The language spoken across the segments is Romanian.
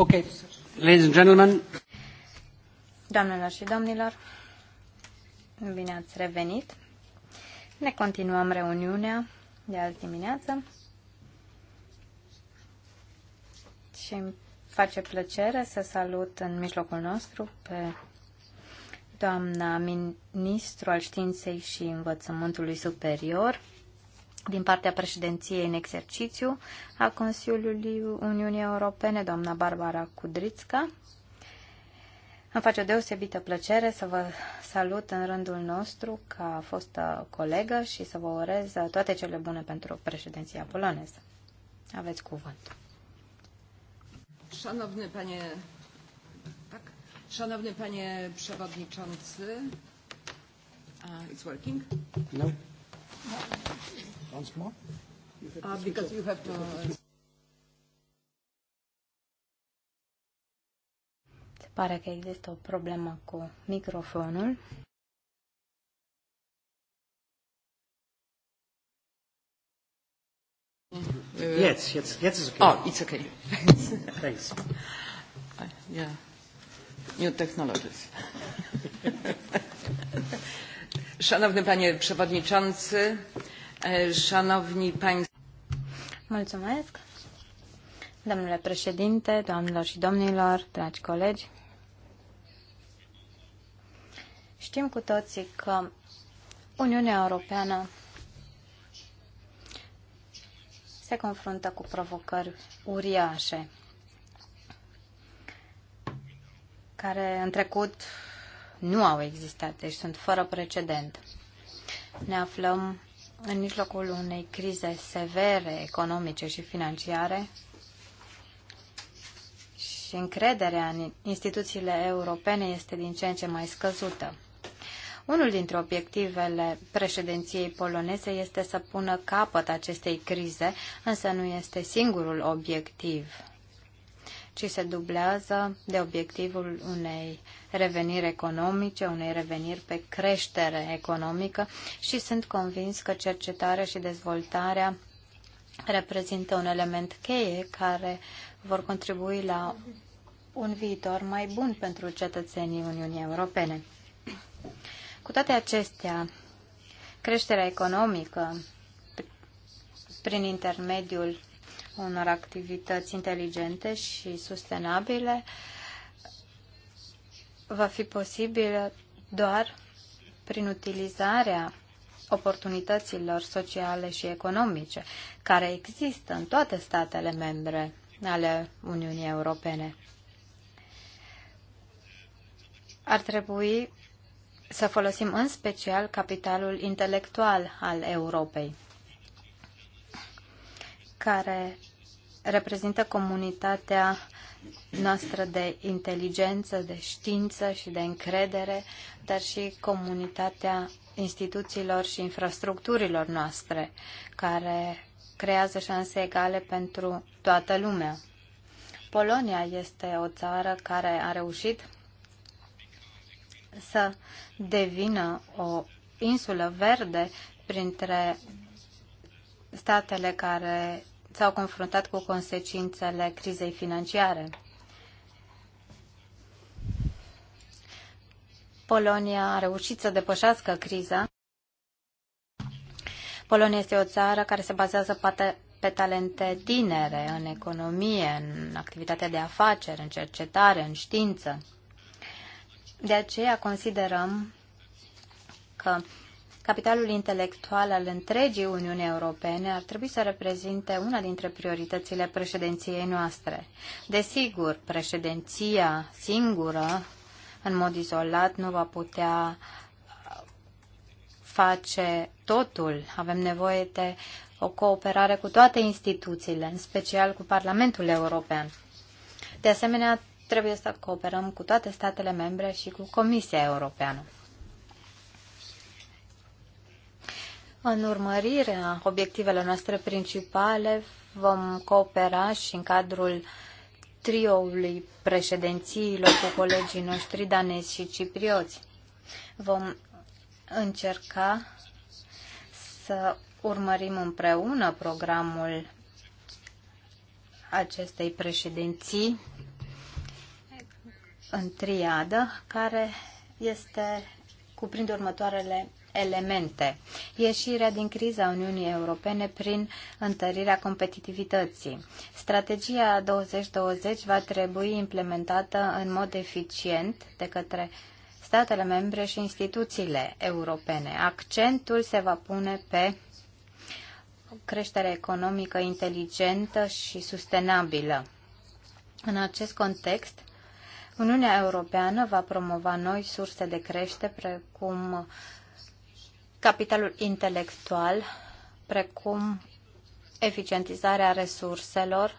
Ok, ladies and gentlemen. Doamnelor și domnilor, bine ați revenit. Ne continuăm reuniunea de azi dimineață și îmi face plăcere să salut în mijlocul nostru pe doamna ministru al științei și învățământului superior, din partea președinției în exercițiu a Consiliului Uniunii Europene, doamna Barbara Kudrițca. Îmi face o deosebită plăcere să vă salut în rândul nostru ca fostă colegă și să vă urez toate cele bune pentru președinția poloneză. Aveți cuvânt. Szanowny panie, tak, szanowny panie przewodniczący, uh, it's working? No. no once more? Uh, because you have to... Se pare că există o problemă cu microfonul. Uh, yes, yes, yes, it's okay. Oh, it's okay. Thanks. Uh, yeah. New technologies. Szanowny panie przewodniczący, Șanovni Mulțumesc. Domnule președinte, doamnelor și domnilor, dragi colegi, știm cu toții că Uniunea Europeană se confruntă cu provocări uriașe care în trecut nu au existat, deci sunt fără precedent. Ne aflăm în mijlocul unei crize severe economice și financiare și încrederea în instituțiile europene este din ce în ce mai scăzută. Unul dintre obiectivele președinției poloneze este să pună capăt acestei crize, însă nu este singurul obiectiv ci se dublează de obiectivul unei reveniri economice, unei reveniri pe creștere economică și sunt convins că cercetarea și dezvoltarea reprezintă un element cheie care vor contribui la un viitor mai bun pentru cetățenii Uniunii Europene. Cu toate acestea, creșterea economică prin intermediul unor activități inteligente și sustenabile va fi posibil doar prin utilizarea oportunităților sociale și economice care există în toate statele membre ale Uniunii Europene. Ar trebui să folosim în special capitalul intelectual al Europei, care reprezintă comunitatea noastră de inteligență, de știință și de încredere, dar și comunitatea instituțiilor și infrastructurilor noastre, care creează șanse egale pentru toată lumea. Polonia este o țară care a reușit să devină o insulă verde printre statele care s-au confruntat cu consecințele crizei financiare. Polonia a reușit să depășească criza. Polonia este o țară care se bazează poate pe talente tinere în economie, în activitatea de afaceri, în cercetare, în știință. De aceea considerăm că Capitalul intelectual al întregii Uniuni Europene ar trebui să reprezinte una dintre prioritățile președinției noastre. Desigur, președinția singură, în mod izolat, nu va putea uh, face totul. Avem nevoie de o cooperare cu toate instituțiile, în special cu Parlamentul European. De asemenea, trebuie să cooperăm cu toate statele membre și cu Comisia Europeană. În urmărirea obiectivelor noastre principale vom coopera și în cadrul trioului președințiilor cu colegii noștri danezi și ciprioți. Vom încerca să urmărim împreună programul acestei președinții în triadă, care este cuprinde următoarele elemente. Ieșirea din criza Uniunii Europene prin întărirea competitivității. Strategia 2020 va trebui implementată în mod eficient de către statele membre și instituțiile europene. Accentul se va pune pe creștere economică inteligentă și sustenabilă. În acest context, Uniunea Europeană va promova noi surse de creștere precum capitalul intelectual, precum eficientizarea resurselor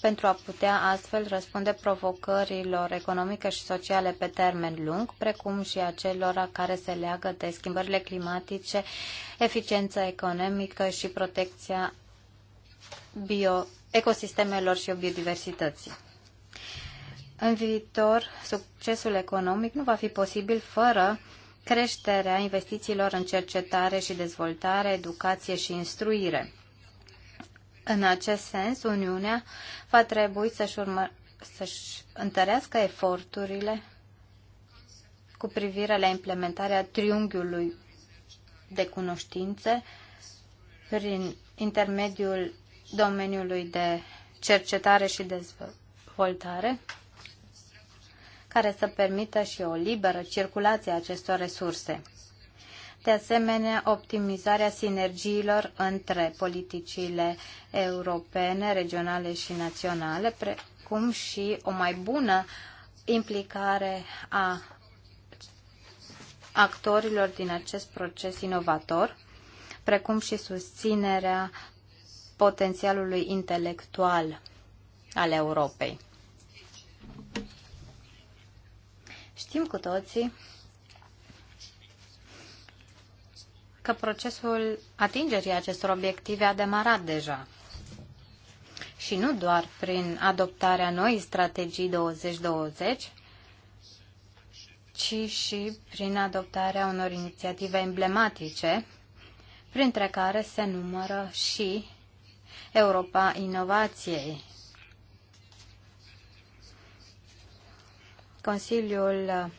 pentru a putea astfel răspunde provocărilor economice și sociale pe termen lung, precum și acelora care se leagă de schimbările climatice, eficiența economică și protecția bio, ecosistemelor și biodiversității. În viitor, succesul economic nu va fi posibil fără creșterea investițiilor în cercetare și dezvoltare, educație și instruire. În acest sens, Uniunea va trebui să-și, urmă, să-și întărească eforturile cu privire la implementarea triunghiului de cunoștințe prin intermediul domeniului de cercetare și dezvoltare, care să permită și o liberă circulație a acestor resurse. De asemenea, optimizarea sinergiilor între politicile europene, regionale și naționale, precum și o mai bună implicare a actorilor din acest proces inovator, precum și susținerea potențialului intelectual al Europei. Știm cu toții că procesul atingerii acestor obiective a demarat deja. Și nu doar prin adoptarea noii strategii 2020, ci și prin adoptarea unor inițiative emblematice, printre care se numără și Europa Inovației, Consiliul uh,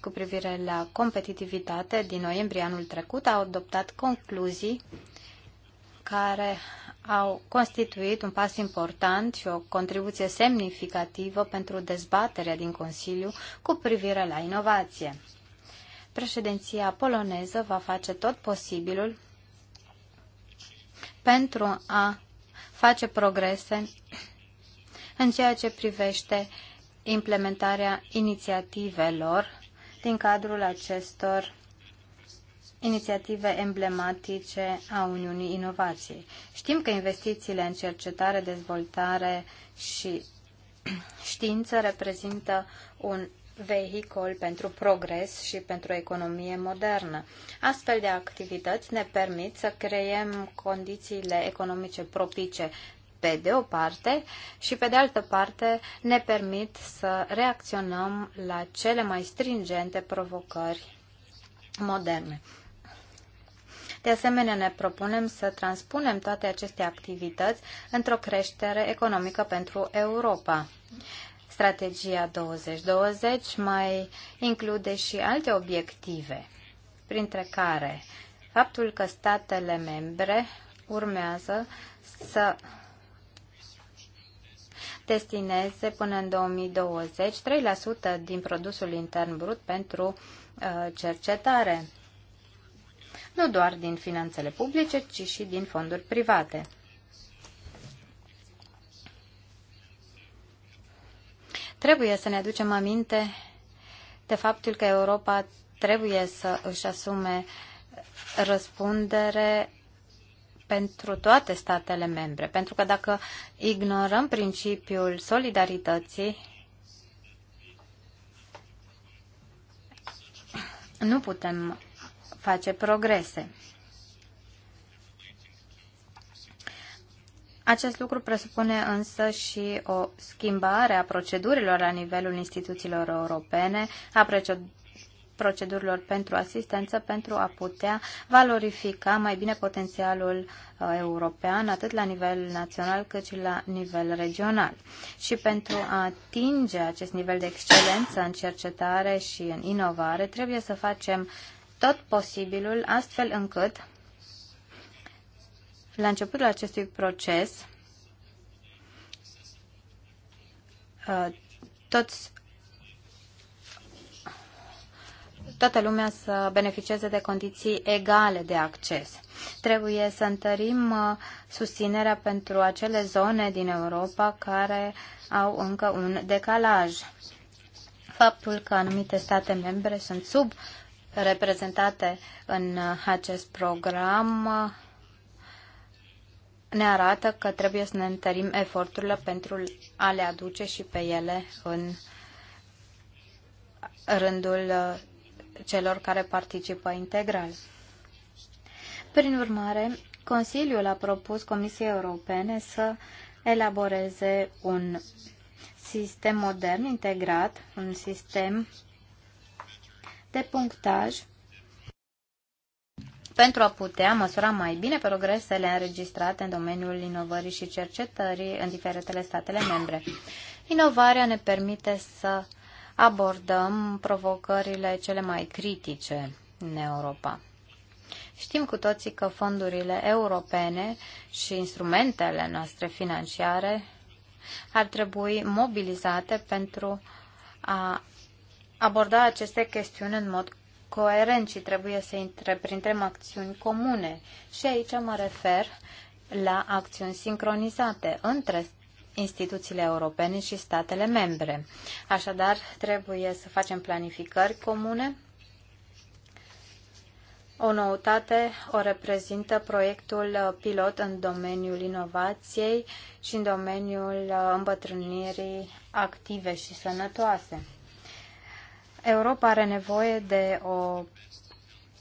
cu privire la competitivitate din noiembrie anul trecut a adoptat concluzii care au constituit un pas important și o contribuție semnificativă pentru dezbaterea din Consiliu cu privire la inovație. Președinția poloneză va face tot posibilul pentru a face progrese în ceea ce privește uh, implementarea inițiativelor din cadrul acestor inițiative emblematice a Uniunii Inovației. Știm că investițiile în cercetare, dezvoltare și știință reprezintă un vehicol pentru progres și pentru o economie modernă. Astfel de activități ne permit să creiem condițiile economice propice pe de o parte, și pe de altă parte ne permit să reacționăm la cele mai stringente provocări moderne. De asemenea, ne propunem să transpunem toate aceste activități într-o creștere economică pentru Europa. Strategia 2020 mai include și alte obiective, printre care faptul că statele membre urmează să destineze până în 2020 3% din produsul intern brut pentru uh, cercetare, nu doar din finanțele publice, ci și din fonduri private. Trebuie să ne aducem aminte de faptul că Europa trebuie să își asume răspundere pentru toate statele membre, pentru că dacă ignorăm principiul solidarității, nu putem face progrese. Acest lucru presupune însă și o schimbare a procedurilor la nivelul instituțiilor europene, a procedurilor pentru asistență pentru a putea valorifica mai bine potențialul uh, european, atât la nivel național cât și la nivel regional. Și pentru a atinge acest nivel de excelență în cercetare și în inovare, trebuie să facem tot posibilul astfel încât la începutul acestui proces uh, toți toată lumea să beneficieze de condiții egale de acces. Trebuie să întărim uh, susținerea pentru acele zone din Europa care au încă un decalaj. Faptul că anumite state membre sunt sub reprezentate în uh, acest program uh, ne arată că trebuie să ne întărim eforturile pentru a le aduce și pe ele în rândul celor care participă integral. Prin urmare, Consiliul a propus Comisiei Europene să elaboreze un sistem modern integrat, un sistem de punctaj pentru a putea măsura mai bine progresele înregistrate în domeniul inovării și cercetării în diferitele statele membre. Inovarea ne permite să abordăm provocările cele mai critice în Europa. Știm cu toții că fondurile europene și instrumentele noastre financiare ar trebui mobilizate pentru a aborda aceste chestiuni în mod coerent și trebuie să întreprindem acțiuni comune. Și aici mă refer la acțiuni sincronizate între instituțiile europene și statele membre. Așadar, trebuie să facem planificări comune. O noutate o reprezintă proiectul pilot în domeniul inovației și în domeniul îmbătrânirii active și sănătoase. Europa are nevoie de o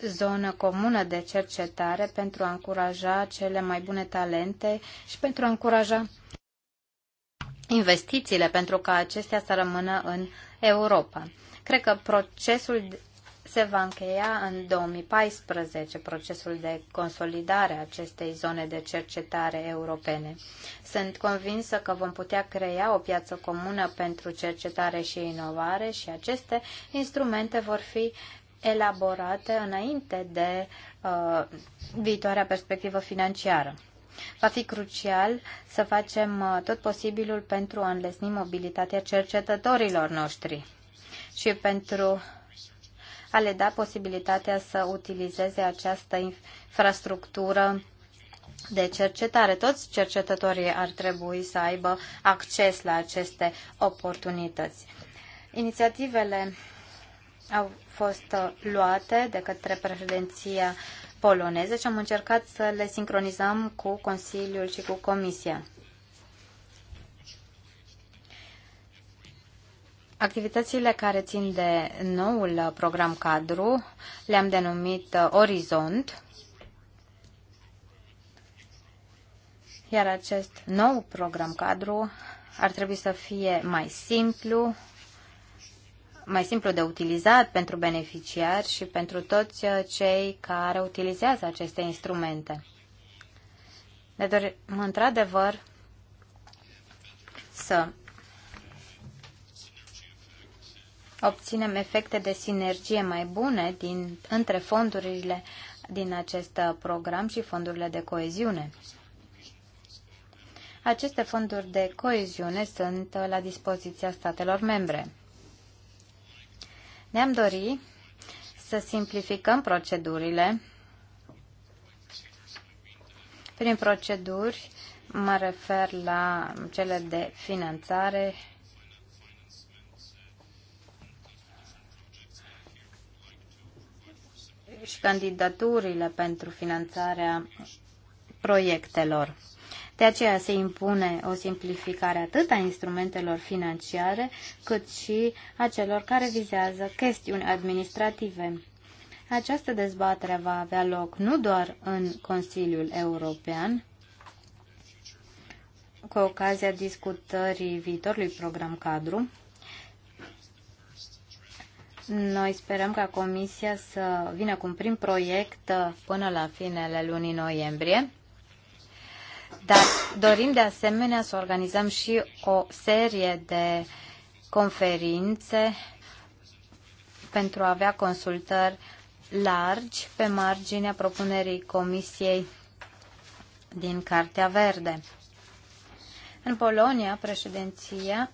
zonă comună de cercetare pentru a încuraja cele mai bune talente și pentru a încuraja investițiile pentru ca acestea să rămână în Europa. Cred că procesul se va încheia în 2014 procesul de consolidare a acestei zone de cercetare europene. Sunt convinsă că vom putea crea o piață comună pentru cercetare și inovare și aceste instrumente vor fi elaborate înainte de uh, viitoarea perspectivă financiară. Va fi crucial să facem uh, tot posibilul pentru a înlesni mobilitatea cercetătorilor noștri și pentru a le da posibilitatea să utilizeze această infrastructură de cercetare. Toți cercetătorii ar trebui să aibă acces la aceste oportunități. Inițiativele au fost uh, luate de către președinția poloneze și am încercat să le sincronizăm cu Consiliul și cu Comisia. Activitățile care țin de noul program cadru le-am denumit uh, Orizont, iar acest nou program cadru ar trebui să fie mai simplu, mai simplu de utilizat pentru beneficiari și pentru toți uh, cei care utilizează aceste instrumente. Ne dorim într-adevăr să obținem efecte de sinergie mai bune din, între fondurile din acest uh, program și fondurile de coeziune. Aceste fonduri de coeziune sunt uh, la dispoziția statelor membre. Ne-am dori să simplificăm procedurile. Prin proceduri mă refer la cele de finanțare și candidaturile pentru finanțarea proiectelor. De aceea se impune o simplificare atât a instrumentelor financiare, cât și a celor care vizează chestiuni administrative. Această dezbatere va avea loc nu doar în Consiliul European, cu ocazia discutării viitorului program cadru. Noi sperăm ca Comisia să vină cu un prim proiect până la finele lunii noiembrie dar dorim de asemenea să organizăm și o serie de conferințe pentru a avea consultări largi pe marginea propunerii Comisiei din Cartea Verde. În Polonia, președinția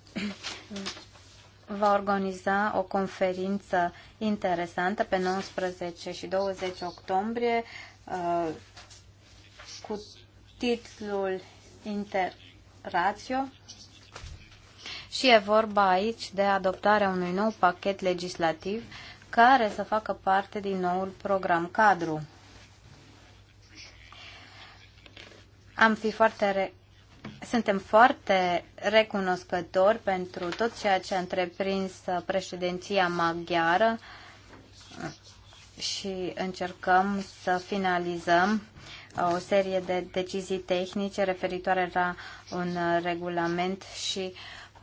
va organiza o conferință interesantă pe 19 și 20 octombrie uh, cu titlul interratio și e vorba aici de adoptarea unui nou pachet legislativ care să facă parte din noul program cadru. Am fi foarte re... Suntem foarte recunoscători pentru tot ceea ce a întreprins președinția maghiară și încercăm să finalizăm o serie de decizii tehnice referitoare la un regulament și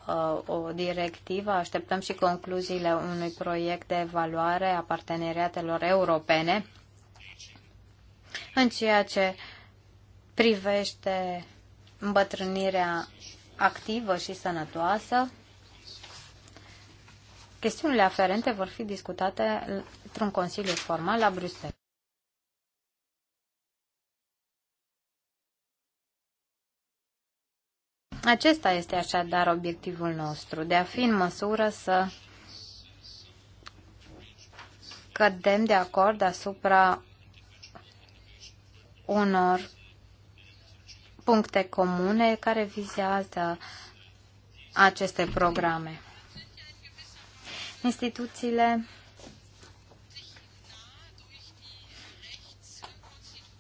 uh, o directivă. Așteptăm și concluziile unui proiect de evaluare a parteneriatelor europene în ceea ce privește îmbătrânirea activă și sănătoasă. Chestiunile aferente vor fi discutate într-un consiliu formal la Bruxelles. Acesta este așadar obiectivul nostru, de a fi în măsură să cădem de acord asupra unor puncte comune care vizează aceste programe. Instituțiile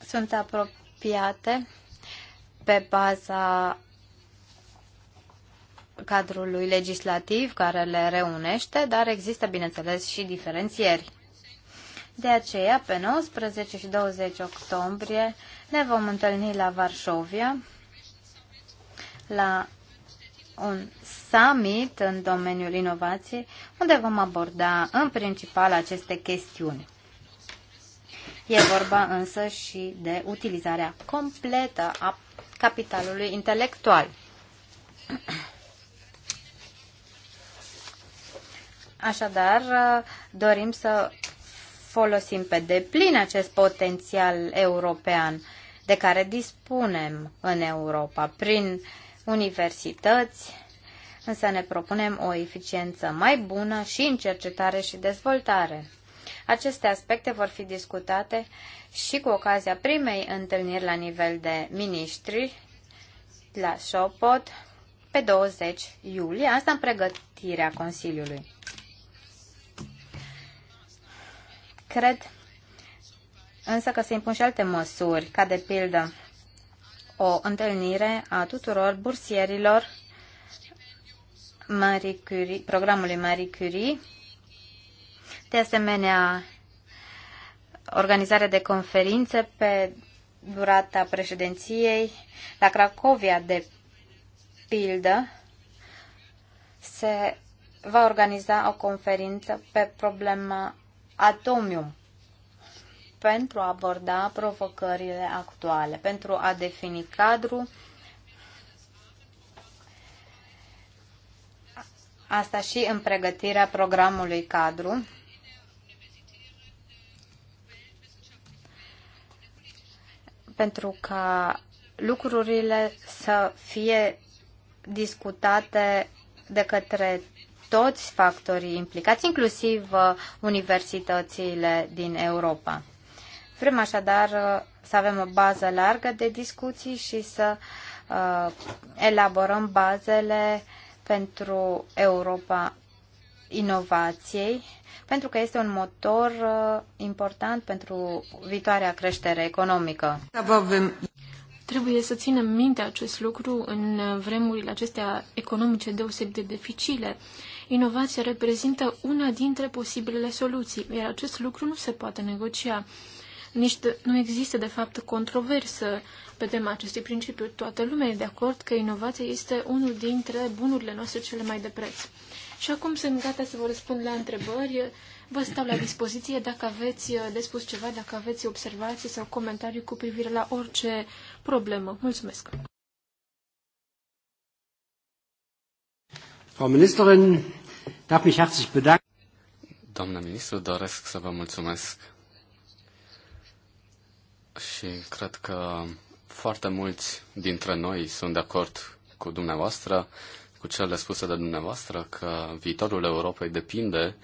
sunt apropiate pe baza cadrului legislativ care le reunește, dar există, bineînțeles, și diferențieri. De aceea, pe 19 și 20 octombrie, ne vom întâlni la Varșovia, la un summit în domeniul inovației, unde vom aborda în principal aceste chestiuni. E vorba însă și de utilizarea completă a capitalului intelectual. Așadar, dorim să folosim pe deplin acest potențial european de care dispunem în Europa prin universități, însă ne propunem o eficiență mai bună și în cercetare și dezvoltare. Aceste aspecte vor fi discutate și cu ocazia primei întâlniri la nivel de miniștri la Sopot pe 20 iulie, asta în pregătirea Consiliului. Cred însă că se impun și alte măsuri, ca de pildă o întâlnire a tuturor bursierilor Marie Curie, programului Marie Curie, de asemenea organizarea de conferințe pe durata președinției la Cracovia, de pildă, se va organiza o conferință pe problema atomium pentru a aborda provocările actuale, pentru a defini cadrul Asta și în pregătirea programului cadru. Pentru ca lucrurile să fie discutate de către toți factorii implicați, inclusiv uh, universitățile din Europa. Vrem așadar uh, să avem o bază largă de discuții și să uh, elaborăm bazele pentru Europa inovației, pentru că este un motor uh, important pentru viitoarea creștere economică. Trebuie să ținem minte acest lucru în vremurile acestea economice deosebit de dificile. Uh, Inovația reprezintă una dintre posibilele soluții, iar acest lucru nu se poate negocia. Nici de, nu există, de fapt, controversă pe tema acestui principiu. Toată lumea e de acord că inovația este unul dintre bunurile noastre cele mai de preț. Și acum sunt gata să vă răspund la întrebări. Vă stau la dispoziție dacă aveți uh, de spus ceva, dacă aveți observații sau comentarii cu privire la orice problemă. Mulțumesc! Frau Ministerin, darf mich herzlich bedanken. Doamna ministru, doresc să vă mulțumesc. Și cred că foarte mulți dintre noi sunt de acord cu dumneavoastră, cu cele spuse de dumneavoastră, că viitorul Europei depinde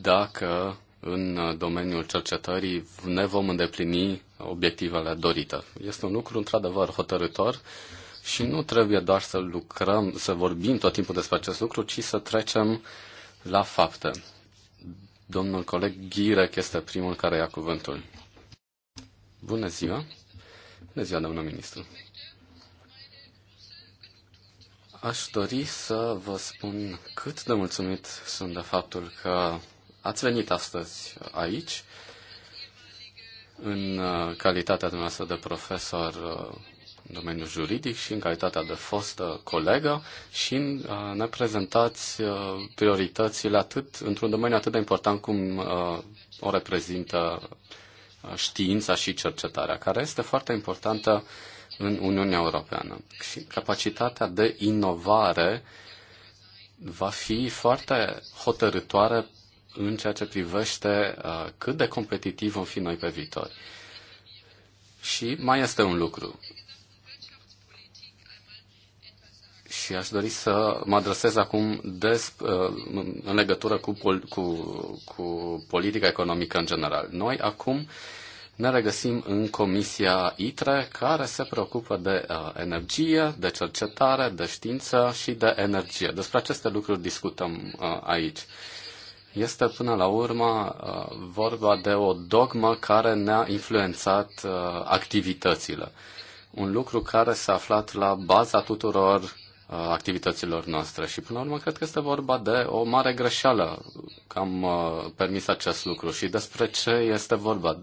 dacă în domeniul cercetării ne vom îndeplini obiectivele dorite. Este un lucru într-adevăr hotărâtor și nu trebuie doar să lucrăm, să vorbim tot timpul despre acest lucru, ci să trecem la fapte. Domnul coleg Ghirec este primul care ia cuvântul. Bună ziua! Bună ziua, domnul ministru! Aș dori să vă spun cât de mulțumit sunt de faptul că ați venit astăzi aici în uh, calitatea dumneavoastră de profesor uh, domeniul juridic și în calitatea de fostă colegă și uh, ne prezentați uh, prioritățile atât într-un domeniu atât de important cum uh, o reprezintă știința și cercetarea, care este foarte importantă în Uniunea Europeană. Și capacitatea de inovare va fi foarte hotărătoare în ceea ce privește cât de competitiv vom fi noi pe viitor. Și mai este un lucru. și aș dori să mă adresez acum des, uh, în legătură cu, cu, cu politica economică în general. Noi acum ne regăsim în Comisia ITRE, care se preocupă de uh, energie, de cercetare, de știință și de energie. Despre aceste lucruri discutăm uh, aici. Este până la urmă uh, vorba de o dogmă care ne-a influențat uh, activitățile. Un lucru care s-a aflat la baza tuturor Uh, activităților noastre. Și până la urmă cred că este vorba de o mare greșeală că am uh, permis acest lucru și despre ce este vorba,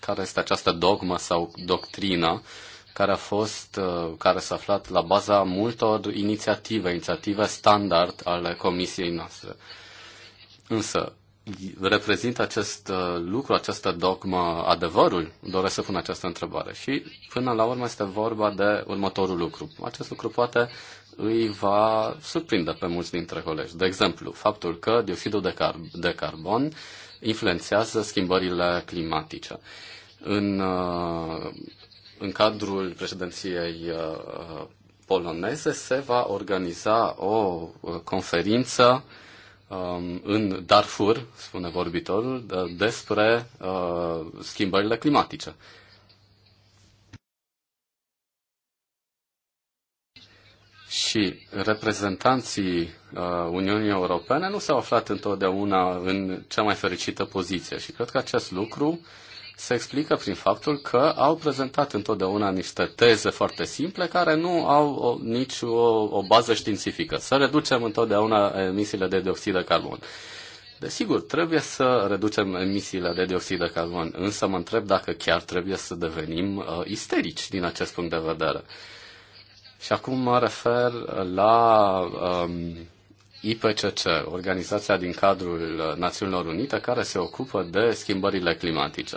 care este această dogmă sau doctrină care a fost, uh, care s-a aflat la baza multor inițiative, inițiative standard ale comisiei noastre. Însă, reprezintă acest uh, lucru, această dogmă, adevărul? Doresc să pun această întrebare. Și până la urmă este vorba de următorul lucru. Acest lucru poate îi va surprinde pe mulți dintre colegi. De exemplu, faptul că dioxidul de, car- de carbon influențează schimbările climatice. În, uh, în cadrul președinției uh, poloneze se va organiza o conferință Um, în Darfur, spune vorbitorul, despre uh, schimbările climatice. Și reprezentanții uh, Uniunii Europene nu s-au aflat întotdeauna în cea mai fericită poziție și cred că acest lucru se explică prin faptul că au prezentat întotdeauna niște teze foarte simple care nu au o, nici o, o bază științifică. Să reducem întotdeauna emisiile de dioxid de carbon. Desigur, trebuie să reducem emisiile de dioxid de carbon, însă mă întreb dacă chiar trebuie să devenim uh, isterici din acest punct de vedere. Și acum mă refer la Uh, IPCC, organizația din cadrul Națiunilor Unite care se ocupă de schimbările climatice.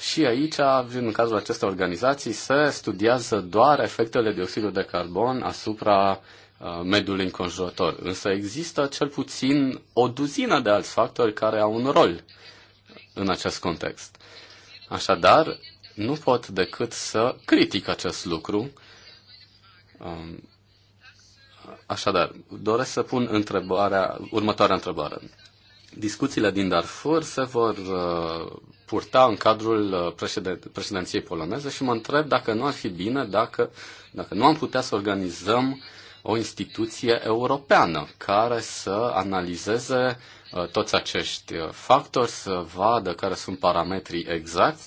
Și aici, în cazul acestei organizații, se studiază doar efectele dioxidului de carbon asupra uh, mediului înconjurător. Însă există cel puțin o duzină de alți factori care au un rol în acest context. Așadar, nu pot decât să critic acest lucru. Um, Așadar, doresc să pun întrebarea, următoarea întrebare. Discuțiile din Darfur se vor uh, purta în cadrul uh, președin- președinției poloneze și mă întreb dacă nu ar fi bine dacă, dacă nu am putea să organizăm o instituție europeană care să analizeze uh, toți acești factori, să vadă care sunt parametrii exacti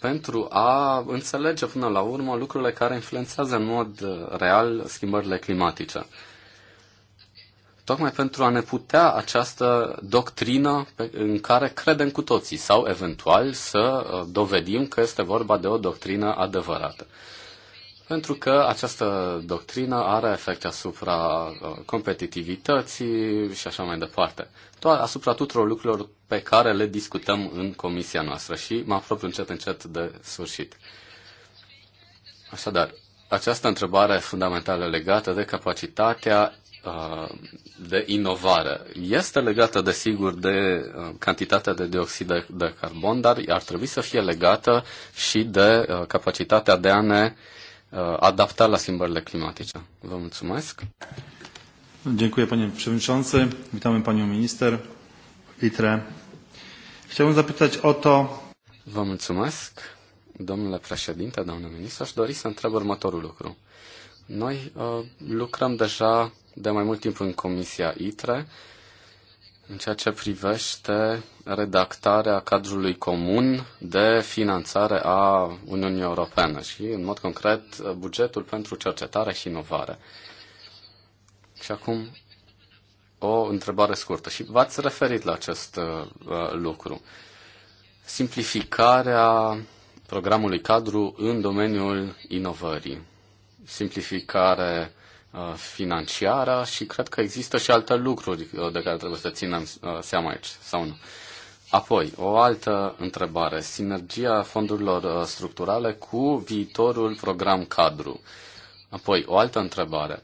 pentru a înțelege până la urmă lucrurile care influențează în mod uh, real schimbările climatice. Tocmai pentru a ne putea această doctrină în care credem cu toții sau eventual să uh, dovedim că este vorba de o doctrină adevărată pentru că această doctrină are efecte asupra uh, competitivității și așa mai departe. Toar asupra tuturor lucrurilor pe care le discutăm în comisia noastră și mă apropiu încet încet de sfârșit. Așadar, această întrebare fundamentală legată de capacitatea uh, de inovare. Este legată, desigur, de uh, cantitatea de dioxid de carbon, dar ar trebui să fie legată și de capacitatea de a ne Uh, adapta la schimbările climatice. Vă mulțumesc! Dziękuję panie przewodniczący. Witamy panią minister Litre. Chciałbym zapytać o to. Vă mulțumesc, domnule președinte, domnule ministru. Aș dori să întreb următorul lucru. Noi uh, lucrăm deja de mai mult timp în Comisia ITRE în ceea ce privește redactarea cadrului comun de finanțare a Uniunii Europene și, în mod concret, bugetul pentru cercetare și inovare. Și acum o întrebare scurtă și v-ați referit la acest uh, lucru. Simplificarea programului cadru în domeniul inovării. Simplificare Uh, financiară și cred că există și alte lucruri uh, de care trebuie să ținem uh, seama aici, sau nu? Apoi, o altă întrebare. Sinergia fondurilor structurale cu viitorul program cadru. Apoi, o altă întrebare.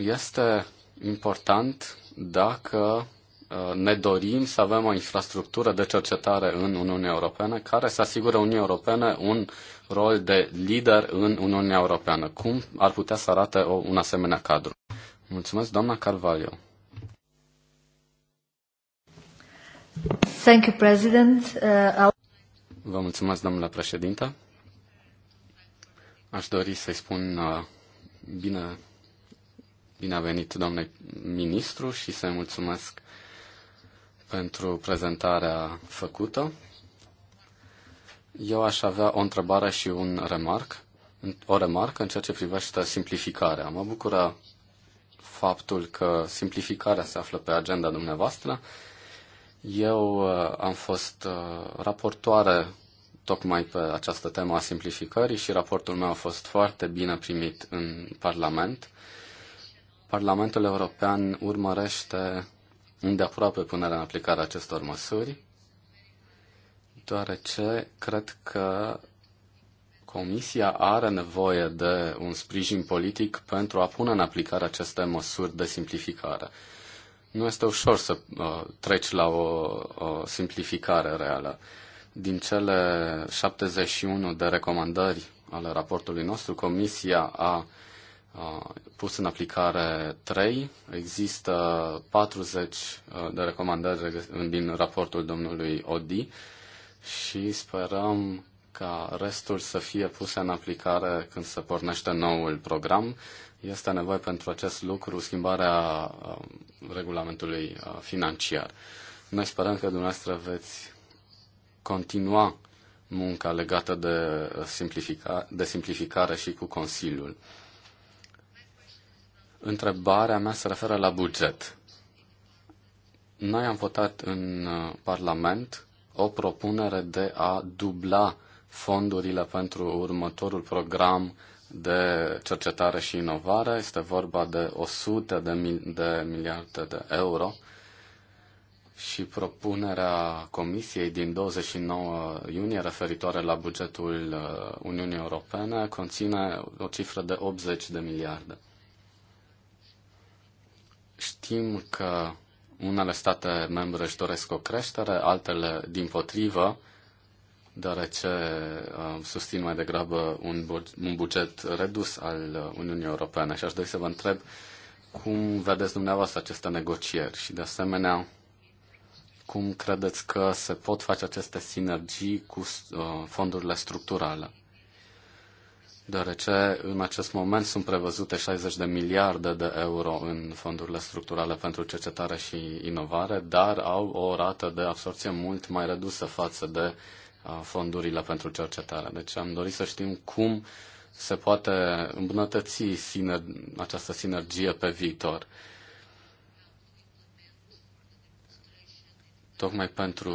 Este important dacă ne dorim să avem o infrastructură de cercetare în Uniunea Europeană care să asigure Uniunea Europeană un rol de lider în Uniunea Europeană. Cum ar putea să arate o, un asemenea cadru? Mulțumesc, doamna Carvalho. Thank you, President. Uh, Vă mulțumesc, domnule președinte. Aș dori să-i spun uh, bine, bine a venit, domnule ministru, și să-i mulțumesc pentru prezentarea făcută. Eu aș avea o întrebare și un remarc, o remarcă în ceea ce privește simplificarea. Mă bucură faptul că simplificarea se află pe agenda dumneavoastră. Eu uh, am fost uh, raportoare tocmai pe această temă a simplificării și raportul meu a fost foarte bine primit în Parlament. Parlamentul European urmărește îndeaproape punerea în aplicare acestor măsuri deoarece cred că Comisia are nevoie de un sprijin politic pentru a pune în aplicare aceste măsuri de simplificare. Nu este ușor să uh, treci la o, o simplificare reală. Din cele 71 de recomandări ale raportului nostru, Comisia a uh, pus în aplicare 3. Există 40 uh, de recomandări din raportul domnului Odi. Uh, și sperăm ca restul să fie puse în aplicare când se pornește noul program. Este nevoie pentru acest lucru schimbarea um, regulamentului uh, financiar. Noi sperăm că dumneavoastră veți continua munca legată de, uh, simplifica, de simplificare și cu Consiliul. Întrebarea mea se referă la buget. Noi am votat în uh, Parlament o propunere de a dubla fondurile pentru următorul program de cercetare și inovare. Este vorba de 100 de, mil- de miliarde de euro și propunerea Comisiei din 29 iunie referitoare la bugetul uh, Uniunii Europene conține o cifră de 80 de miliarde. Știm că unele state membre își doresc o creștere, altele din potrivă, deoarece uh, susțin mai degrabă un, un buget redus al Uniunii Europene. Și aș dori să vă întreb cum vedeți dumneavoastră aceste negocieri și, de asemenea, cum credeți că se pot face aceste sinergii cu uh, fondurile structurale? deoarece în acest moment sunt prevăzute 60 de miliarde de euro în fondurile structurale pentru cercetare și inovare, dar au o rată de absorție mult mai redusă față de fondurile pentru cercetare. Deci am dorit să știm cum se poate îmbunătăți siner- această sinergie pe viitor. tocmai pentru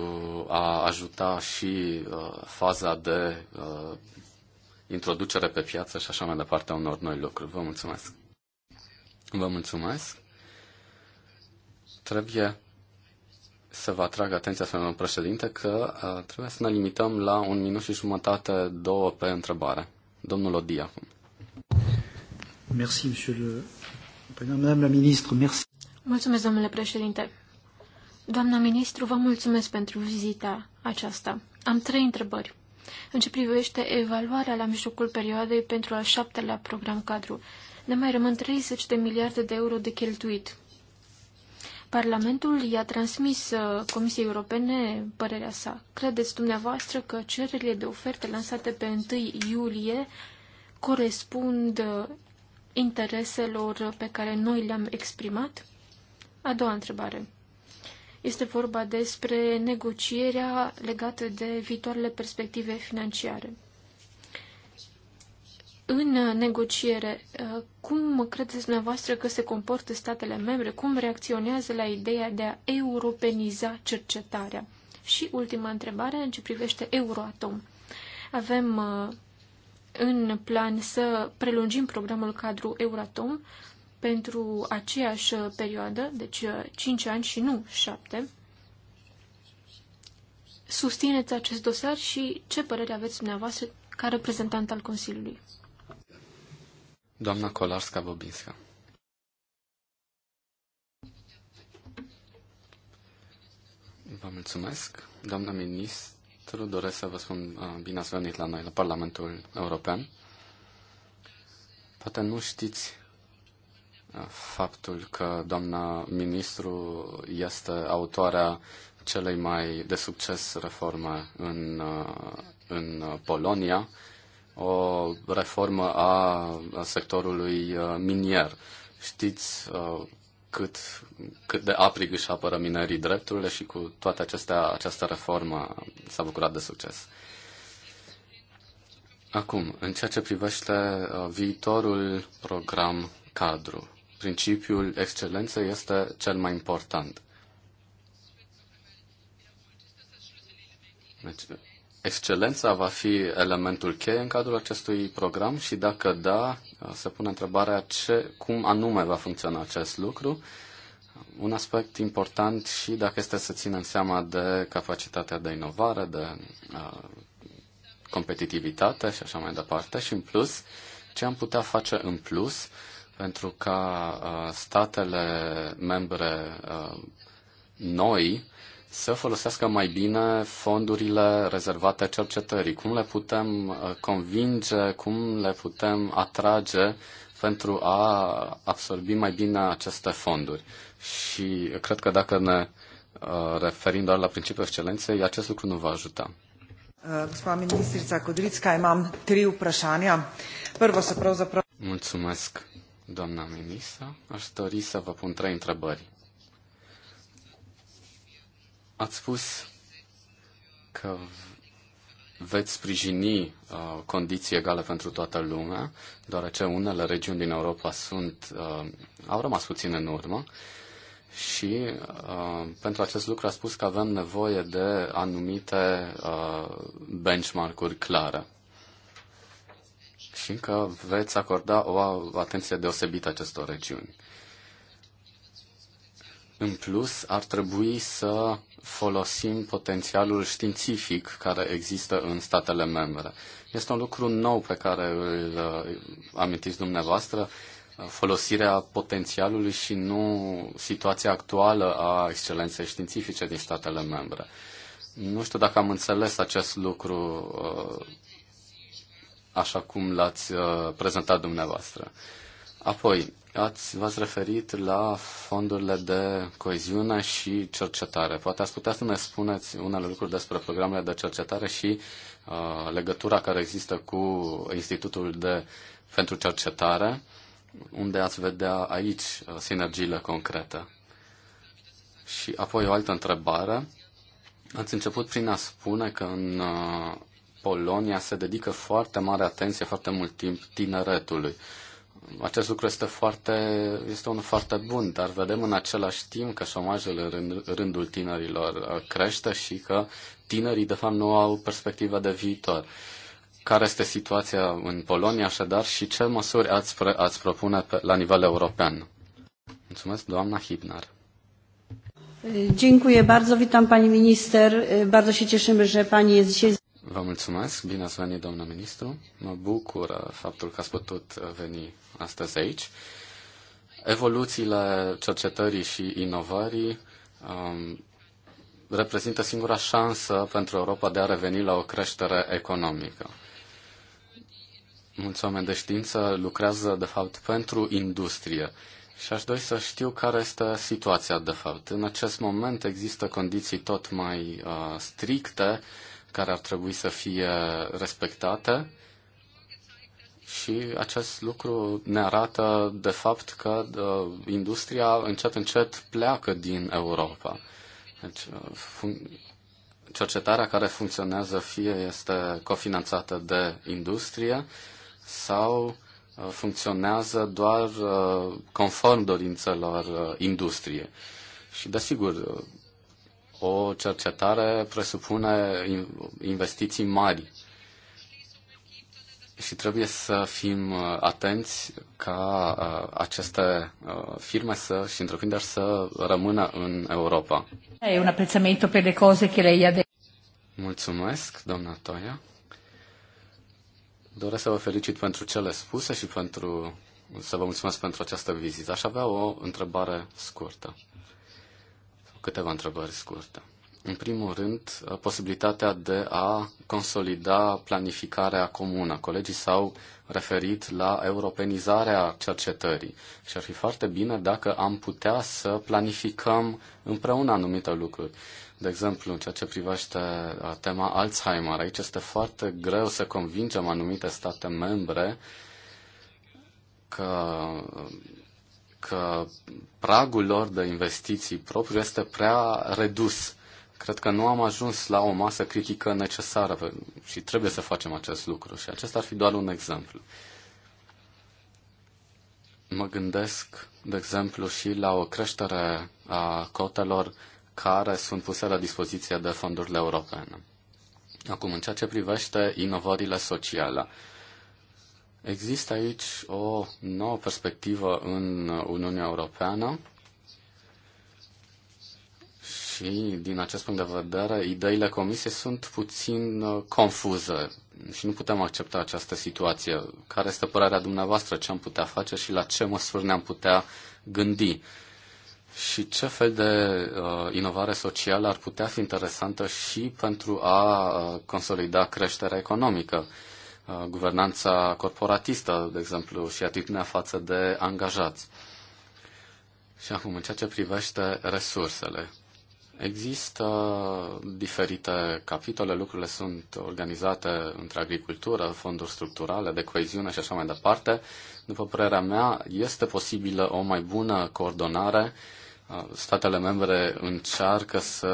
a ajuta și uh, faza de uh, introducere pe piață și așa mai departe a unor noi lucruri. Vă mulțumesc! Vă mulțumesc! Trebuie să vă atrag atenția, domnul președinte, că uh, trebuie să ne limităm la un minut și jumătate, două pe întrebare. Domnul Odia acum. Merci, monsieur le... Madame la ministre, merci. Mulțumesc, domnule președinte. Doamna ministru, vă mulțumesc pentru vizita aceasta. Am trei întrebări în ce privește evaluarea la mijlocul perioadei pentru al șaptelea program cadru. Ne mai rămân 30 de miliarde de euro de cheltuit. Parlamentul i-a transmis uh, Comisiei Europene părerea sa. Credeți dumneavoastră că cererile de oferte lansate pe 1 iulie corespund uh, intereselor pe care noi le-am exprimat? A doua întrebare. Este vorba despre negocierea legată de viitoarele perspective financiare. În negociere, cum credeți dumneavoastră că se comportă statele membre? Cum reacționează la ideea de a europeniza cercetarea? Și ultima întrebare în ce privește Euroatom. Avem uh, în plan să prelungim programul cadru Euratom pentru aceeași perioadă, deci 5 uh, ani și nu 7. Susțineți acest dosar și ce părere aveți dumneavoastră ca reprezentant al Consiliului? Doamna Kolarska-Bobinska. Vă mulțumesc. Doamna ministru, doresc să vă spun uh, bine ați venit la noi, la Parlamentul European. Poate nu știți faptul că doamna ministru este autoarea celei mai de succes reforme în, uh, în Polonia, o reformă a sectorului uh, minier. Știți uh, cât, cât de aprig își apără minerii drepturile și cu toate acestea, această reformă s-a bucurat de succes. Acum, în ceea ce privește viitorul program cadru, principiul excelenței este cel mai important. Deci, excelența va fi elementul cheie în cadrul acestui program și dacă da, se pune întrebarea ce, cum anume va funcționa acest lucru. Un aspect important și dacă este să ținem seama de capacitatea de inovare, de uh, competitivitate și așa mai departe. Și în plus, ce am putea face în plus uh, pentru ca uh, statele membre uh, noi să folosească mai bine fondurile rezervate cercetării. Cum le putem uh, convinge, cum le putem atrage pentru a absorbi mai bine aceste fonduri. Și cred că dacă ne referim doar la principiul excelenței, acest lucru nu va ajuta. Gospa ministrica Kudricka, imam tri vprašanja. Prvo se pravzaprav... Mulțumesc, doamna ministra. Aș dori să vă pun trei întrebări. Ați spus că veți sprijini uh, condiții egale pentru toată lumea, deoarece unele regiuni din Europa sunt, uh, au rămas puțin în urmă și uh, pentru acest lucru a spus că avem nevoie de anumite uh, benchmark-uri clare și că veți acorda o atenție deosebită acestor regiuni. În plus, ar trebui să folosim potențialul științific care există în statele membre. Este un lucru nou pe care îl uh, amintiți dumneavoastră, folosirea potențialului și nu situația actuală a excelenței științifice din statele membre. Nu știu dacă am înțeles acest lucru uh, așa cum l-ați uh, prezentat dumneavoastră. Apoi, ați, v-ați referit la fondurile de coeziune și cercetare. Poate ați putea să ne spuneți unele lucruri despre programele de cercetare și uh, legătura care există cu Institutul de, pentru Cercetare, unde ați vedea aici uh, sinergiile concrete. Și apoi o altă întrebare. Ați început prin a spune că în uh, Polonia se dedică foarte mare atenție, foarte mult timp tineretului. Acest lucru este, foarte, este unul foarte bun, dar vedem în același timp că șomajul în rândul tinerilor uh, crește și că tinerii, de fapt, nu au perspectiva de viitor. Care este situația în Polonia, așadar, și ce măsuri ați, pre, ați propune pe, la nivel european? Mulțumesc, doamna Hibnar. Dziękuję bardzo, witam pani minister. Bardzo się cieszymy, że pani jest dzisiaj. Vă mulțumesc, bine ați venit, domnul ministru. Mă bucur uh, faptul că ați putut uh, veni astăzi aici. Evoluțiile cercetării și inovării um, reprezintă singura șansă pentru Europa de a reveni la o creștere economică. Mulți oameni de știință lucrează, de fapt, pentru industrie. Și aș dori să știu care este situația, de fapt. În acest moment există condiții tot mai uh, stricte uh, care ar trebui să fie respectate și acest lucru ne arată de fapt că uh, industria încet încet pleacă din Europa. Deci, uh, cercetarea care funcționează fie este cofinanțată de industrie sau uh, funcționează doar conform dorințelor industriei. Și desigur, o cercetare presupune investiții mari și trebuie să fim uh, atenți ca uh, aceste uh, firme să, și întreprinderi să rămână în Europa. E un apreciament pe le cose che lei ha Mulțumesc, doamna Toia. Doresc să vă felicit pentru cele spuse și pentru să vă mulțumesc pentru această vizită. Aș avea o întrebare scurtă câteva întrebări scurte. În primul rând, posibilitatea de a consolida planificarea comună. Colegii s-au referit la europenizarea cercetării și ar fi foarte bine dacă am putea să planificăm împreună anumite lucruri. De exemplu, în ceea ce privește uh, tema Alzheimer, aici este foarte greu să convingem anumite state membre că că pragul lor de investiții propriu este prea redus. Cred că nu am ajuns la o masă critică necesară și trebuie să facem acest lucru și acesta ar fi doar un exemplu. Mă gândesc, de exemplu, și la o creștere a cotelor care sunt puse la dispoziție de fondurile europene. Acum, în ceea ce privește inovările sociale, Există aici o nouă perspectivă în Uniunea Europeană și, din acest punct de vedere, ideile Comisiei sunt puțin uh, confuze și nu putem accepta această situație. Care este părerea dumneavoastră? Ce am putea face și la ce măsuri ne-am putea gândi? Și ce fel de uh, inovare socială ar putea fi interesantă și pentru a uh, consolida creșterea economică? Uh, guvernanța corporatistă, de exemplu, și atitudinea față de angajați. Și acum, în ceea ce privește resursele, există diferite capitole, lucrurile sunt organizate între agricultură, fonduri structurale, de coeziune și așa mai departe. După părerea mea, este posibilă o mai bună coordonare uh, statele membre încearcă să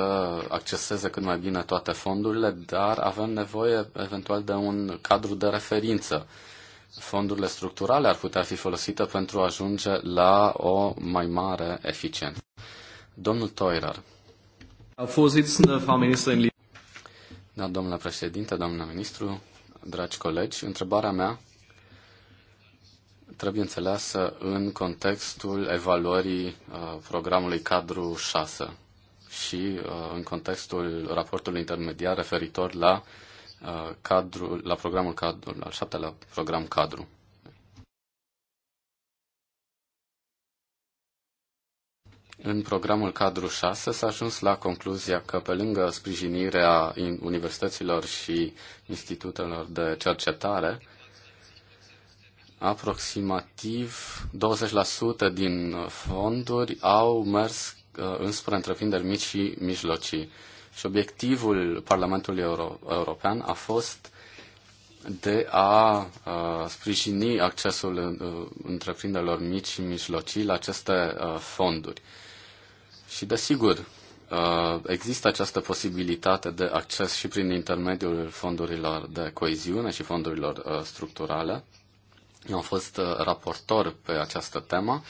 acceseze cât mai bine toate fondurile, dar avem nevoie eventual de un cadru de referință. Fondurile structurale ar putea fi folosite pentru a ajunge la o mai mare eficiență. Domnul Toirar. Da, domnule președinte, domnule ministru, dragi colegi, întrebarea mea trebuie înțeleasă în contextul evaluării uh, programului cadru 6 și uh, în contextul raportului intermediar referitor la uh, cadrul, la programul cadru, al șaptelea program cadru. În programul cadru 6 s-a ajuns la concluzia că pe lângă sprijinirea universităților și institutelor de cercetare, aproximativ 20% din fonduri au mers uh, înspre întreprinderi mici și mijlocii. Și obiectivul Parlamentului Euro- European a fost de a uh, sprijini accesul uh, întreprinderilor mici și mijlocii la aceste uh, fonduri. Și, desigur, uh, există această posibilitate de acces și prin intermediul fondurilor de coeziune și fondurilor uh, structurale, eu am fost uh, raportor pe această temă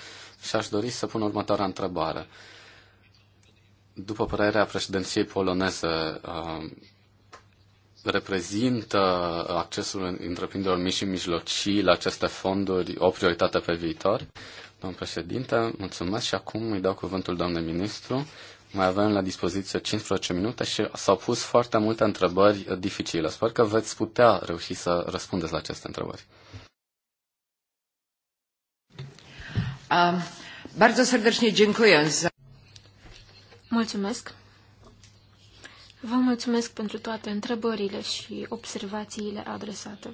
și aș dori să pun următoarea întrebare. După părerea președinției poloneze, uh, reprezintă accesul întreprinderilor mici și mijlocii la aceste fonduri o prioritate pe viitor? Domnul președinte, mulțumesc și acum îi dau cuvântul domnului ministru. Mai avem la dispoziție 15 minute și s-au pus foarte multe întrebări dificile. Sper că veți putea reuși să răspundeți la aceste întrebări. bardzo serdecznie dziękuję za... Mulțumesc! Vă mulțumesc pentru toate întrebările și observațiile adresate.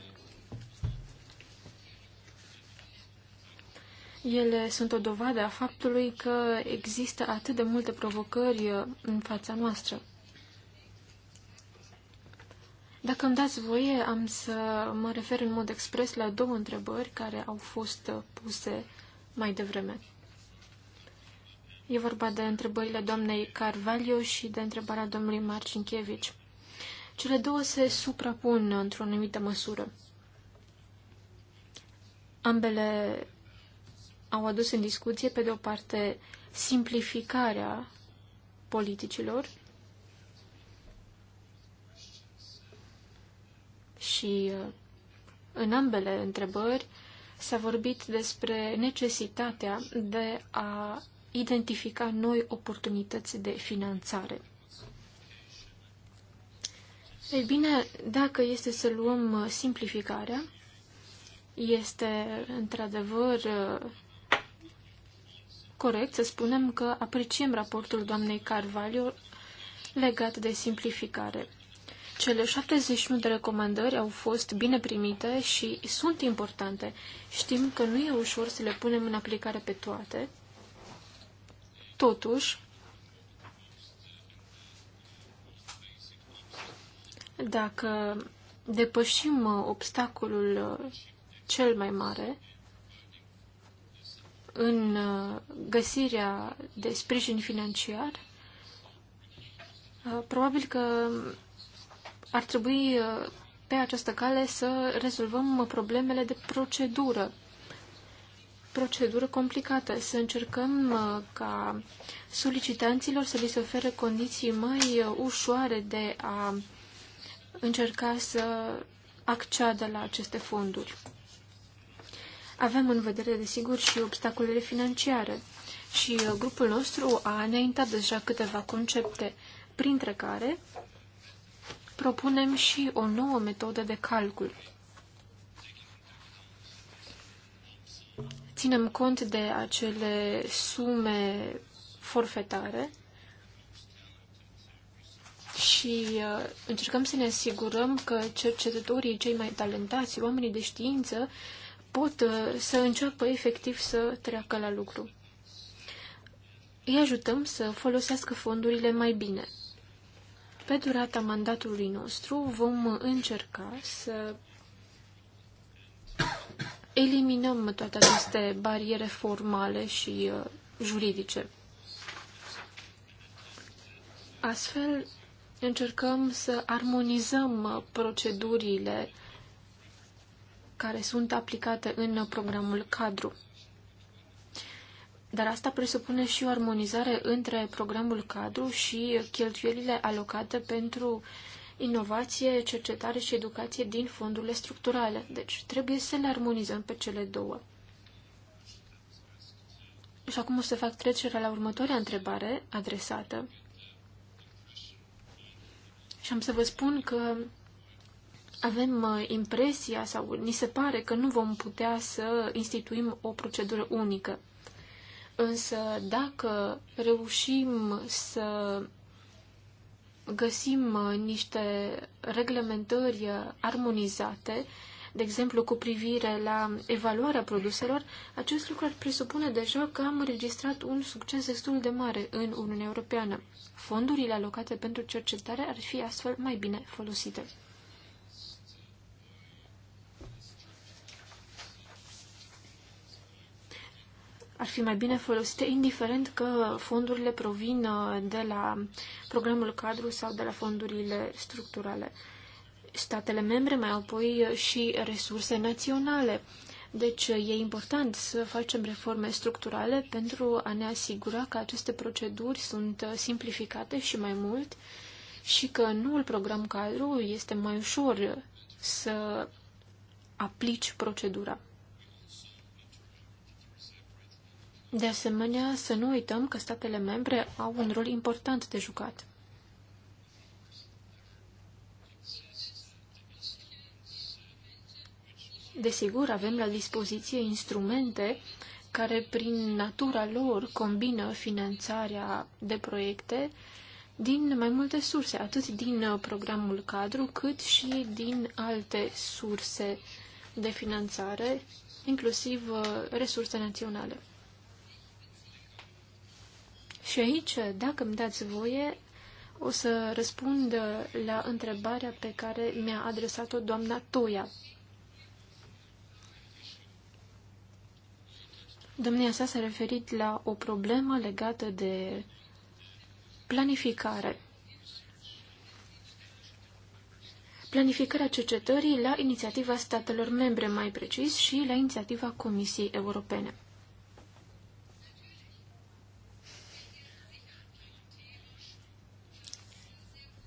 Ele sunt o dovadă a faptului că există atât de multe provocări în fața noastră. Dacă îmi dați voie, am să mă refer în mod expres la două întrebări care au fost puse mai devreme. E vorba de întrebările doamnei Carvalho și de întrebarea domnului Marcinchevici. Cele două se suprapun într-o anumită măsură. Ambele au adus în discuție, pe de o parte, simplificarea politicilor și uh, în ambele întrebări S-a vorbit despre necesitatea de a identifica noi oportunități de finanțare. Ei bine, dacă este să luăm simplificarea, este într-adevăr uh, corect să spunem că apreciem raportul doamnei Carvalho legat de simplificare. Cele 71 de recomandări au fost bine primite și sunt importante. Știm că nu e ușor să le punem în aplicare pe toate. Totuși, dacă depășim uh, obstacolul uh, cel mai mare în uh, găsirea de sprijin financiar, probabil că ar trebui uh, pe această cale să rezolvăm problemele de procedură. Procedură complicată. Să încercăm uh, ca solicitanților să li se ofere condiții mai uh, ușoare de a încerca să acceadă la aceste fonduri. Avem în vedere, desigur, și obstacolele financiare și grupul nostru a înaintat deja câteva concepte, printre care propunem și o nouă metodă de calcul. Ținem cont de acele sume forfetare și uh, încercăm să ne asigurăm că cercetătorii cei mai talentați, oamenii de știință, pot uh, să înceapă efectiv să treacă la lucru. Îi ajutăm să folosească fondurile mai bine. Pe durata mandatului nostru vom încerca să eliminăm toate aceste bariere formale și uh, juridice. Astfel, încercăm să armonizăm uh, procedurile care sunt aplicate în programul cadru. Dar asta presupune și o armonizare între programul cadru și cheltuielile alocate pentru inovație, cercetare și educație din fondurile structurale. Deci trebuie să le armonizăm pe cele două. Și acum o să fac trecerea la următoarea întrebare adresată. Și am să vă spun că avem uh, impresia sau ni se pare că nu vom putea să instituim o procedură unică. Însă dacă reușim să găsim uh, niște reglementări uh, armonizate, de exemplu cu privire la evaluarea produselor, acest lucru ar presupune deja că am înregistrat un succes destul de mare în Uniunea Europeană. Fondurile alocate pentru cercetare ar fi astfel mai bine folosite. ar fi mai bine folosite, indiferent că fondurile provin uh, de la programul cadru sau de la fondurile structurale. Statele membre mai apoi uh, și resurse naționale. Deci uh, e important să facem reforme structurale pentru a ne asigura că aceste proceduri sunt simplificate și mai mult și că noul program cadru este mai ușor să aplici procedura. De asemenea, să nu uităm că statele membre au un rol important de jucat. Desigur, avem la dispoziție instrumente care, prin natura lor, combină finanțarea de proiecte din mai multe surse, atât din programul cadru, cât și din alte surse de finanțare, inclusiv uh, resurse naționale. Și aici, dacă îmi dați voie, o să răspund la întrebarea pe care mi-a adresat-o doamna Toia. Domnia sa s-a referit la o problemă legată de planificare. Planificarea cercetării la inițiativa statelor membre, mai precis, și la inițiativa Comisiei Europene.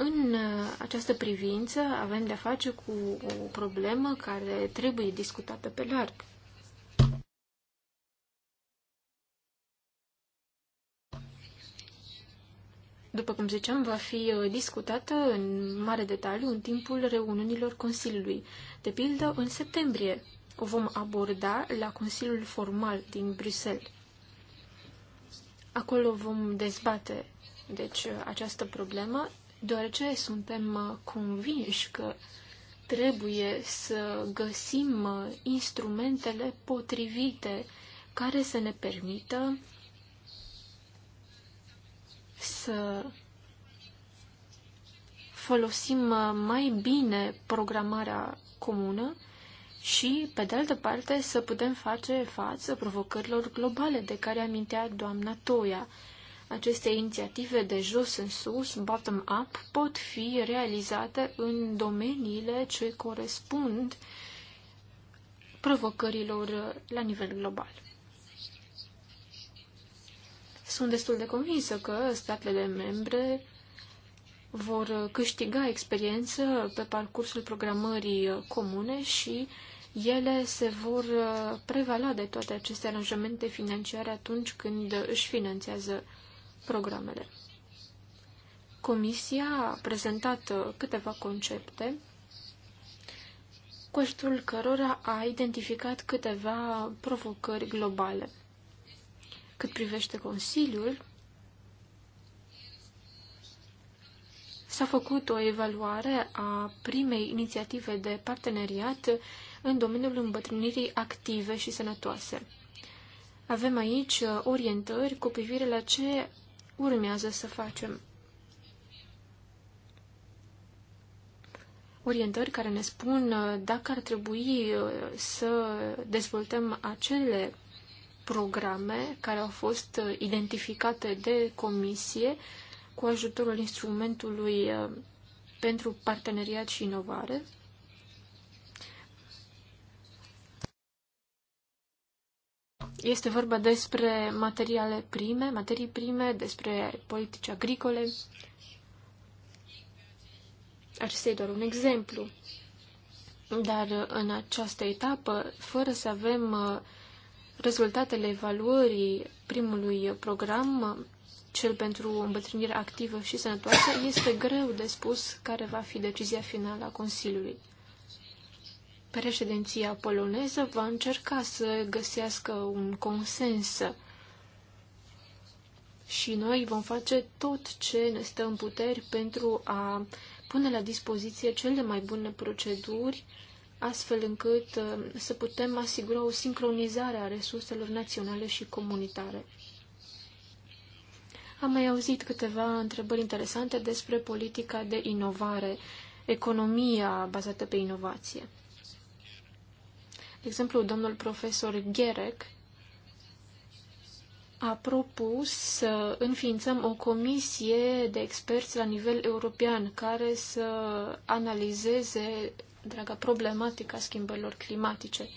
În uh, această privință avem de-a face cu o problemă care trebuie discutată pe larg. După cum ziceam, va fi uh, discutată în mare detaliu în timpul reuniunilor Consiliului, de pildă în septembrie. O vom aborda la Consiliul Formal din Bruxelles. Acolo vom dezbate, deci, uh, această problemă deoarece suntem uh, convinși că trebuie să găsim uh, instrumentele potrivite care să ne permită să folosim uh, mai bine programarea comună și, pe de altă parte, să putem face față provocărilor globale de care amintea doamna Toia, aceste inițiative de jos în sus, bottom-up, pot fi realizate în domeniile ce corespund provocărilor la nivel global. Sunt destul de convinsă că statele membre vor câștiga experiență pe parcursul programării comune și ele se vor prevala de toate aceste aranjamente financiare atunci când își finanțează programele. Comisia a prezentat uh, câteva concepte cu ajutorul cărora a identificat câteva provocări globale. Cât privește Consiliul, s-a făcut o evaluare a primei inițiative de parteneriat în domeniul îmbătrânirii active și sănătoase. Avem aici uh, orientări cu privire la ce urmează să facem. Orientări care ne spun uh, dacă ar trebui uh, să dezvoltăm acele programe care au fost uh, identificate de comisie cu ajutorul instrumentului pentru parteneriat și inovare, Este vorba despre materiale prime, materii prime, despre politici agricole. Acesta e doar un exemplu. Dar în această etapă, fără să avem uh, rezultatele evaluării primului program, cel pentru îmbătrânire activă și sănătoasă, este greu de spus care va fi decizia finală a Consiliului. Președinția poloneză va încerca să găsească un consens și noi vom face tot ce ne stă în puteri pentru a pune la dispoziție cele mai bune proceduri, astfel încât uh, să putem asigura o sincronizare a resurselor naționale și comunitare. Am mai auzit câteva întrebări interesante despre politica de inovare, economia bazată pe inovație. De exemplu, domnul profesor Gherec a propus să înființăm o comisie de experți la nivel european care să analizeze draga problematica schimbărilor climatice.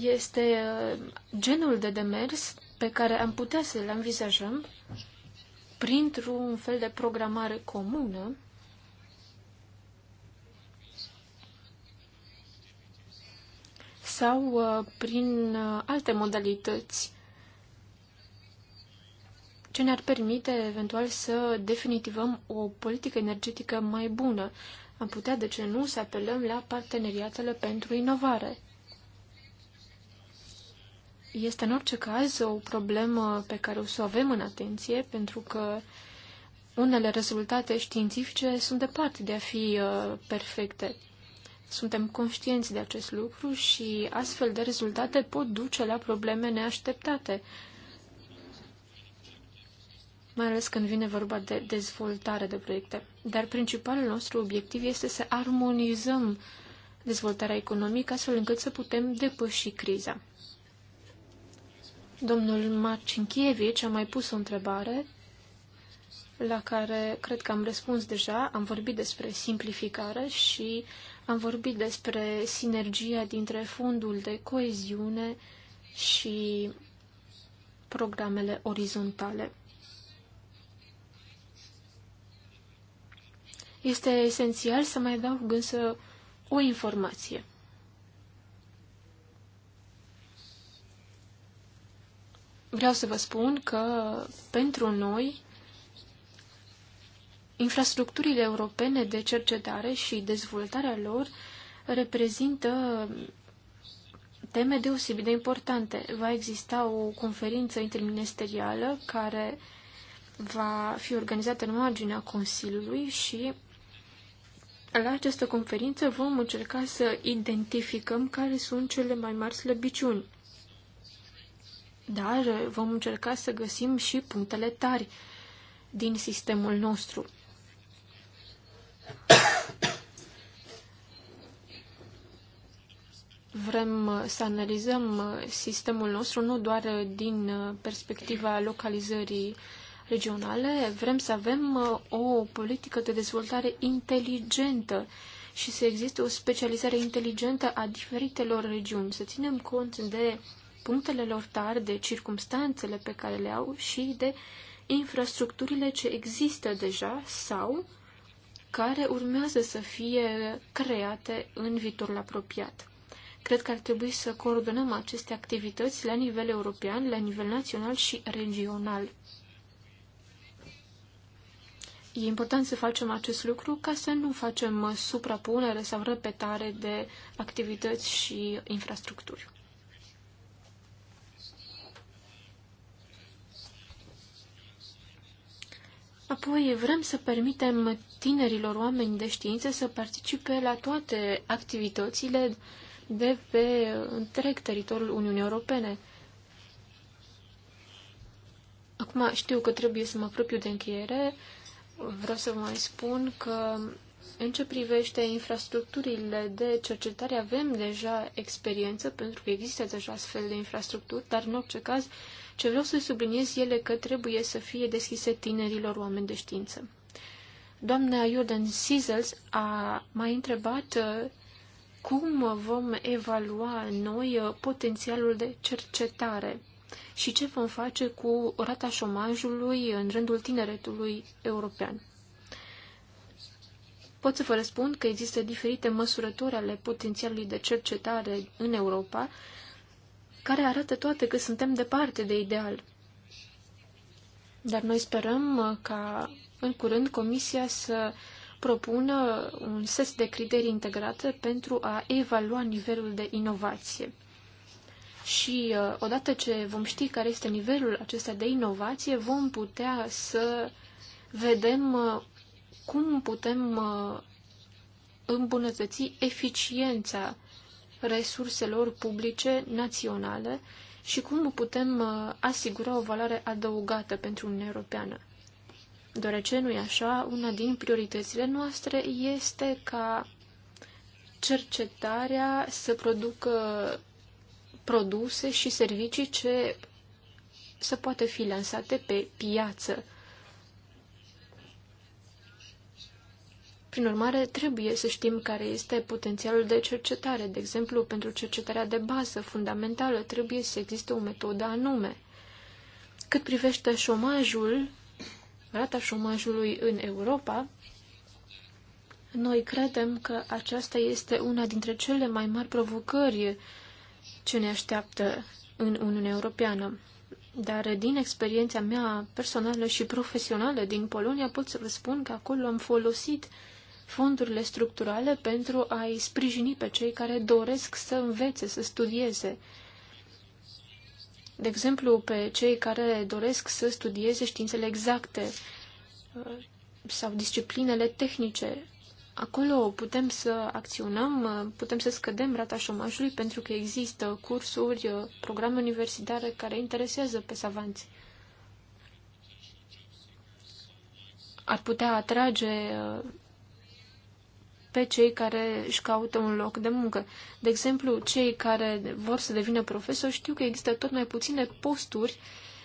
Este uh, genul de demers pe care am putea să-l învizajăm printr-un fel de programare comună sau uh, prin uh, alte modalități ce ne-ar permite eventual să definitivăm o politică energetică mai bună. Am putea, de ce nu, să apelăm la parteneriatele pentru inovare. Este în orice caz o problemă pe care o să o avem în atenție, pentru că unele rezultate științifice sunt departe de a fi uh, perfecte. Suntem conștienți de acest lucru și astfel de rezultate pot duce la probleme neașteptate, mai ales când vine vorba de dezvoltare de proiecte. Dar principalul nostru obiectiv este să armonizăm dezvoltarea economică astfel încât să putem depăși criza. Domnul Marcinchievici a mai pus o întrebare la care cred că am răspuns deja. Am vorbit despre simplificare și am vorbit despre sinergia dintre fondul de coeziune și programele orizontale. Este esențial să mai dau însă o informație. Vreau să vă spun că pentru noi Infrastructurile europene de cercetare și dezvoltarea lor reprezintă teme deosebit de importante. Va exista o conferință interministerială care va fi organizată în marginea Consiliului și la această conferință vom încerca să identificăm care sunt cele mai mari slăbiciuni. Dar vom încerca să găsim și punctele tari din sistemul nostru. Vrem să analizăm sistemul nostru nu doar din perspectiva localizării regionale, vrem să avem o politică de dezvoltare inteligentă și să existe o specializare inteligentă a diferitelor regiuni, să ținem cont de punctele lor tari, de circumstanțele pe care le au și de infrastructurile ce există deja sau care urmează să fie create în viitorul apropiat. Cred că ar trebui să coordonăm aceste activități la nivel european, la nivel național și regional. E important să facem acest lucru ca să nu facem suprapunere sau repetare de activități și infrastructuri. Apoi vrem să permitem tinerilor oameni de știință să participe la toate activitățile de pe întreg teritoriul Uniunii Europene. Acum știu că trebuie să mă apropiu de încheiere. Vreau să vă mai spun că în ce privește infrastructurile de cercetare avem deja experiență pentru că există deja astfel de infrastructuri, dar în orice caz ce vreau să subliniez ele că trebuie să fie deschise tinerilor oameni de știință. Doamna Jordan Sizzles a mai întrebat uh, cum vom evalua noi uh, potențialul de cercetare și ce vom face cu rata șomajului în rândul tineretului european. Pot să vă răspund că există diferite măsurători ale potențialului de cercetare în Europa care arată toate că suntem departe de ideal. Dar noi sperăm uh, ca în curând Comisia să propună un set de criterii integrate pentru a evalua nivelul de inovație. Și uh, odată ce vom ști care este nivelul acesta de inovație, vom putea să vedem uh, cum putem îmbunătăți eficiența resurselor publice naționale și cum putem uh, asigura o valoare adăugată pentru Uniunea Europeană. Deoarece nu i așa, una din prioritățile noastre este ca cercetarea să producă produse și servicii ce să poată fi lansate pe piață Prin urmare, trebuie să știm care este potențialul de cercetare. De exemplu, pentru cercetarea de bază fundamentală trebuie să existe o metodă anume. Cât privește șomajul, rata șomajului în Europa, noi credem că aceasta este una dintre cele mai mari provocări ce ne așteaptă în Uniunea Europeană. Dar din experiența mea personală și profesională din Polonia pot să vă spun că acolo am folosit uh, fondurile structurale pentru a-i sprijini pe cei care doresc să învețe, să studieze. De exemplu, pe cei care doresc să studieze științele exacte uh, sau disciplinele tehnice. Acolo putem să acționăm, uh, putem să scădem rata șomajului pentru că există cursuri, uh, programe universitare care interesează pe savanți. ar putea atrage pe cei care își caută un loc de muncă. De exemplu, cei care vor să devină profesori știu că există tot mai puține posturi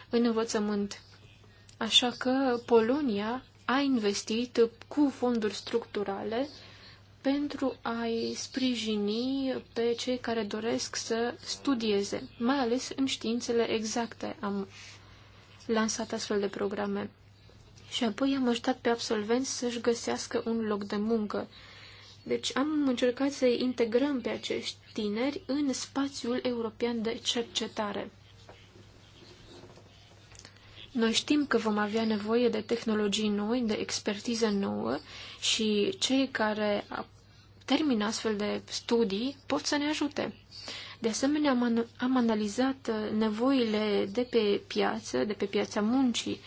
în învățământ. Așa că Polonia a investit cu fonduri structurale pentru a-i sprijini pe cei care doresc să studieze, mai ales în științele exacte. Am lansat astfel de programe. Și apoi am ajutat pe absolvenți să-și găsească un loc de muncă. Deci am încercat să integrăm pe acești tineri în spațiul european de cercetare. Noi știm că vom avea nevoie de tehnologii noi, de expertiză nouă și cei care termină astfel de studii pot să ne ajute. De asemenea, am, am analizat uh, nevoile de pe piață, de pe piața muncii,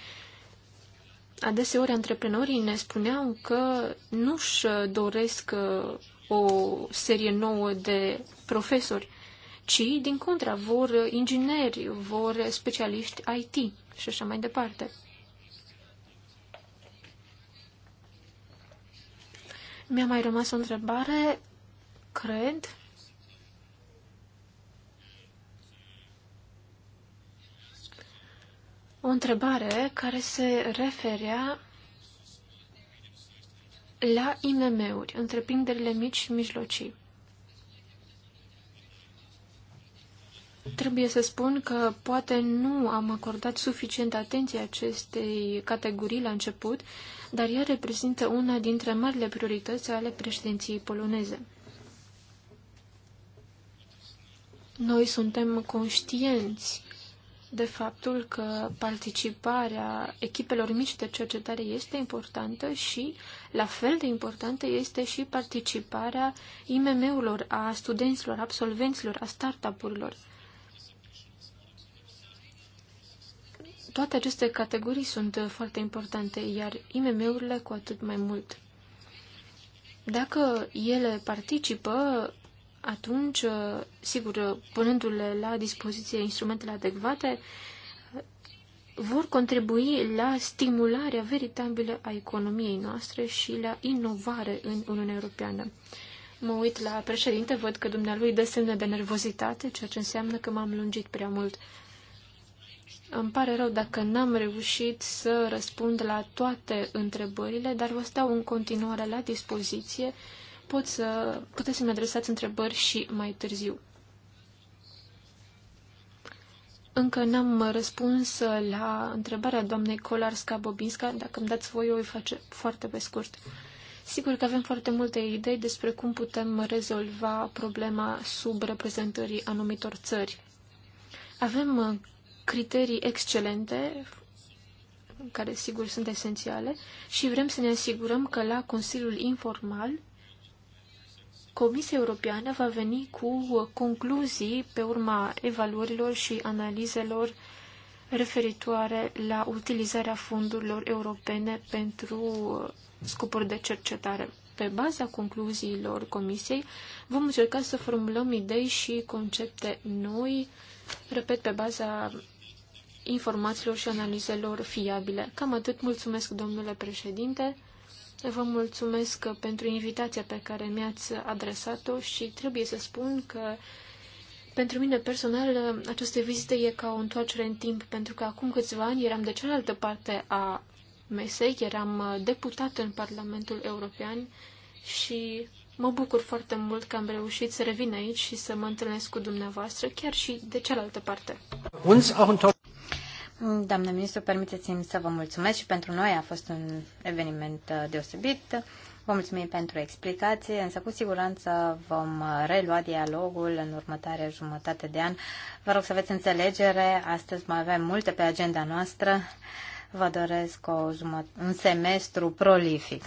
Adeseori antreprenorii ne spuneau că nu-și uh, doresc uh, o serie nouă de profesori, ci, din contra, vor ingineri, vor specialiști IT și așa mai departe. Mi-a mai rămas o întrebare, cred, o întrebare care se referea la IMM-uri, întreprinderile mici și mijlocii. Trebuie să spun că poate nu am acordat suficient atenție acestei categorii la început, dar ea reprezintă una dintre marile priorități ale președinției poloneze. Noi suntem conștienți de faptul că participarea echipelor mici de cercetare este importantă și, la fel de importantă, este și participarea IMM-urilor, a studenților, absolvenților, a startup-urilor. Toate aceste categorii sunt foarte importante, iar IMM-urile cu atât mai mult. Dacă ele participă, atunci, uh, sigur, uh, punându-le la dispoziție instrumentele adecvate, uh, vor contribui la stimularea veritabilă a economiei noastre și la inovare în Uniunea Europeană. Mă uit la președinte, văd că dumnealui dă semne de nervozitate, ceea ce înseamnă că m-am lungit prea mult. Îmi pare rău dacă n-am reușit să răspund la toate întrebările, dar vă stau în continuare la dispoziție pot să, puteți să-mi adresați întrebări și mai târziu. Încă n-am răspuns la întrebarea doamnei Kolarska-Bobinska, dacă îmi dați voi, o voi face foarte pe scurt. Sigur că avem foarte multe idei despre cum putem rezolva problema reprezentării anumitor țări. Avem uh, criterii excelente, care sigur sunt esențiale, și vrem să ne asigurăm că la Consiliul Informal Comisia Europeană va veni cu concluzii pe urma evaluărilor și analizelor referitoare la utilizarea fondurilor europene pentru scopuri de cercetare. Pe baza concluziilor Comisiei, vom încerca să formulăm idei și concepte noi, repet, pe baza informațiilor și analizelor fiabile. Cam atât. Mulțumesc, domnule președinte. Vă mulțumesc pentru invitația pe care mi-ați adresat-o și trebuie să spun că pentru mine personal această vizită e ca o întoarcere în timp, pentru că acum câțiva ani eram de cealaltă parte a mesei, eram deputat în Parlamentul European și mă bucur foarte mult că am reușit să revin aici și să mă întâlnesc cu dumneavoastră, chiar și de cealaltă parte. Doamna ministru, permiteți-mi să vă mulțumesc și pentru noi a fost un eveniment uh, deosebit. Vă mulțumim pentru explicație, însă cu siguranță vom uh, relua dialogul în următoarea jumătate de an. Vă rog să aveți înțelegere, astăzi mai avem multe pe agenda noastră. Vă doresc o jumăt- un semestru prolific.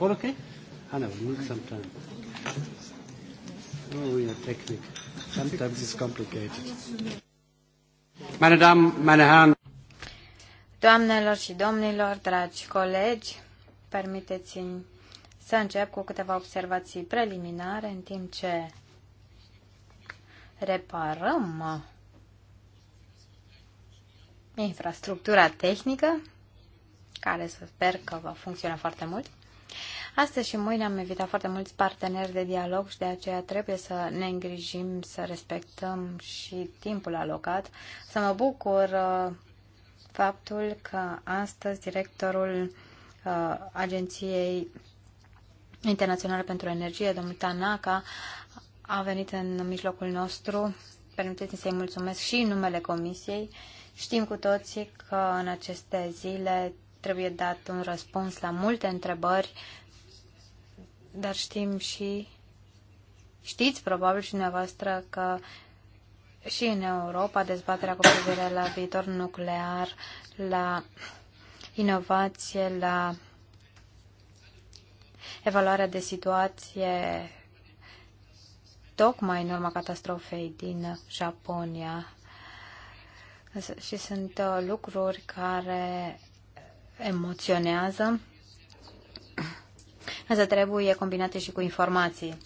All okay? Hannah, we need some time. Oh, we are technical. Sometimes it's complicated. Meine Damen, Doamnelor și domnilor, dragi colegi, permiteți-mi să încep cu câteva observații preliminare în timp ce reparăm infrastructura tehnică, care să sper că va funcționa foarte mult. Astăzi și mâine am invitat foarte mulți parteneri de dialog și de aceea trebuie să ne îngrijim, să respectăm și timpul alocat. Să mă bucur uh, faptul că astăzi directorul uh, Agenției Internaționale pentru Energie, domnul Tanaka, a venit în mijlocul nostru. Permiteți-mi să-i mulțumesc și în numele Comisiei. Știm cu toții că în aceste zile trebuie dat un răspuns la multe întrebări, dar știm și, știți probabil și dumneavoastră că și în Europa dezbaterea cu privire la viitor nuclear, la inovație, la evaluarea de situație tocmai în urma catastrofei din Japonia. Și sunt uh, lucruri care emoționează, însă trebuie combinate și cu informații.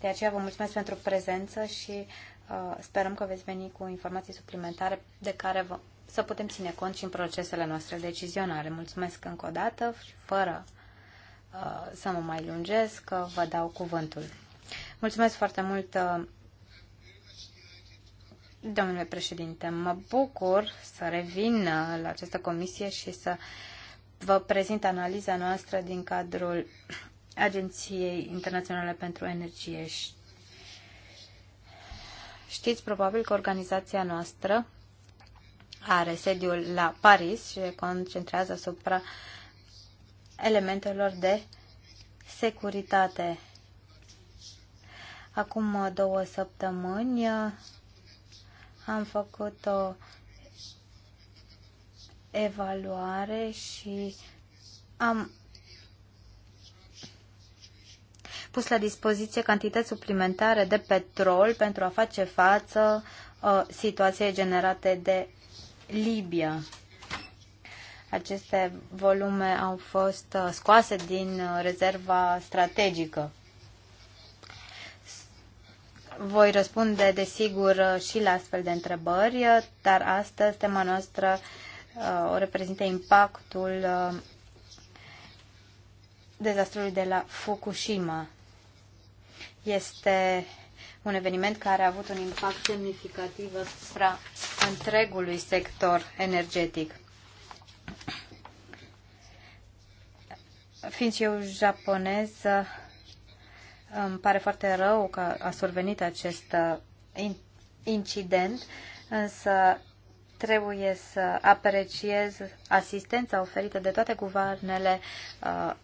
De aceea vă mulțumesc pentru prezență și uh, sperăm că veți veni cu informații suplimentare de care vă, să putem ține cont și în procesele noastre decizionale. Mulțumesc încă o dată și fără uh, să mă mai lungesc, că vă dau cuvântul. Mulțumesc foarte mult, uh, domnule președinte. Mă bucur să revin uh, la această comisie și să uh, vă prezint analiza noastră din cadrul Agenției Internaționale pentru Energie. Știți probabil că organizația noastră are sediul la Paris și se concentrează asupra elementelor de securitate. Acum două săptămâni am făcut o evaluare și am pus la dispoziție cantități suplimentare de petrol pentru a face față uh, situației generate de Libia. Aceste volume au fost uh, scoase din uh, rezerva strategică. Voi răspunde, desigur, uh, și la astfel de întrebări, uh, dar astăzi tema noastră uh, Uh, o reprezintă impactul uh, dezastrului de la Fukushima. Este un eveniment care a avut un impact semnificativ asupra întregului sector energetic. Fiind și eu japonez, îmi pare foarte rău că a survenit acest uh, incident, însă Trebuie să apreciez asistența oferită de toate guvernele uh,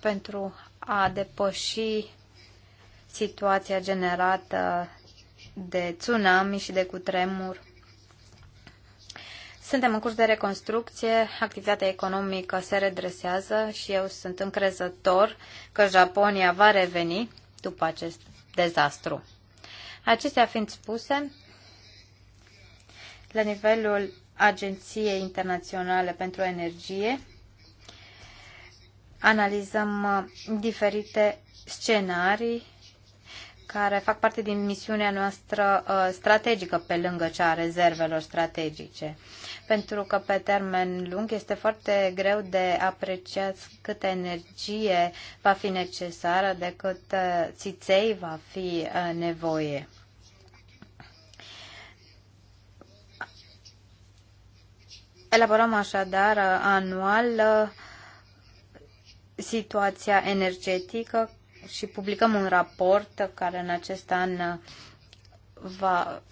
pentru a depăși situația generată de tsunami și de cutremur. Suntem în curs de reconstrucție, activitatea economică se redresează și eu sunt încrezător că Japonia va reveni după acest dezastru. Acestea fiind spuse, la nivelul Agenției Internaționale pentru Energie. Analizăm uh, diferite scenarii care fac parte din misiunea noastră uh, strategică pe lângă cea a rezervelor strategice. Pentru că pe termen lung este foarte greu de apreciat câtă energie va fi necesară, de cât uh, țiței va fi nevoie. Elaborăm așadar uh, anual uh, situația energetică și publicăm un raport care în acest an uh, va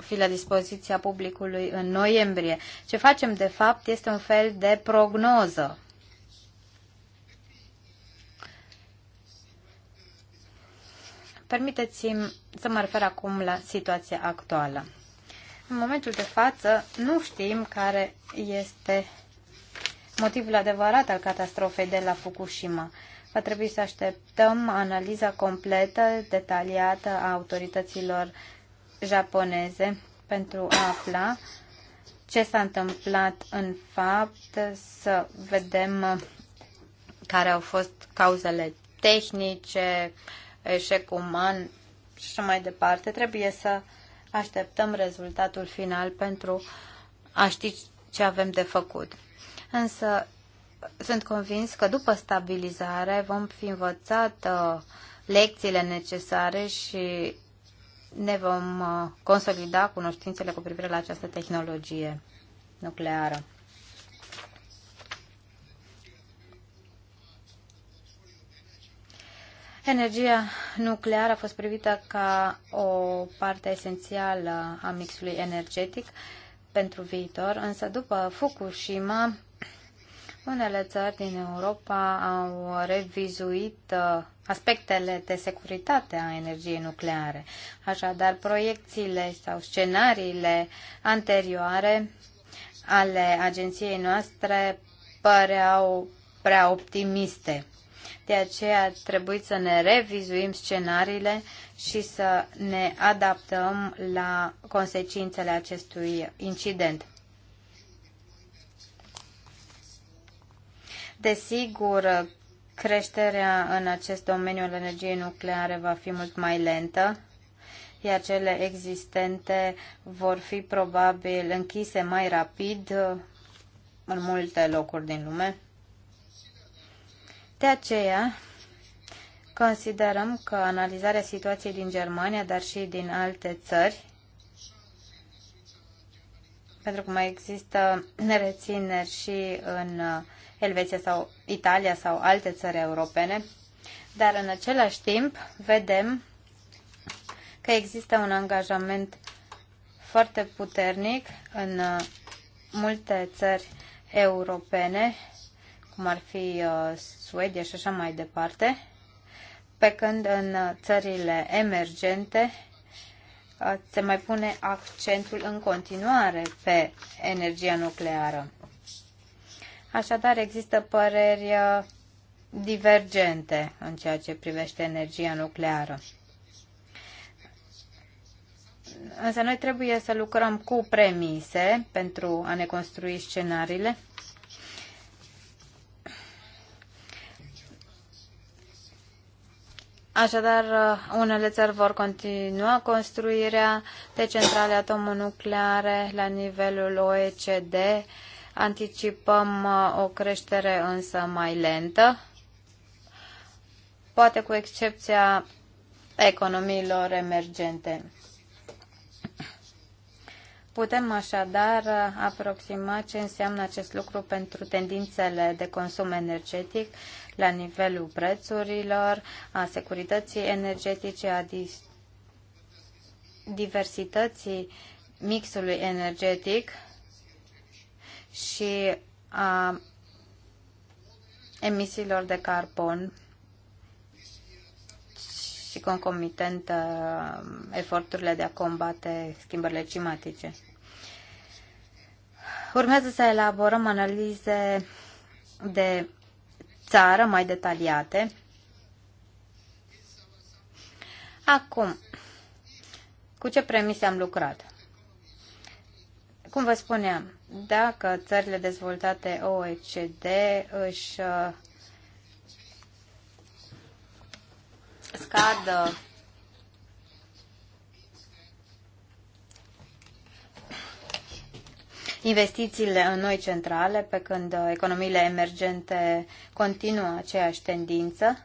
fi la dispoziția publicului în noiembrie. Ce facem, de fapt, este un fel de prognoză. Permiteți-mi să mă refer acum la situația actuală. În momentul de față nu știm care este motivul adevărat al catastrofei de la Fukushima. Va trebui să așteptăm analiza completă, detaliată a autorităților japoneze pentru a afla ce s-a întâmplat în fapt, să vedem care au fost cauzele tehnice, eșec uman și așa mai departe. Trebuie să așteptăm rezultatul final pentru a ști ce avem de făcut. Însă sunt convins că după stabilizare vom fi învățat uh, lecțiile necesare și ne vom uh, consolida cunoștințele cu privire la această tehnologie nucleară. Energia nucleară a fost privită ca o parte esențială a mixului energetic pentru viitor, însă după Fukushima, unele țări din Europa au revizuit uh, aspectele de securitate a energiei nucleare. Așadar, proiecțiile sau scenariile anterioare ale agenției noastre păreau prea optimiste. De aceea trebuie să ne revizuim scenariile și să ne adaptăm la consecințele acestui incident. Desigur, creșterea în acest domeniu al energiei nucleare va fi mult mai lentă, iar cele existente vor fi probabil închise mai rapid în multe locuri din lume. De aceea, considerăm că analizarea situației din Germania, dar și din alte țări, pentru că mai există rețineri și în uh, Elveția sau Italia sau alte țări europene, dar în același timp vedem că există un angajament foarte puternic în uh, multe țări europene cum ar fi uh, Suedia și așa mai departe, pe când în țările emergente uh, se mai pune accentul în continuare pe energia nucleară. Așadar, există păreri uh, divergente în ceea ce privește energia nucleară. Însă noi trebuie să lucrăm cu premise pentru a ne construi scenariile Așadar, uh, unele țări vor continua construirea de centrale atomonucleare la nivelul OECD. Anticipăm uh, o creștere însă mai lentă, poate cu excepția economiilor emergente. Putem așadar uh, aproxima ce înseamnă acest lucru pentru tendințele de consum energetic la nivelul prețurilor, a securității energetice, a diversității mixului energetic și a emisiilor de carbon și concomitent uh, eforturile de a combate schimbările climatice. Urmează să elaborăm analize de țară mai detaliate. Acum, cu ce premise am lucrat? Cum vă spuneam, dacă țările dezvoltate OECD își uh, scadă investițiile în noi centrale, pe când uh, economiile emergente continuă aceeași tendință.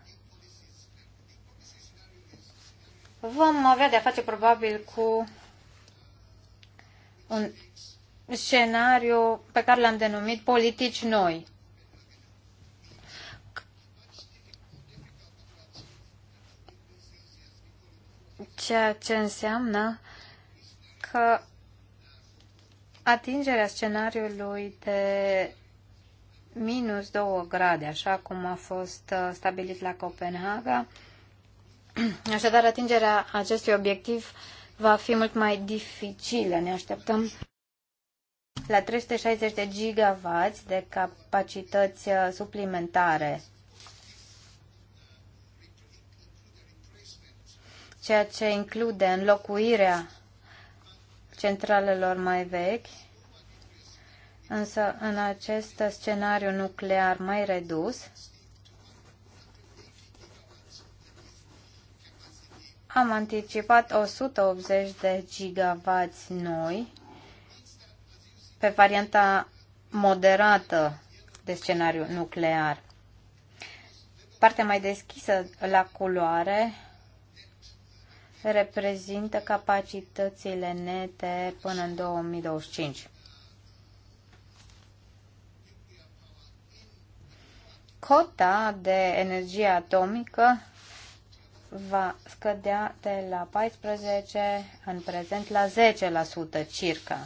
Vom avea de-a face probabil cu un scenariu pe care l-am denumit politici noi. Ceea ce înseamnă că atingerea scenariului de minus 2 grade, așa cum a fost uh, stabilit la Copenhaga. Așadar, atingerea acestui obiectiv va fi mult mai dificilă. Ne așteptăm la 360 de gigawatts de capacități uh, suplimentare, ceea ce include înlocuirea centralelor mai vechi, însă în acest scenariu nuclear mai redus, am anticipat 180 de gigawatts noi pe varianta moderată de scenariu nuclear. Partea mai deschisă la culoare reprezintă capacitățile nete până în 2025. Cota de energie atomică va scădea de la 14% în prezent la 10% circa.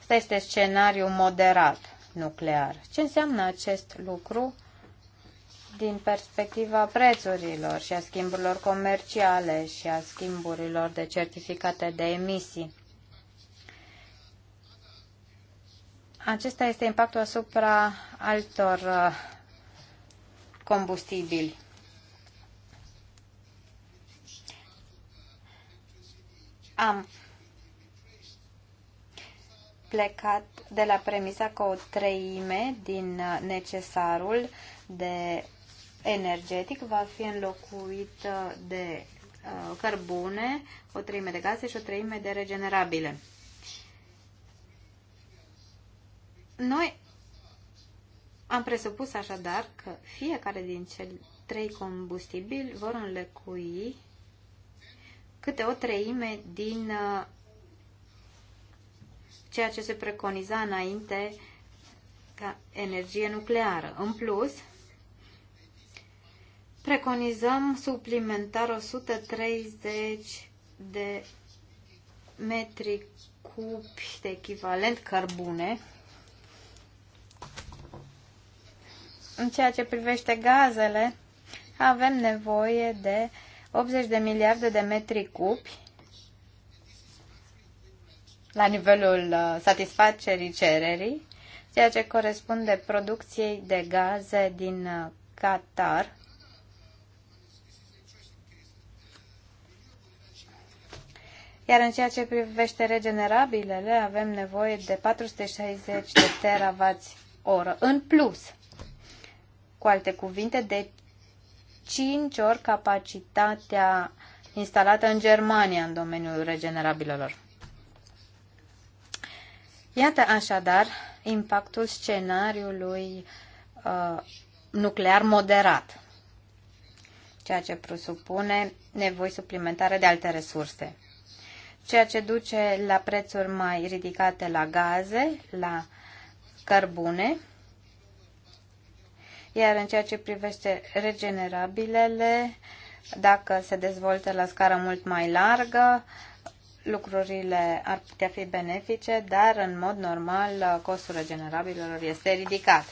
Asta este scenariul moderat nuclear. Ce înseamnă acest lucru din perspectiva prețurilor și a schimburilor comerciale și a schimburilor de certificate de emisii. Acesta este impactul asupra altor uh, combustibili. Am plecat de la premisa că o treime din uh, necesarul de energetic va fi înlocuit uh, de uh, cărbune, o treime de gaze și o treime de regenerabile. Noi am presupus așadar că fiecare din cei trei combustibili vor înlocui câte o treime din uh, ceea ce se preconiza înainte ca energie nucleară. În plus, preconizăm suplimentar 130 de metri cubi de echivalent cărbune. În ceea ce privește gazele, avem nevoie de 80 de miliarde de metri cubi la nivelul uh, satisfacerii cererii, ceea ce corespunde producției de gaze din uh, Qatar, Iar în ceea ce privește regenerabilele, avem nevoie de 460 de teravați oră în plus. Cu alte cuvinte, de 5 ori capacitatea instalată în Germania în domeniul regenerabilelor. Iată așadar impactul scenariului uh, nuclear moderat, ceea ce presupune nevoi suplimentare de alte resurse ceea ce duce la prețuri mai ridicate la gaze, la cărbune, iar în ceea ce privește regenerabilele, dacă se dezvoltă la scară mult mai largă, lucrurile ar putea fi benefice, dar în mod normal costul regenerabilelor este ridicat.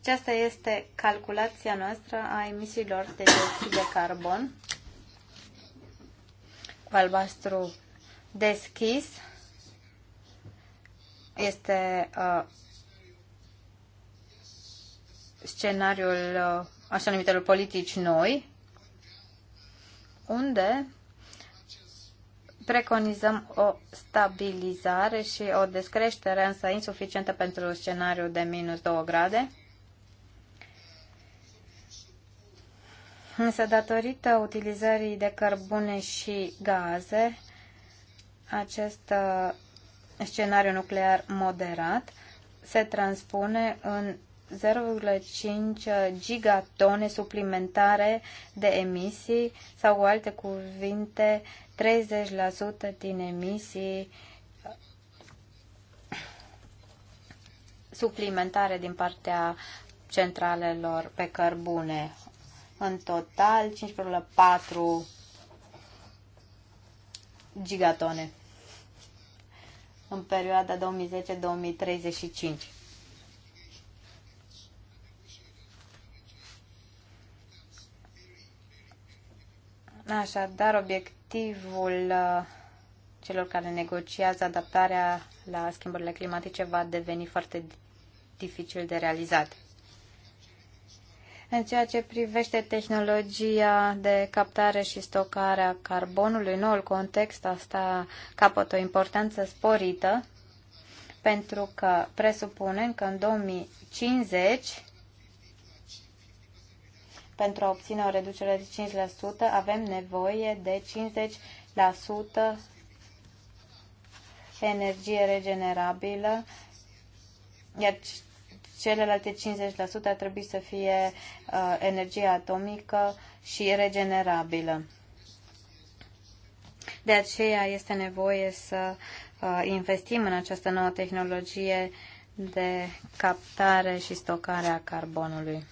Aceasta este calculația noastră a emisiilor de dioxid de carbon cu albastru deschis este uh, scenariul uh, așa numitelor politici noi, unde preconizăm o stabilizare și o descreștere, însă insuficientă pentru scenariul de minus 2 grade. Însă, datorită utilizării de cărbune și gaze, acest uh, scenariu nuclear moderat se transpune în 0,5 gigatone suplimentare de emisii sau, cu alte cuvinte, 30% din emisii uh, suplimentare din partea centralelor pe cărbune în total, 5,4 gigatone în perioada 2010-2035. Așadar, obiectivul uh, celor care negociază adaptarea la schimbările climatice va deveni foarte dificil de realizat. În ceea ce privește tehnologia de captare și stocare a carbonului, noul context asta capătă o importanță sporită pentru că presupunem că în 2050 pentru a obține o reducere de 5% avem nevoie de 50% energie regenerabilă, iar Celelalte 50% ar trebui să fie uh, energie atomică și regenerabilă. De aceea este nevoie să uh, investim în această nouă tehnologie de captare și stocare a carbonului.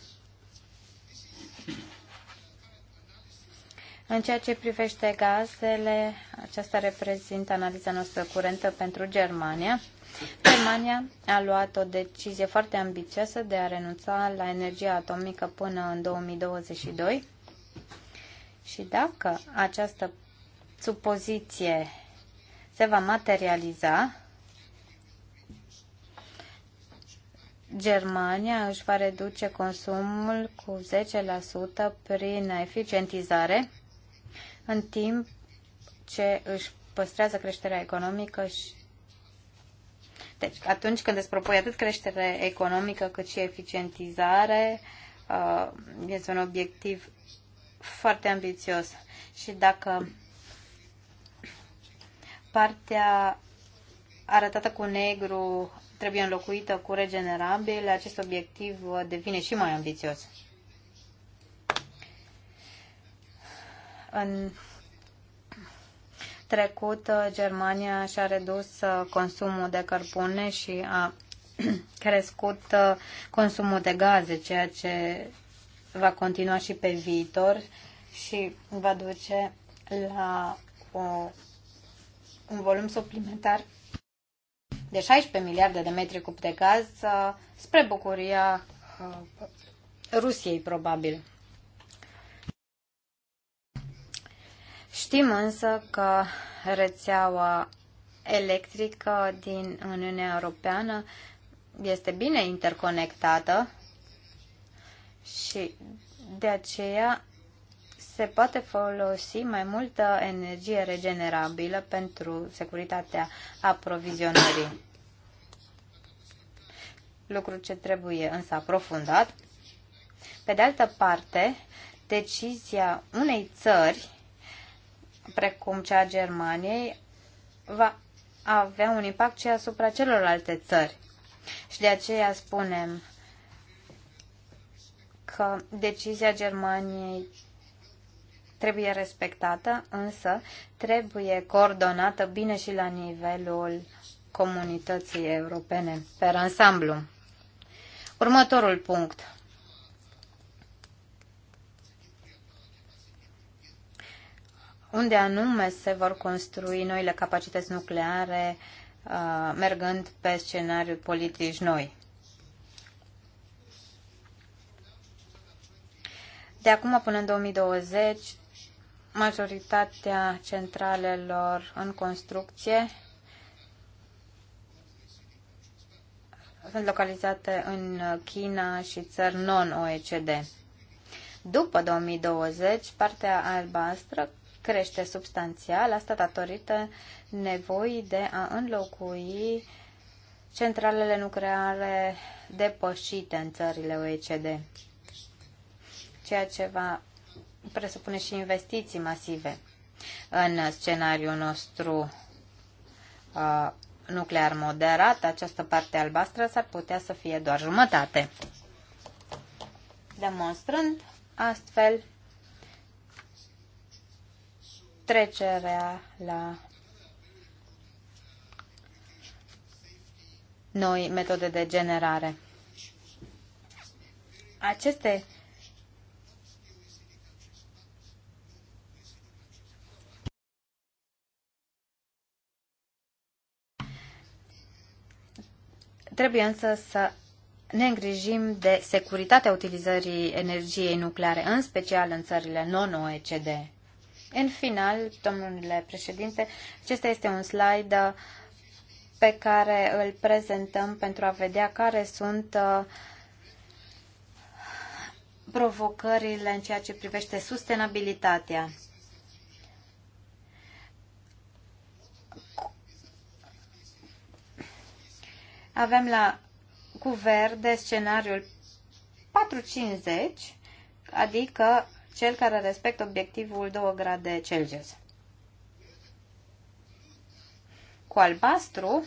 În ceea ce privește gazele, aceasta reprezintă analiza noastră curentă pentru Germania. Germania a luat o decizie foarte ambițioasă de a renunța la energia atomică până în 2022 și dacă această supoziție se va materializa, Germania își va reduce consumul cu 10% prin eficientizare, în timp ce își păstrează creșterea economică și deci, atunci când îți propui atât creștere economică cât și eficientizare, uh, este un obiectiv foarte ambițios. Și dacă partea arătată cu negru trebuie înlocuită cu regenerabil, acest obiectiv uh, devine și mai ambițios. În trecut, uh, Germania și-a redus uh, consumul de cărbune și a crescut uh, consumul de gaze, ceea ce va continua și pe viitor și va duce la o, un volum suplimentar de 16 miliarde de metri cub de gaz spre bucuria Rusiei, probabil. Știm însă că rețeaua electrică din Uniunea Europeană este bine interconectată și de aceea se poate folosi mai multă energie regenerabilă pentru securitatea aprovizionării. Lucru ce trebuie însă aprofundat. Pe de altă parte, decizia unei țări precum cea a Germaniei, va avea un impact și asupra celorlalte țări. Și de aceea spunem că decizia Germaniei trebuie respectată, însă trebuie coordonată bine și la nivelul comunității europene, per ansamblu. Următorul punct. unde anume se vor construi noile capacități nucleare, uh, mergând pe scenariul politici noi. De acum până în 2020, majoritatea centralelor în construcție sunt localizate în China și țări non-OECD. După 2020, partea albastră crește substanțial, asta datorită nevoii de a înlocui centralele nucleare depășite în țările OECD, ceea ce va presupune și investiții masive. În scenariul nostru uh, nuclear moderat, această parte albastră s-ar putea să fie doar jumătate, demonstrând astfel trecerea la noi metode de generare. Aceste Trebuie însă să ne îngrijim de securitatea utilizării energiei nucleare, în special în țările non-OECD. În final, domnule președinte, acesta este un slide uh, pe care îl prezentăm pentru a vedea care sunt uh, provocările în ceea ce privește sustenabilitatea. Avem la cu verde scenariul 450, adică cel care respectă obiectivul 2 grade Celsius. Cu albastru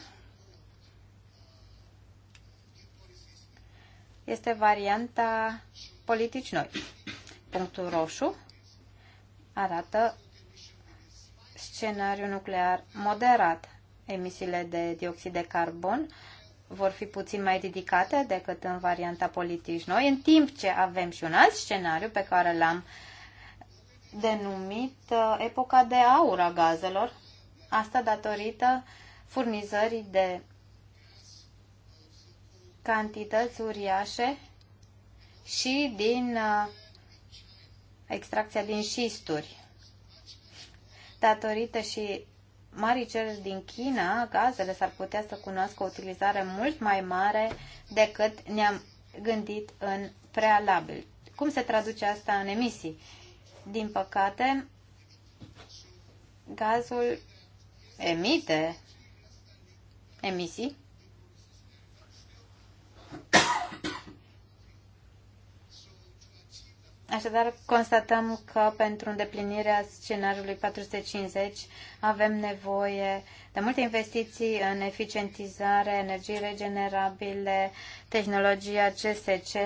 este varianta politici noi. Punctul roșu arată scenariu nuclear moderat. Emisiile de dioxid de carbon vor fi puțin mai ridicate decât în varianta politici noi, în timp ce avem și un alt scenariu pe care l-am denumit uh, epoca de aur a gazelor, asta datorită furnizării de cantități uriașe și din uh, extracția din șisturi, datorită și marii cereri din China, gazele s-ar putea să cunoască o utilizare mult mai mare decât ne-am gândit în prealabil. Cum se traduce asta în emisii? Din păcate, gazul emite emisii Așadar, constatăm că pentru îndeplinirea scenariului 450 avem nevoie de multe investiții în eficientizare, energii regenerabile, tehnologia CSC.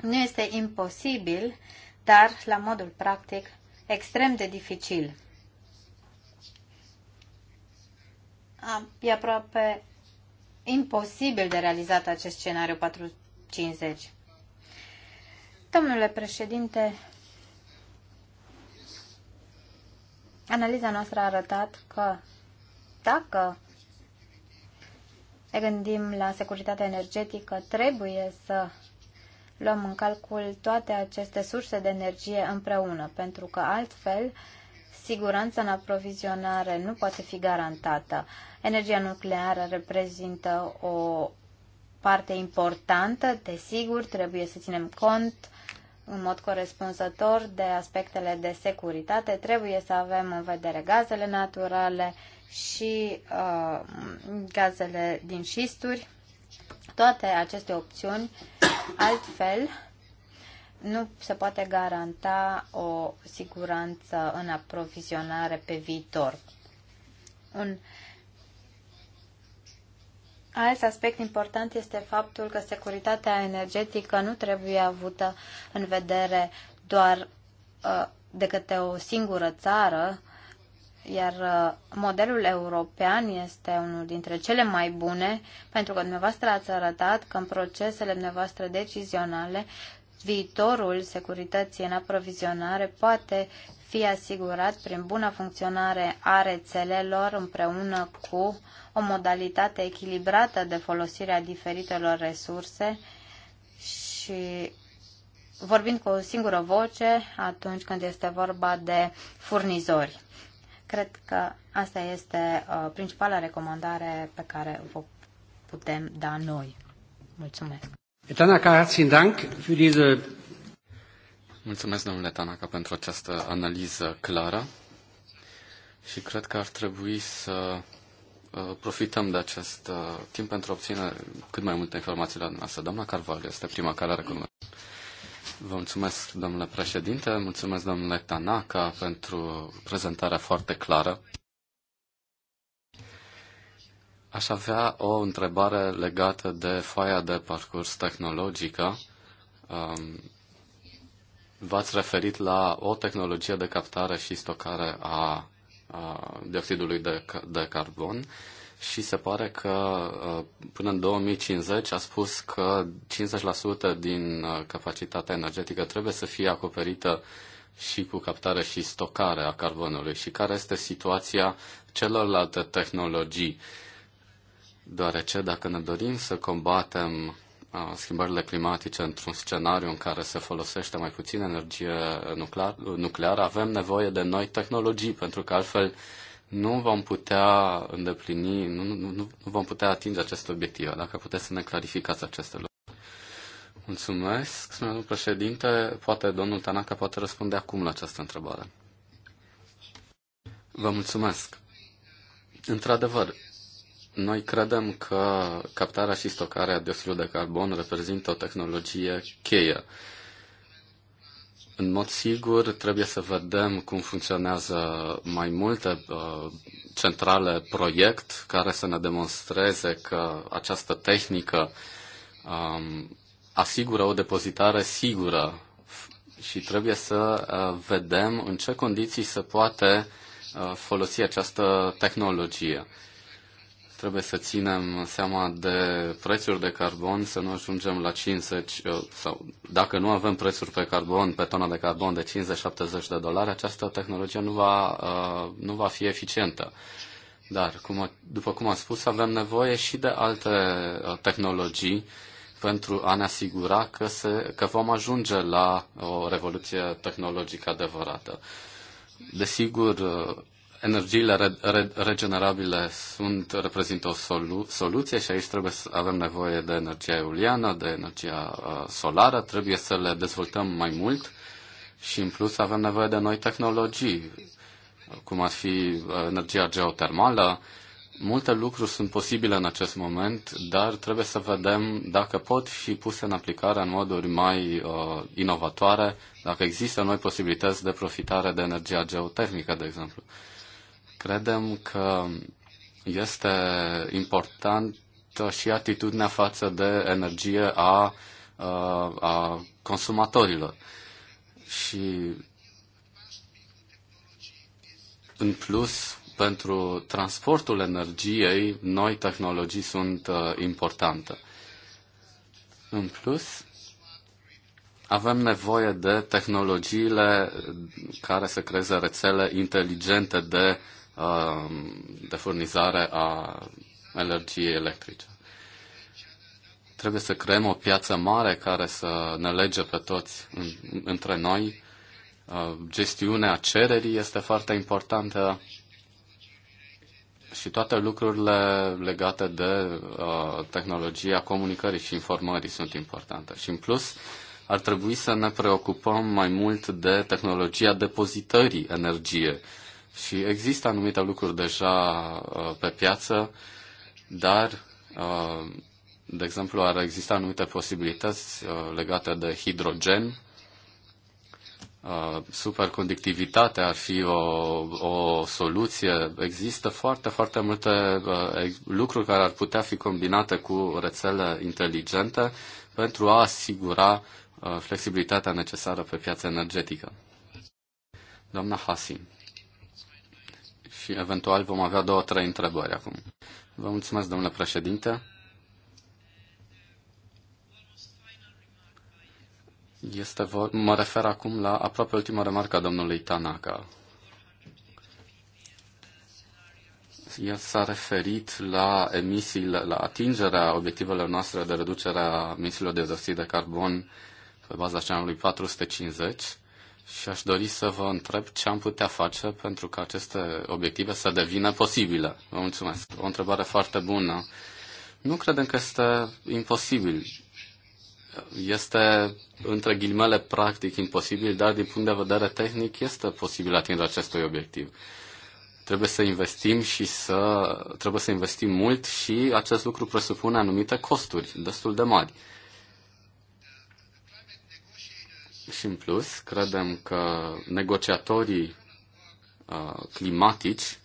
Nu este imposibil, dar la modul practic extrem de dificil. E aproape imposibil de realizat acest scenariu 450. Domnule președinte, analiza noastră a arătat că dacă ne gândim la securitatea energetică, trebuie să luăm în calcul toate aceste surse de energie împreună, pentru că altfel siguranța în aprovizionare nu poate fi garantată. Energia nucleară reprezintă o parte importantă, desigur, trebuie să ținem cont în mod corespunzător de aspectele de securitate. Trebuie să avem în vedere gazele naturale și uh, gazele din șisturi. Toate aceste opțiuni, altfel, nu se poate garanta o siguranță în aprovizionare pe viitor. Un Alt aspect important este faptul că securitatea energetică nu trebuie avută în vedere doar uh, de către o singură țară, iar uh, modelul european este unul dintre cele mai bune, pentru că dumneavoastră ați arătat că în procesele dumneavoastră decizionale viitorul securității în aprovizionare poate fi asigurat prin buna funcționare a rețelelor împreună cu uh, o modalitate echilibrată de folosire a diferitelor resurse și vorbind cu o singură voce atunci când este vorba de furnizori. Cred că asta este uh, principala recomandare pe care vă putem da noi. Mulțumesc. Tanaka, herzlichen Dank für diese Mulțumesc, domnule Tanaka, pentru această analiză clară și cred că ar trebui să Uh, profităm de acest uh, timp pentru a obține cât mai multe informații la dumneavoastră. Doamna Carvalho este prima care are cum. Vă mulțumesc, domnule președinte, mulțumesc, domnule Tanaka, pentru prezentarea foarte clară. Aș avea o întrebare legată de foaia de parcurs tehnologică. Um, v-ați referit la o tehnologie de captare și stocare a dioxidului de, de carbon și se pare că până în 2050 a spus că 50% din capacitatea energetică trebuie să fie acoperită și cu captare și stocare a carbonului și care este situația celorlalte tehnologii. Deoarece dacă ne dorim să combatem schimbările climatice într-un scenariu în care se folosește mai puțin energie nuclear, nucleară, avem nevoie de noi tehnologii, pentru că altfel nu vom putea îndeplini, nu, nu, nu vom putea atinge aceste obiective. Dacă puteți să ne clarificați aceste lucruri. Mulțumesc, domnul președinte. Poate domnul Tanaka poate răspunde acum la această întrebare. Vă mulțumesc. Într-adevăr, noi credem că captarea și stocarea dioxidului de carbon reprezintă o tehnologie cheie. În mod sigur, trebuie să vedem cum funcționează mai multe uh, centrale proiect care să ne demonstreze că această tehnică um, asigură o depozitare sigură și trebuie să uh, vedem în ce condiții se poate uh, folosi această tehnologie. Uh, trebuie să ținem seama de prețuri de carbon, să nu ajungem la 50 uh, sau dacă nu avem prețuri pe carbon, pe tonă de carbon de 50-70 de dolari, această tehnologie nu va, uh, nu va fi eficientă. Dar, cum, după cum am spus, avem nevoie și de alte uh, tehnologii pentru a ne asigura că, se, că vom ajunge la o revoluție tehnologică adevărată. Desigur, Energiile regenerabile sunt, reprezintă o solu- soluție și aici trebuie să avem nevoie de energia eoliană, de energia uh, solară, trebuie să le dezvoltăm mai mult și în plus avem nevoie de noi tehnologii, cum ar fi uh, energia geotermală. Multe lucruri sunt posibile în acest moment, dar trebuie să vedem dacă pot fi puse în aplicare în moduri mai uh, inovatoare, dacă există noi posibilități de profitare de energia geotermică, de exemplu. Uh, Credem că este importantă și atitudinea față de energie a, a, a consumatorilor. Și în plus, pentru transportul energiei, noi tehnologii sunt uh, importante. În plus, avem nevoie de tehnologiile care să creeze rețele inteligente de Um, de furnizare a energiei electrice. Trebuie să creăm o piață mare care să ne lege pe toți între noi. Uh, gestiunea cererii este foarte importantă și toate lucrurile legate de uh, tehnologia comunicării și informării sunt importante. Și în plus, ar trebui să ne preocupăm mai mult de tehnologia depozitării energiei și există anumite lucruri deja uh, pe piață, dar, uh, de exemplu, ar exista anumite posibilități uh, legate de hidrogen. Superconductivitatea ar fi o, o soluție. Există foarte, foarte multe lucruri care ar putea fi combinate cu rețele inteligente pentru a asigura flexibilitatea necesară pe piața energetică. Doamna Hasim și eventual vom avea două, trei întrebări acum. Vă mulțumesc, domnule președinte. Este vor... Mă refer acum la aproape ultima remarcă a domnului Tanaka. El s-a referit la emisiile, la atingerea obiectivelor noastre de reducere a emisiilor de dioxid de carbon pe baza scenariului 450 și aș dori să vă întreb ce am putea face pentru ca aceste obiective să devină posibile. Vă mulțumesc. O întrebare foarte bună. Nu credem că este imposibil. Este, între ghilimele, practic imposibil, dar din punct de vedere tehnic este posibil atingerea acestui obiectiv. Trebuie să investim și să, trebuie să investim mult și acest lucru presupune anumite costuri destul de mari. Și în plus, credem că negociatorii uh, climatici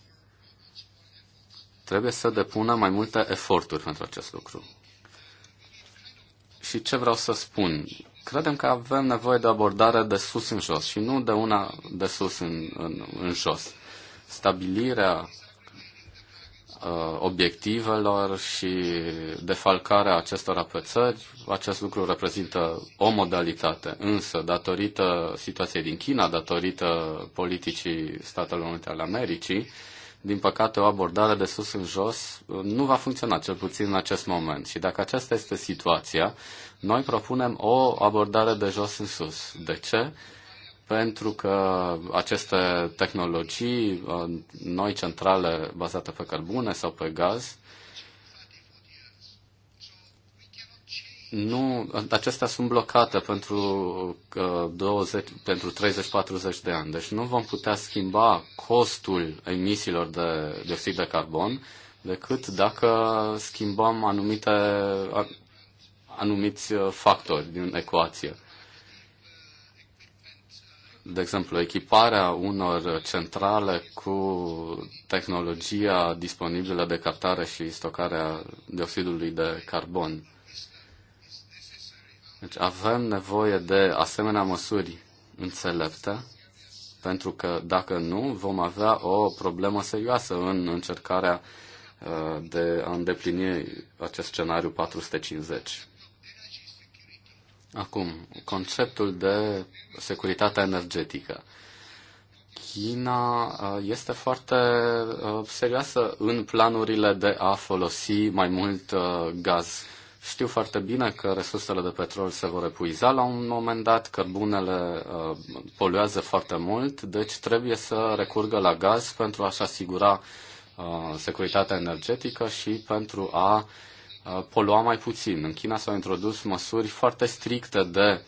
trebuie să depună mai multe eforturi pentru acest lucru. Și ce vreau să spun? Credem că avem nevoie de abordare de sus în jos și nu de una de sus în, în, în jos. Stabilirea Uh, obiectivelor și defalcarea acestora pe țări, acest lucru reprezintă o modalitate. Însă, datorită situației din China, datorită politicii Statelor Unite ale Americii, din păcate, o abordare de sus în jos uh, nu va funcționa, cel puțin în acest moment. Și dacă aceasta este situația, noi propunem o abordare de jos în sus. De ce? pentru că aceste tehnologii, uh, noi centrale bazate pe cărbune sau pe gaz, nu, acestea sunt blocate pentru, 20, uh, pentru 30-40 de ani. Deci nu vom putea schimba costul emisiilor de dioxid de carbon decât dacă schimbăm anumite, anumiți uh, factori din ecuație de exemplu, echiparea unor centrale cu tehnologia disponibilă de captare și stocarea dioxidului de carbon. Deci avem nevoie de asemenea măsuri înțelepte, pentru că dacă nu, vom avea o problemă serioasă în încercarea uh, de a îndeplini acest scenariu 450. Acum, conceptul de securitate energetică. China uh, este foarte uh, serioasă în planurile de a folosi mai mult uh, gaz. Știu foarte bine că resursele de petrol se vor epuiza la un moment dat, cărbunele poluează foarte mult, deci trebuie să recurgă la gaz pentru a-și asigura securitatea energetică și pentru a Uh, polua mai puțin. În China s-au introdus măsuri foarte stricte de,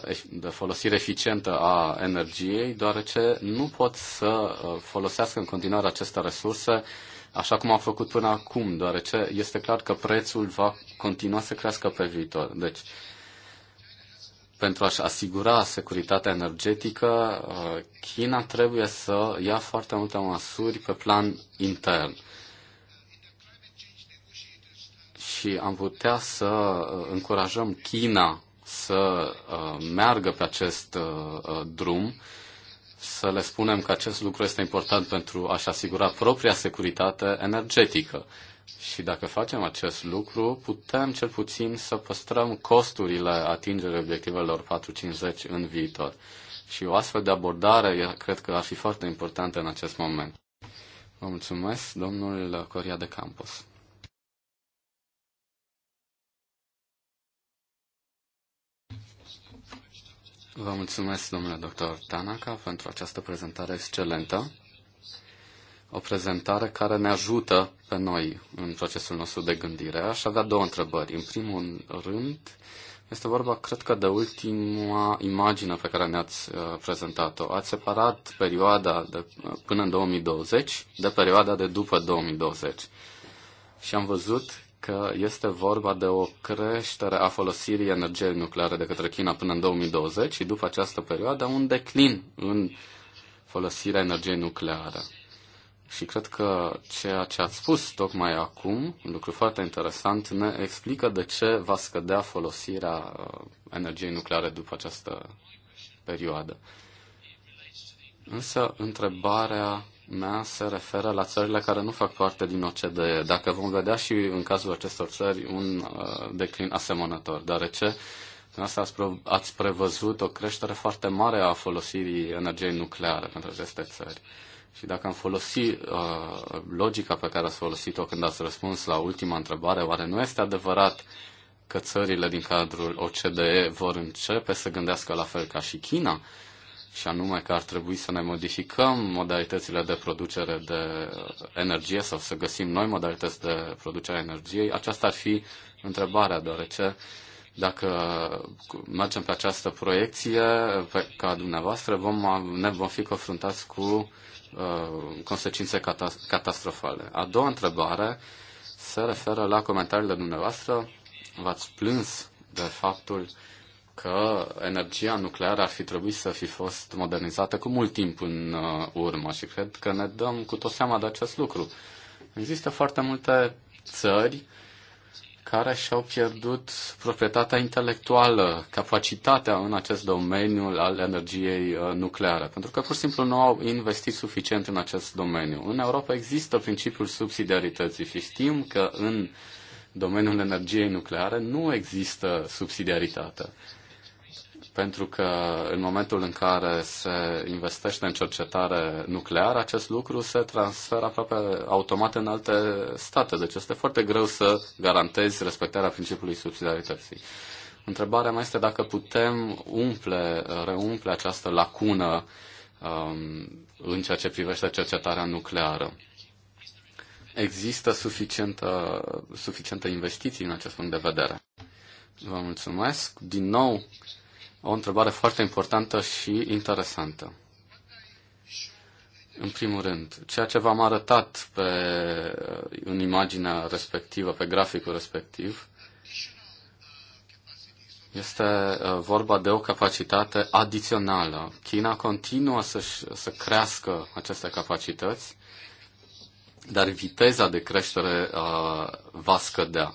uh, de folosire eficientă a energiei, deoarece nu pot să uh, folosească în continuare aceste resurse așa cum am făcut până acum, deoarece este clar că prețul va continua să crească pe viitor. Deci, pentru a-și asigura securitatea energetică, China trebuie să ia foarte multe măsuri pe plan intern. și am putea să uh, încurajăm China să uh, meargă pe acest uh, drum, să le spunem că acest lucru este important pentru a-și asigura propria securitate energetică. Și dacă facem acest lucru, putem cel puțin să păstrăm costurile atingerii obiectivelor 450 în viitor. Și o astfel de abordare cred că ar fi foarte importantă în acest moment. Vă mulțumesc, domnul Coria de Campos. Vă mulțumesc, domnule doctor Tanaka, pentru această prezentare excelentă. O prezentare care ne ajută pe noi în procesul nostru de gândire. Aș avea două întrebări. În primul rând, este vorba, cred că, de ultima imagine pe care ne-ați uh, prezentat-o. Ați separat perioada de, uh, până în 2020 de perioada de după 2020. Și am văzut că este vorba de o creștere a folosirii energiei nucleare de către China până în 2020 și după această perioadă un declin în folosirea energiei nucleare. Și cred că ceea ce ați spus tocmai acum, un lucru foarte interesant, ne explică de ce va scădea folosirea uh, energiei nucleare după această perioadă. Însă, întrebarea mea se referă la țările care nu fac parte din OCDE. Dacă vom vedea și în cazul acestor țări un uh, declin asemănător, deoarece Asta ați prevăzut o creștere foarte mare a folosirii energiei nucleare pentru aceste țări. Și dacă am folosit uh, logica pe care ați folosit-o când ați răspuns la ultima întrebare, oare nu este adevărat că țările din cadrul OCDE vor începe să gândească la fel ca și China? și anume că ar trebui să ne modificăm modalitățile de producere de uh, energie sau să găsim noi modalități de producere a energiei, aceasta ar fi întrebarea, deoarece dacă mergem pe această proiecție, pe, ca dumneavoastră, vom, ne vom fi confruntați cu uh, consecințe catas- catastrofale. A doua întrebare se referă la comentariile dumneavoastră. V-ați plâns de faptul uh, că energia nucleară ar fi trebuit să fi fost modernizată cu mult timp în uh, urmă și cred că ne dăm cu tot seama de acest lucru. Există foarte multe țări care și-au pierdut proprietatea intelectuală, capacitatea în acest domeniu al energiei uh, nucleare, pentru că pur și simplu nu au investit suficient în acest domeniu. În Europa există principiul subsidiarității și știm că în domeniul energiei nucleare nu există subsidiaritate pentru că în momentul în care se investește în cercetare nucleară, acest lucru se transferă aproape automat în alte state. Deci este foarte greu să garantezi respectarea principiului subsidiarității. Întrebarea mea este dacă putem umple, reumple această lacună um, în ceea ce privește cercetarea nucleară. Există suficientă, suficientă investiții în acest punct de vedere. Vă mulțumesc. Din nou, o întrebare foarte importantă și interesantă. În primul rând, ceea ce v-am arătat pe, în imaginea respectivă, pe graficul respectiv, este uh, vorba de o capacitate adițională. China continuă să să crească aceste capacități, dar viteza de creștere uh, va scădea.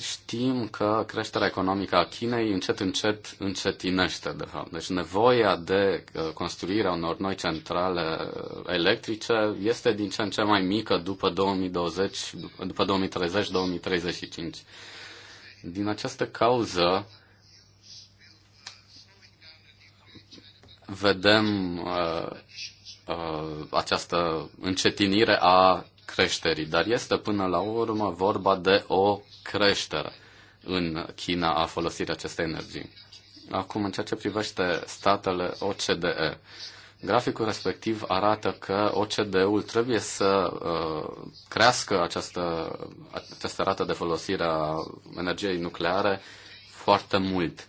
Știm că creșterea economică a Chinei încet, încet încetinește, de fapt. Deci nevoia de uh, construirea unor noi centrale uh, electrice este din ce în ce mai mică după 2020, după 2030-2035. Din această cauză, vedem uh, uh, această încetinire a creșterii, dar este până la urmă vorba de o creștere în China a folosirii acestei energii. Acum, în ceea ce privește statele OCDE, graficul respectiv arată că OCDE-ul trebuie să uh, crească această, această rată de folosire a energiei nucleare foarte mult,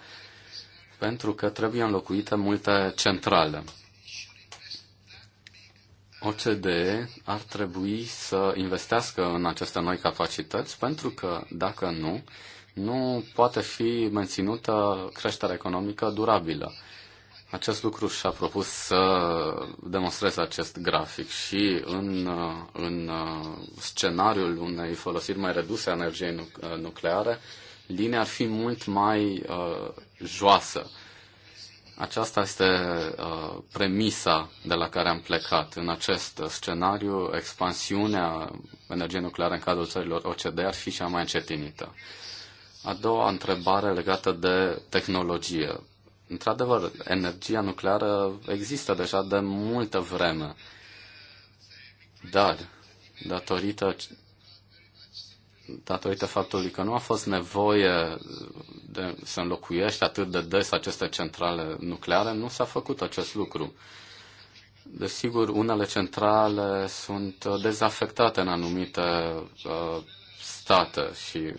pentru că trebuie înlocuite multe centrale. OCDE ar trebui să investească în aceste noi capacități, pentru că, dacă nu, nu poate fi menținută creșterea economică durabilă. Acest lucru și-a propus să demonstreze acest grafic și în, în scenariul unei folosiri mai reduse a energiei nucleare, linia ar fi mult mai uh, joasă aceasta este uh, premisa de la care am plecat. În acest scenariu, expansiunea energiei nucleare în cadrul țărilor OCD ar fi cea mai încetinită. A doua întrebare legată de tehnologie. Într-adevăr, energia nucleară există deja de multă vreme, dar datorită datorită faptului că nu a fost nevoie de, să înlocuiești atât de des aceste centrale nucleare, nu s-a făcut acest lucru. Desigur, unele centrale sunt uh, dezafectate în anumite uh, state și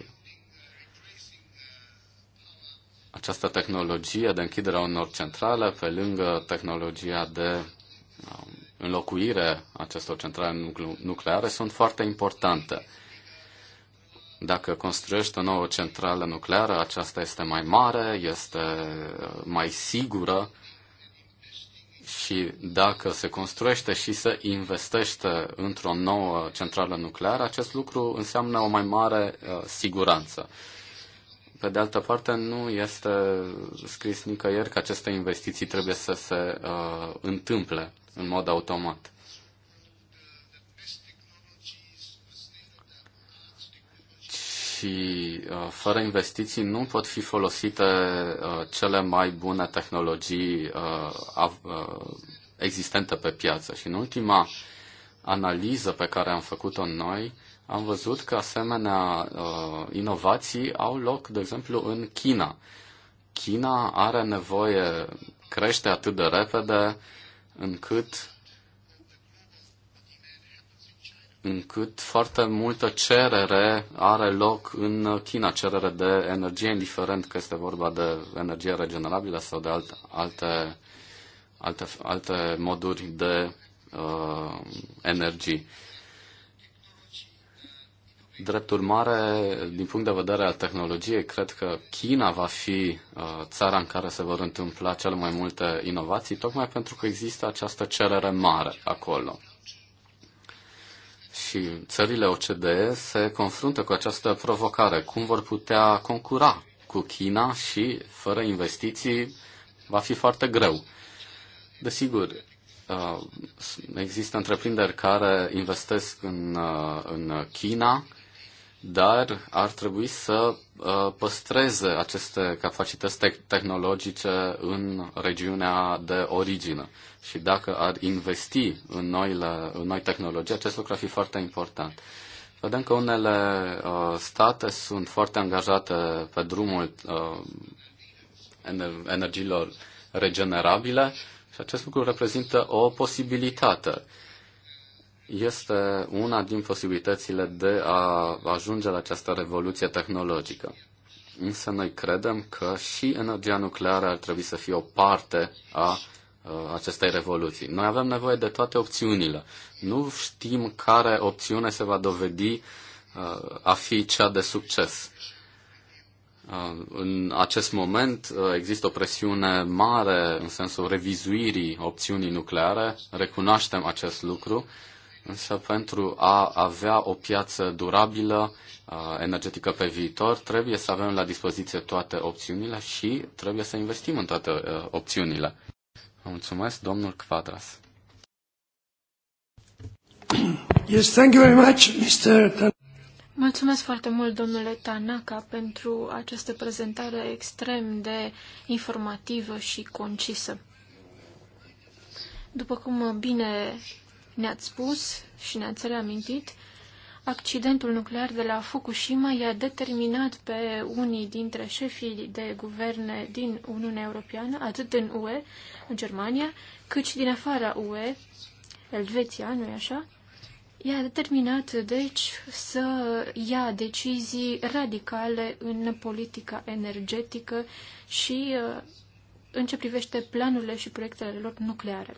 această tehnologie de închidere a unor centrale, pe lângă tehnologia de um, înlocuire acestor centrale nucleare, sunt foarte importante. Dacă construiești o nouă centrală nucleară, aceasta este mai mare, este uh, mai sigură și dacă se construiește și se investește într-o nouă centrală nucleară, acest lucru înseamnă o mai mare uh, siguranță. Pe de altă parte, nu este scris nicăieri că aceste investiții trebuie să se uh, întâmple în mod automat. și uh, fără investiții nu pot fi folosite uh, cele mai bune tehnologii uh, existente pe piață. Și în ultima analiză pe care am făcut-o noi, am văzut că asemenea inovații au loc, de exemplu, în China. China are nevoie, crește atât de repede, încât încât foarte multă cerere are loc în China, cerere de energie, indiferent că este vorba de energie regenerabilă sau de alte alte, alte, alte moduri de uh, energie. Drept urmare, din punct de vedere al tehnologiei, cred că China va fi uh, țara în care se vor întâmpla cele mai multe inovații, tocmai pentru că există această cerere mare acolo și țările OCDE se confruntă cu această provocare. Cum vor putea concura cu China și fără investiții va fi foarte greu. Desigur, uh, există întreprinderi care investesc în, uh, în China dar ar trebui să uh, păstreze aceste capacități tehnologice în regiunea de origine. Și dacă ar investi în, noile, în noi tehnologii, acest lucru ar fi foarte important. Vedem că unele uh, state sunt foarte angajate pe drumul uh, ener- energiilor regenerabile și acest lucru reprezintă o posibilitate este una din posibilitățile de a ajunge la această revoluție tehnologică. Însă noi credem că și energia nucleară ar trebui să fie o parte a acestei revoluții. Noi avem nevoie de toate opțiunile. Nu știm care opțiune se va dovedi a fi cea de succes. În acest moment există o presiune mare în sensul revizuirii opțiunii nucleare, recunoaștem acest lucru Însă pentru a avea o piață durabilă, energetică pe viitor, trebuie să avem la dispoziție toate opțiunile și trebuie să investim în toate opțiunile. Mulțumesc, domnul Quadras. Yes, thank you very much, Mr. Mulțumesc foarte mult, domnule Tanaka, pentru această prezentare extrem de informativă și concisă. După cum bine ne-ați spus și ne-ați reamintit, accidentul nuclear de la Fukushima i-a determinat pe unii dintre șefii de guverne din Uniunea Europeană, atât în UE, în Germania, cât și din afara UE, Elveția, nu-i așa? I-a determinat, deci, să ia decizii radicale în politica energetică și uh, în ce privește planurile și proiectele lor nucleare.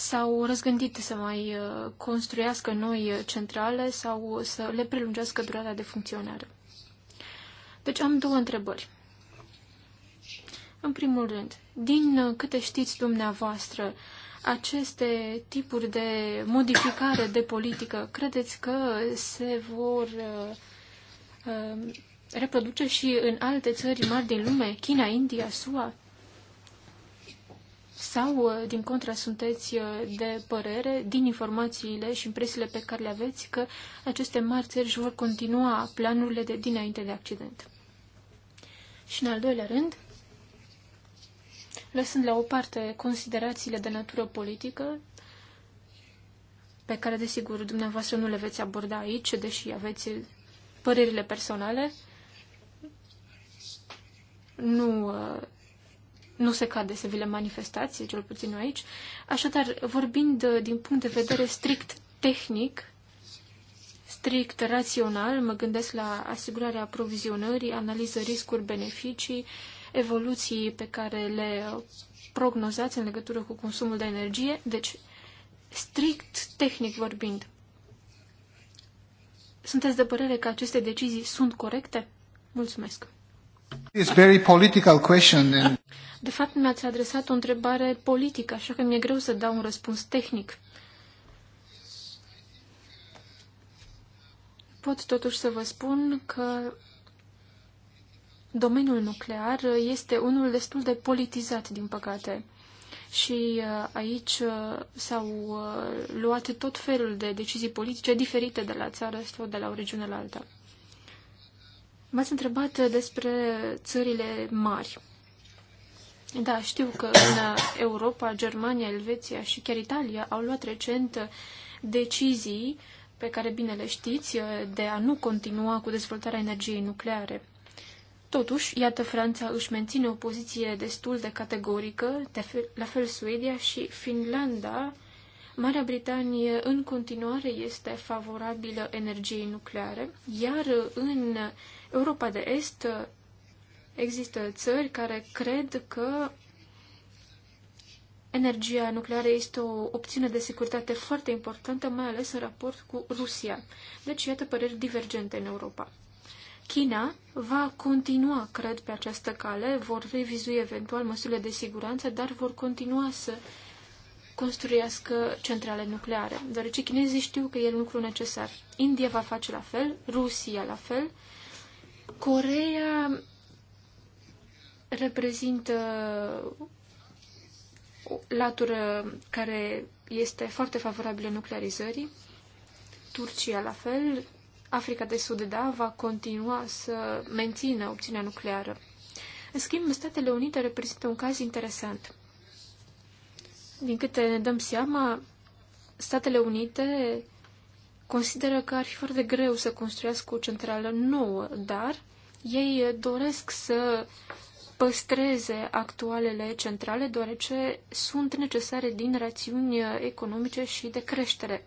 s-au răzgândit să mai uh, construiască noi uh, centrale sau să le prelungească durata de funcționare. Deci am două întrebări. În primul rând, din uh, câte știți dumneavoastră, aceste tipuri de modificare de politică, credeți că se vor uh, reproduce și în alte țări mari din lume, China, India, SUA? Sau, uh, din contra, sunteți uh, de părere, din informațiile și impresiile pe care le aveți, că aceste mari țări își vor continua planurile de dinainte de accident? Și, în al doilea rând, lăsând la o parte considerațiile de natură politică, pe care, desigur, dumneavoastră nu le veți aborda aici, deși aveți părerile personale, nu uh, nu se cade să vi le manifestați, cel puțin aici. Așadar, vorbind uh, din punct de vedere strict tehnic, strict rațional, mă gândesc la asigurarea aprovizionării, analiză riscuri-beneficii, evoluții pe care le uh, prognozați în legătură cu consumul de energie, deci strict tehnic vorbind. Sunteți de părere că aceste decizii sunt corecte? Mulțumesc! De fapt, mi-ați adresat o întrebare politică, așa că mi-e greu să dau un răspuns tehnic. Pot totuși să vă spun că domeniul nuclear este unul destul de politizat, din păcate. Și uh, aici uh, s-au uh, luat tot felul de decizii politice diferite de la țară sau de la o regiune la alta. M-ați întrebat despre țările mari. Da, știu că în Europa, Germania, Elveția și chiar Italia au luat recent decizii pe care bine le știți, de a nu continua cu dezvoltarea energiei nucleare. Totuși, iată, Franța își menține o poziție destul de categorică, de fel, la fel Suedia și Finlanda. Marea Britanie în continuare este favorabilă energiei nucleare, iar în Europa de Est există țări care cred că energia nucleară este o opțiune de securitate foarte importantă, mai ales în raport cu Rusia. Deci, iată păreri divergente în Europa. China va continua, cred, pe această cale, vor revizui eventual măsurile de siguranță, dar vor continua să construiască centrale nucleare, deoarece chinezii știu că e lucru necesar. India va face la fel, Rusia la fel, Coreea reprezintă o latură care este foarte favorabilă nuclearizării. Turcia la fel. Africa de Sud, da, va continua să mențină opțiunea nucleară. În schimb, Statele Unite reprezintă un caz interesant. Din câte ne dăm seama, Statele Unite consideră că ar fi foarte greu să construiască o centrală nouă, dar ei doresc să păstreze actualele centrale, deoarece sunt necesare din rațiuni economice și de creștere.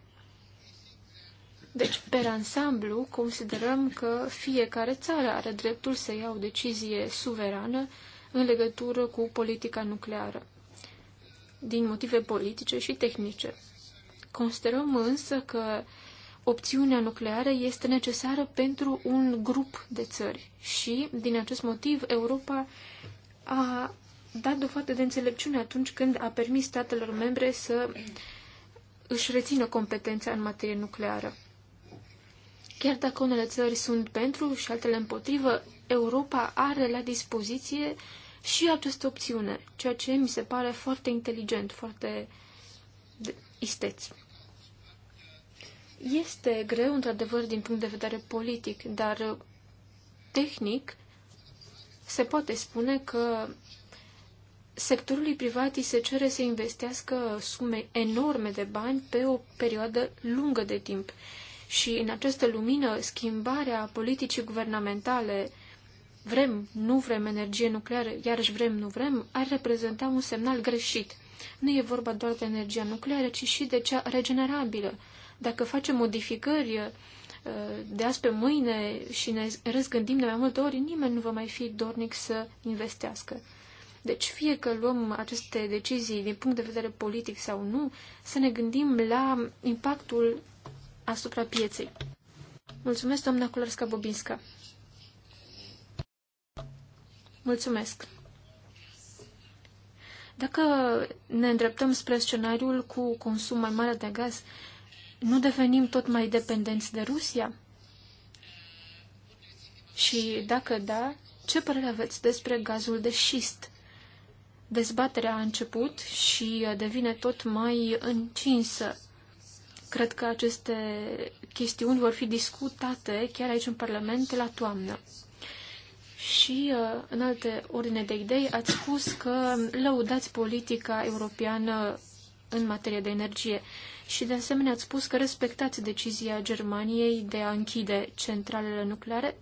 Deci, pe ansamblu, considerăm că fiecare țară are dreptul să ia o decizie suverană în legătură cu politica nucleară, din motive politice și tehnice. Considerăm însă că opțiunea nucleară este necesară pentru un grup de țări și, din acest motiv, Europa a dat dovadă de înțelepciune atunci când a permis statelor membre să își rețină competența în materie nucleară. Chiar dacă unele țări sunt pentru și altele împotrivă, Europa are la dispoziție și această opțiune, ceea ce mi se pare foarte inteligent, foarte isteț. Este greu, într-adevăr, din punct de vedere politic, dar uh, tehnic se poate spune că sectorului privat îi se cere să investească sume enorme de bani pe o perioadă lungă de timp. Și în această lumină, schimbarea politicii guvernamentale, vrem, nu vrem energie nucleară, iarăși vrem, nu vrem, ar reprezenta un semnal greșit. Nu e vorba doar de energia nucleară, ci și de cea regenerabilă, dacă facem modificări uh, de azi pe mâine și ne răzgândim de mai multe ori, nimeni nu va mai fi dornic să investească. Deci, fie că luăm aceste decizii din punct de vedere politic sau nu, să ne gândim la impactul asupra pieței. Mulțumesc, doamna Kularska-Bobinska. Mulțumesc. Dacă ne îndreptăm spre scenariul cu consum mai mare de gaz, nu devenim tot mai dependenți de Rusia? Și dacă da, ce părere aveți despre gazul de șist? Dezbaterea a început și devine tot mai încinsă. Cred că aceste chestiuni vor fi discutate chiar aici în Parlament la toamnă. Și uh, în alte ordine de idei ați spus că lăudați politica europeană în materie de energie și de asemenea ați spus că respectați decizia Germaniei de a închide centralele nucleare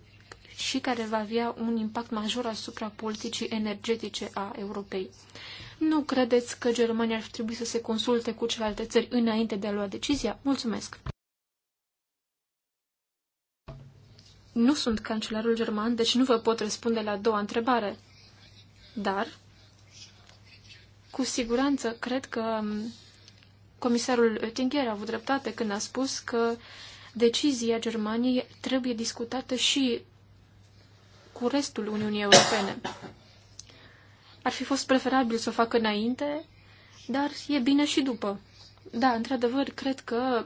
și care va avea un impact major asupra politicii energetice a Europei. Nu credeți că Germania ar trebui să se consulte cu celelalte țări înainte de a lua decizia? Mulțumesc! Nu sunt cancelarul german, deci nu vă pot răspunde la a doua întrebare. Dar, cu siguranță, cred că um, Comisarul Oettinger a avut dreptate când a spus că decizia Germaniei trebuie discutată și cu restul Uniunii Europene. Ar fi fost preferabil să o facă înainte, dar e bine și după. Da, într-adevăr, cred că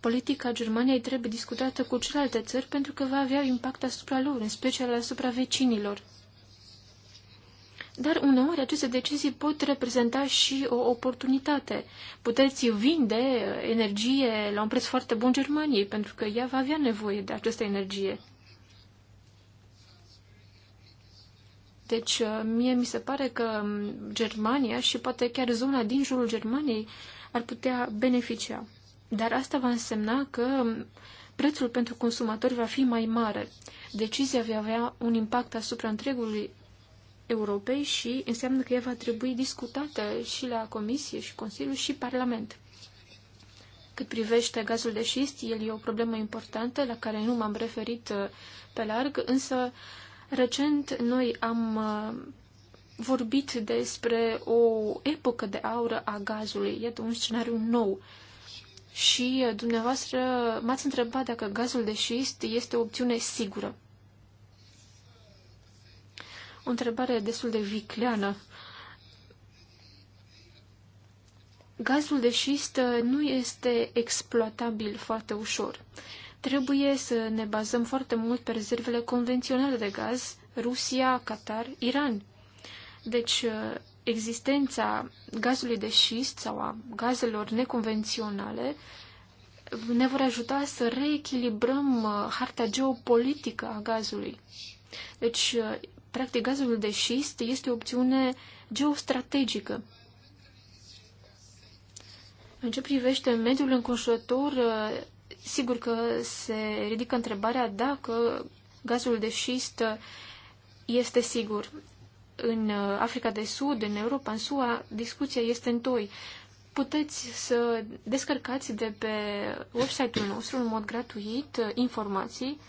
politica Germaniei trebuie discutată cu celelalte țări pentru că va avea impact asupra lor, în special asupra vecinilor. Dar uneori aceste decizii pot reprezenta și o oportunitate. Puteți vinde energie la un preț foarte bun Germaniei, pentru că ea va avea nevoie de această energie. Deci, uh, mie mi se pare că um, Germania și poate chiar zona din jurul Germaniei ar putea beneficia. Dar asta va însemna că um, prețul pentru consumatori va fi mai mare. Decizia va avea un impact asupra întregului Europei și înseamnă că ea va trebui discutată și la Comisie și Consiliu și Parlament. Cât privește gazul de șist, el e o problemă importantă la care nu m-am referit uh, pe larg, însă recent noi am uh, vorbit despre o epocă de aură a gazului. Iată un scenariu nou. Și uh, dumneavoastră m-ați întrebat dacă gazul de șist este o opțiune sigură o întrebare destul de vicleană. Gazul de șist uh, nu este exploatabil foarte ușor. Trebuie să ne bazăm foarte mult pe rezervele convenționale de gaz, Rusia, Qatar, Iran. Deci, uh, existența gazului de șist sau a gazelor neconvenționale ne vor ajuta să reechilibrăm uh, harta geopolitică a gazului. Deci, Practic, gazul de șist este o opțiune geostrategică. În ce privește mediul înconjurător, uh, sigur că se ridică întrebarea dacă gazul de șist este sigur. În uh, Africa de Sud, în Europa, în SUA, discuția este în toi. Puteți să descărcați de pe website-ul nostru în mod gratuit uh, informații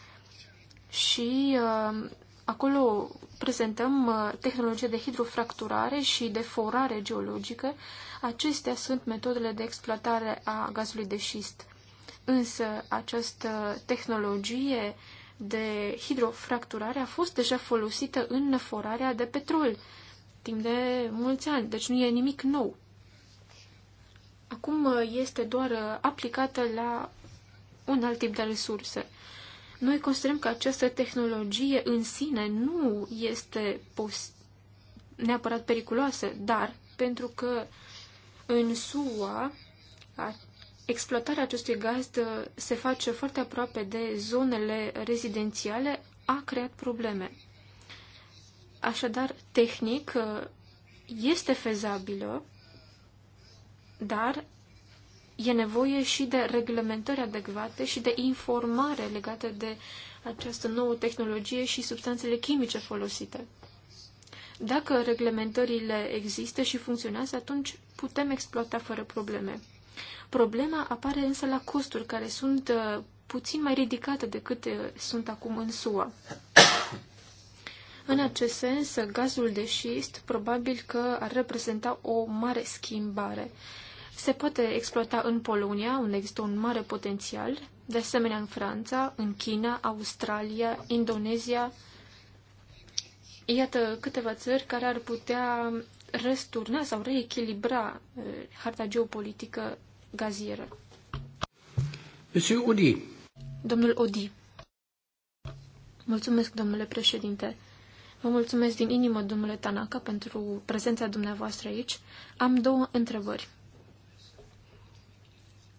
și uh, Acolo prezentăm uh, tehnologie de hidrofracturare și de forare geologică. Acestea sunt metodele de exploatare a gazului de șist. Însă această tehnologie de hidrofracturare a fost deja folosită în forarea de petrol timp de mulți ani, deci nu e nimic nou. Acum uh, este doar uh, aplicată la un alt tip de resurse. Noi considerăm că această tehnologie în sine nu este neapărat periculoasă, dar pentru că în SUA exploatarea acestui gaz ă, se face foarte aproape de zonele rezidențiale, a creat probleme. Așadar, tehnic ă, este fezabilă, dar e nevoie și de reglementări adecvate și de informare legate de această nouă tehnologie și substanțele chimice folosite. Dacă reglementările există și funcționează, atunci putem exploata fără probleme. Problema apare însă la costuri care sunt uh, puțin mai ridicate decât uh, sunt acum în SUA. În acest sens, gazul de șist probabil că ar reprezenta o mare schimbare se poate exploata în Polonia, unde există un mare potențial, de asemenea în Franța, în China, Australia, Indonezia. Iată câteva țări care ar putea răsturna sau reechilibra eh, harta geopolitică gazieră. Monsieur Odi. Domnul Odi. Mulțumesc, domnule președinte. Vă mulțumesc din inimă, domnule Tanaka, pentru prezența dumneavoastră aici. Am două întrebări.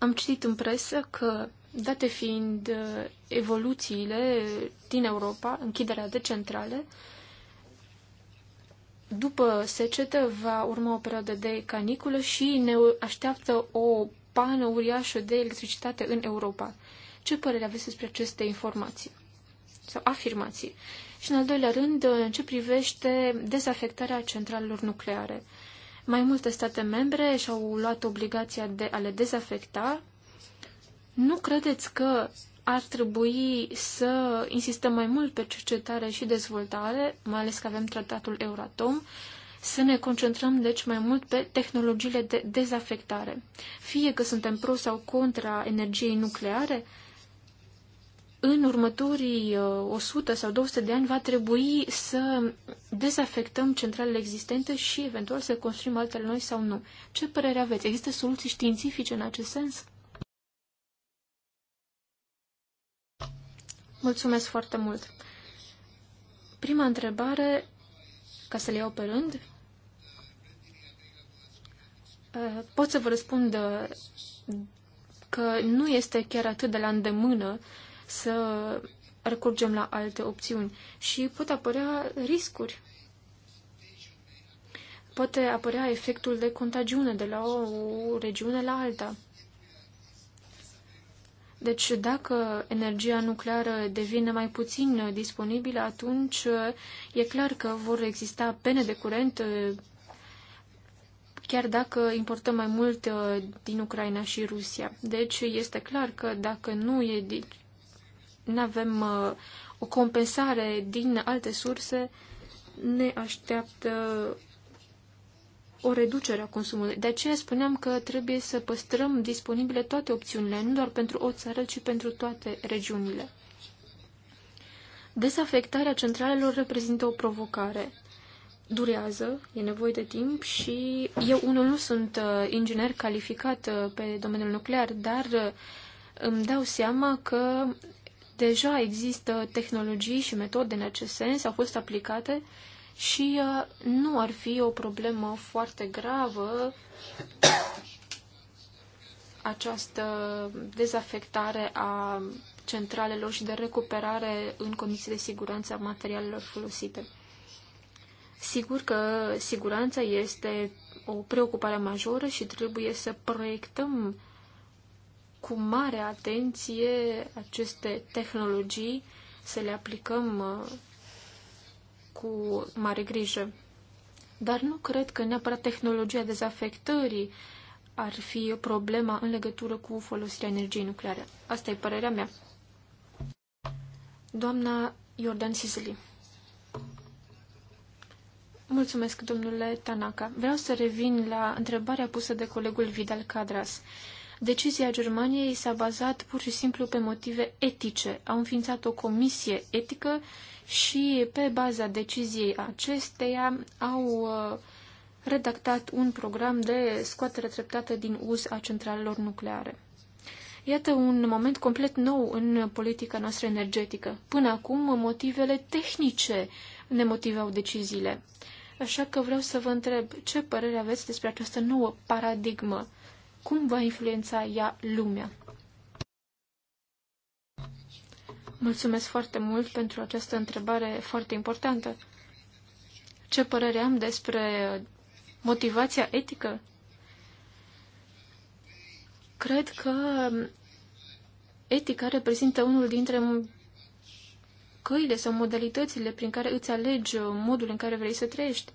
Am citit în presă că, date fiind uh, evoluțiile din Europa, închiderea de centrale, după secetă va urma o perioadă de caniculă și ne așteaptă o pană uriașă de electricitate în Europa. Ce părere aveți despre aceste informații sau afirmații? Și în al doilea rând, în ce privește dezafectarea centralelor nucleare. Mai multe state membre și-au luat obligația de a le dezafecta. Nu credeți că ar trebui să insistăm mai mult pe cercetare și dezvoltare, mai ales că avem tratatul Euratom, să ne concentrăm deci mai mult pe tehnologiile de dezafectare. Fie că suntem pro sau contra energiei nucleare, în următorii 100 uh, sau 200 de ani va trebui să dezafectăm centralele existente și eventual să construim altele noi sau nu. Ce părere aveți? Există soluții științifice în acest sens? Mulțumesc foarte mult! Prima întrebare, ca să le iau pe rând, uh, pot să vă răspund uh, că nu este chiar atât de la îndemână să recurgem la alte opțiuni și pot apărea riscuri. Poate apărea efectul de contagiune de la o regiune la alta. Deci, dacă energia nucleară devine mai puțin disponibilă, atunci e clar că vor exista pene de curent, chiar dacă importăm mai mult din Ucraina și Rusia. Deci, este clar că dacă nu e nu avem uh, o compensare din alte surse, ne așteaptă uh, o reducere a consumului. De aceea spuneam că trebuie să păstrăm disponibile toate opțiunile, nu doar pentru o țară, ci pentru toate regiunile. Desafectarea centralelor reprezintă o provocare. Durează, e nevoie de timp și eu unul nu sunt uh, inginer calificat uh, pe domeniul nuclear, dar îmi dau seama că Deja există tehnologii și metode în acest sens, au fost aplicate și uh, nu ar fi o problemă foarte gravă această dezafectare a centralelor și de recuperare în condiții de siguranță a materialelor folosite. Sigur că siguranța este o preocupare majoră și trebuie să proiectăm cu mare atenție aceste tehnologii, să le aplicăm uh, cu mare grijă. Dar nu cred că neapărat tehnologia dezafectării ar fi problema în legătură cu folosirea energiei nucleare. Asta e părerea mea. Doamna Jordan Siseli. Mulțumesc, domnule Tanaka. Vreau să revin la întrebarea pusă de colegul Vidal Cadras. Decizia Germaniei s-a bazat pur și simplu pe motive etice. Au înființat o comisie etică și pe baza deciziei acesteia au uh, redactat un program de scoatere treptată din uz a centralelor nucleare. Iată un moment complet nou în politica noastră energetică. Până acum, motivele tehnice ne motivau deciziile. Așa că vreau să vă întreb ce părere aveți despre această nouă paradigmă cum va influența ea lumea? Mulțumesc foarte mult pentru această întrebare foarte importantă. Ce părere am despre motivația etică? Cred că etica reprezintă unul dintre căile sau modalitățile prin care îți alegi modul în care vrei să trăiești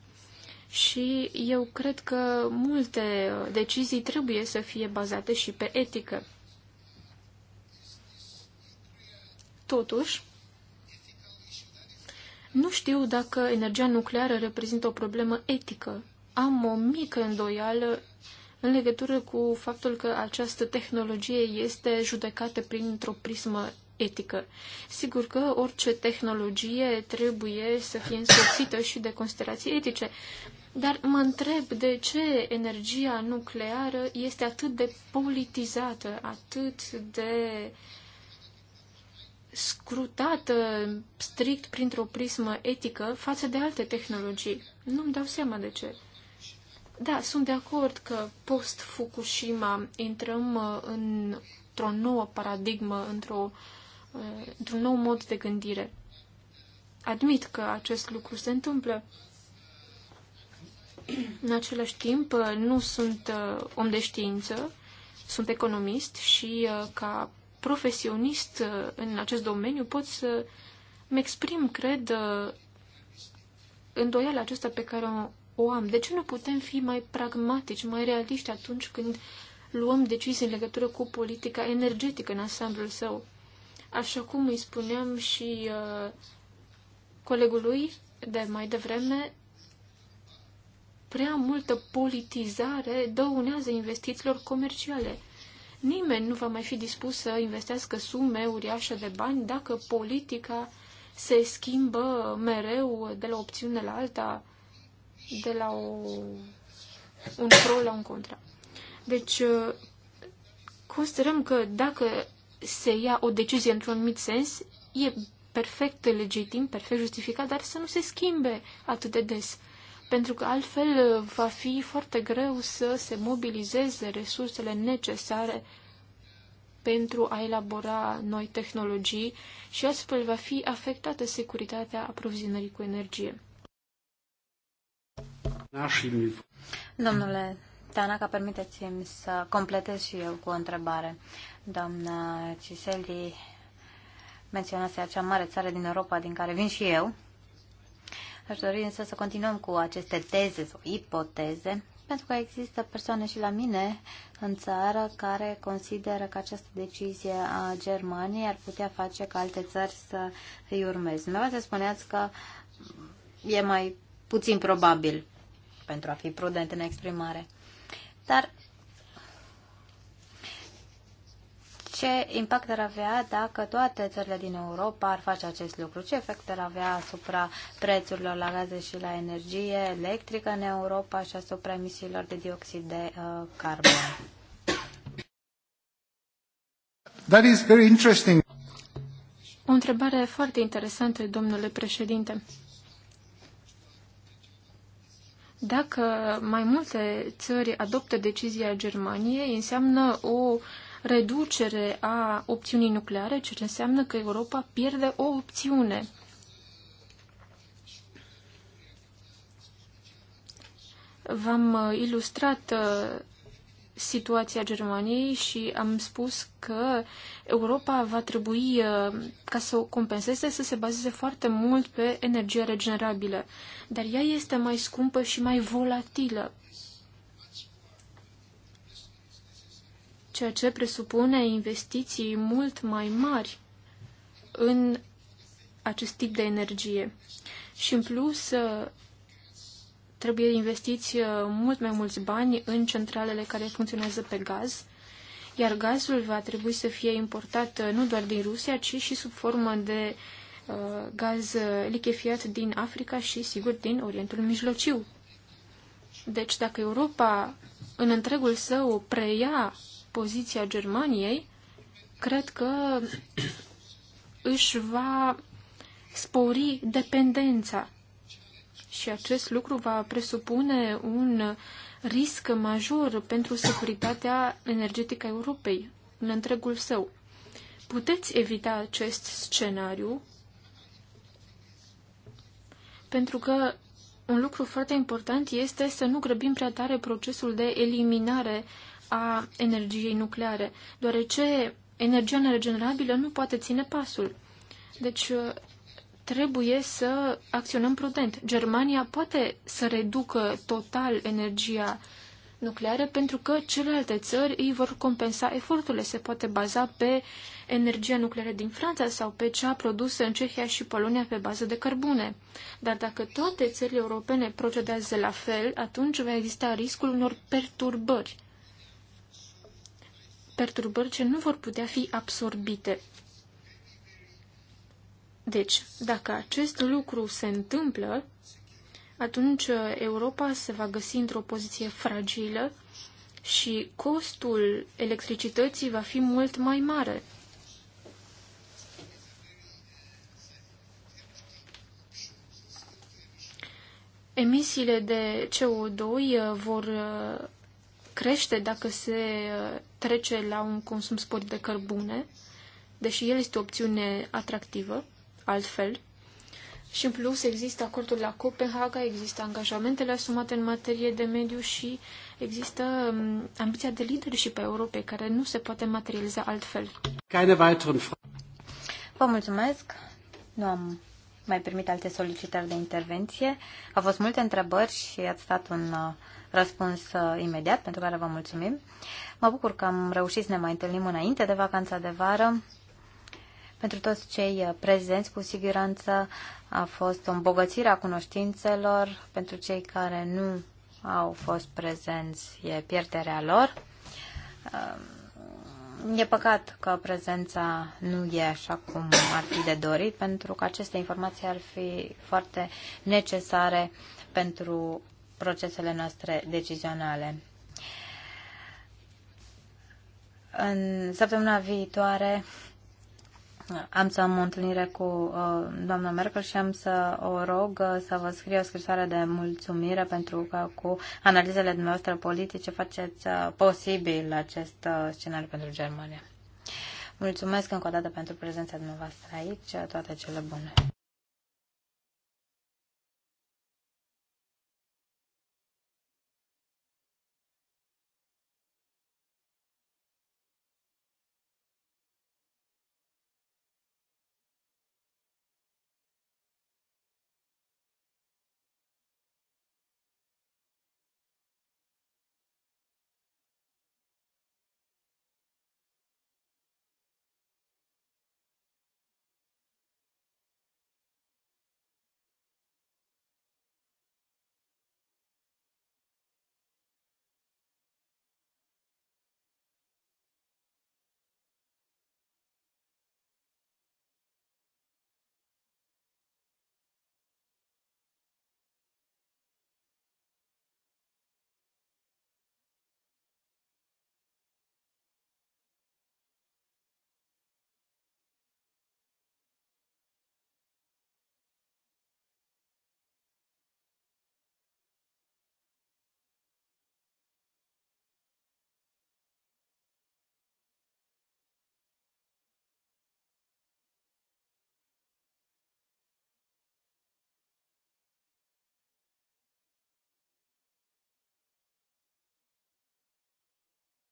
și eu cred că multe decizii trebuie să fie bazate și pe etică. Totuși, nu știu dacă energia nucleară reprezintă o problemă etică. Am o mică îndoială în legătură cu faptul că această tehnologie este judecată printr-o prismă etică. Sigur că orice tehnologie trebuie să fie însoțită și de considerații etice, dar mă întreb de ce energia nucleară este atât de politizată, atât de scrutată strict printr-o prismă etică față de alte tehnologii. Nu-mi dau seama de ce. Da, sunt de acord că post-Fukushima intrăm într-o nouă paradigmă, într-o, într-un nou mod de gândire. Admit că acest lucru se întâmplă, în același timp, uh, nu sunt uh, om de știință, sunt economist și uh, ca profesionist în acest domeniu pot să îmi exprim, cred, îndoiala aceasta pe care o am. De ce nu putem fi mai pragmatici, mai realiști atunci când luăm decizii în legătură cu politica energetică în ansamblul său? Așa cum îi spuneam și uh, colegului de mai devreme, prea multă politizare dăunează investițiilor comerciale. Nimeni nu va mai fi dispus să investească sume uriașe de bani dacă politica se schimbă mereu de la opțiune la alta, de la o, un pro la un contra. Deci, considerăm că dacă se ia o decizie într-un anumit sens, e perfect legitim, perfect justificat, dar să nu se schimbe atât de des pentru că altfel uh, va fi foarte greu să se mobilizeze resursele necesare pentru a elabora noi tehnologii și astfel va fi afectată securitatea aprovizionării cu energie. Domnule Tanaka, permiteți-mi să completez și eu cu o întrebare. Doamna Ciseli menționase acea mare țară din Europa din care vin și eu, Aș dori însă să continuăm cu aceste teze sau ipoteze, pentru că există persoane și la mine în țară care consideră că această decizie a Germaniei ar putea face ca alte țări să îi urmeze. să spuneați că e mai puțin probabil pentru a fi prudent în exprimare. Dar Ce impact ar avea dacă toate țările din Europa ar face acest lucru? Ce efect ar avea asupra prețurilor la gaze și la energie electrică în Europa și asupra emisiilor de dioxid de uh, carbon? That is very interesting. O întrebare foarte interesantă, domnule președinte. Dacă mai multe țări adoptă decizia Germaniei, înseamnă o uh, reducere a opțiunii nucleare, ceea ce înseamnă că Europa pierde o opțiune. V-am uh, ilustrat uh, situația Germaniei și am spus că Europa va trebui, uh, ca să o compenseze, să se bazeze foarte mult pe energie regenerabilă. Dar ea este mai scumpă și mai volatilă. ceea ce presupune investiții mult mai mari în acest tip de energie. Și în plus trebuie investiți uh, mult mai mulți bani în centralele care funcționează pe gaz, iar gazul va trebui să fie importat uh, nu doar din Rusia, ci și sub formă de uh, gaz lichefiat din Africa și, sigur, din Orientul Mijlociu. Deci, dacă Europa în întregul său preia poziția Germaniei, cred că își va spori dependența. Și acest lucru va presupune un risc major pentru securitatea energetică a Europei în întregul său. Puteți evita acest scenariu pentru că un lucru foarte important este să nu grăbim prea tare procesul de eliminare a energiei nucleare, deoarece energia neregenerabilă nu poate ține pasul. Deci uh, trebuie să acționăm prudent. Germania poate să reducă total energia nucleară pentru că celelalte țări îi vor compensa eforturile. Se poate baza pe energia nucleară din Franța sau pe cea produsă în Cehia și Polonia pe bază de cărbune. Dar dacă toate țările europene procedează la fel, atunci va exista riscul unor perturbări perturbări ce nu vor putea fi absorbite. Deci, dacă acest lucru se întâmplă, atunci uh, Europa se va găsi într-o poziție fragilă și costul electricității va fi mult mai mare. Emisiile de CO2 uh, vor uh, crește dacă se trece la un consum sporit de cărbune, deși el este o opțiune atractivă, altfel. Și în plus există acordul la Copenhaga, există angajamentele asumate în materie de mediu și există um, ambiția de leadership a Europei, care nu se poate materializa altfel. Keine weiteren Vă mulțumesc. Nu am mai permit alte solicitări de intervenție. Au fost multe întrebări și ați dat un uh, răspuns uh, imediat, pentru care vă mulțumim. Mă bucur că am reușit să ne mai întâlnim înainte de vacanța de vară. Pentru toți cei uh, prezenți, cu siguranță a fost o îmbogățire a cunoștințelor. Pentru cei care nu au fost prezenți, e pierderea lor. E păcat că prezența nu e așa cum ar fi de dorit, pentru că aceste informații ar fi foarte necesare pentru procesele noastre decizionale. În săptămâna viitoare am să am o întâlnire cu uh, doamna Merkel și am să o rog uh, să vă scrie o scrisoare de mulțumire pentru că cu analizele dumneavoastră politice faceți uh, posibil acest uh, scenariu pentru Germania. Mulțumesc încă o dată pentru prezența dumneavoastră aici. Toate cele bune!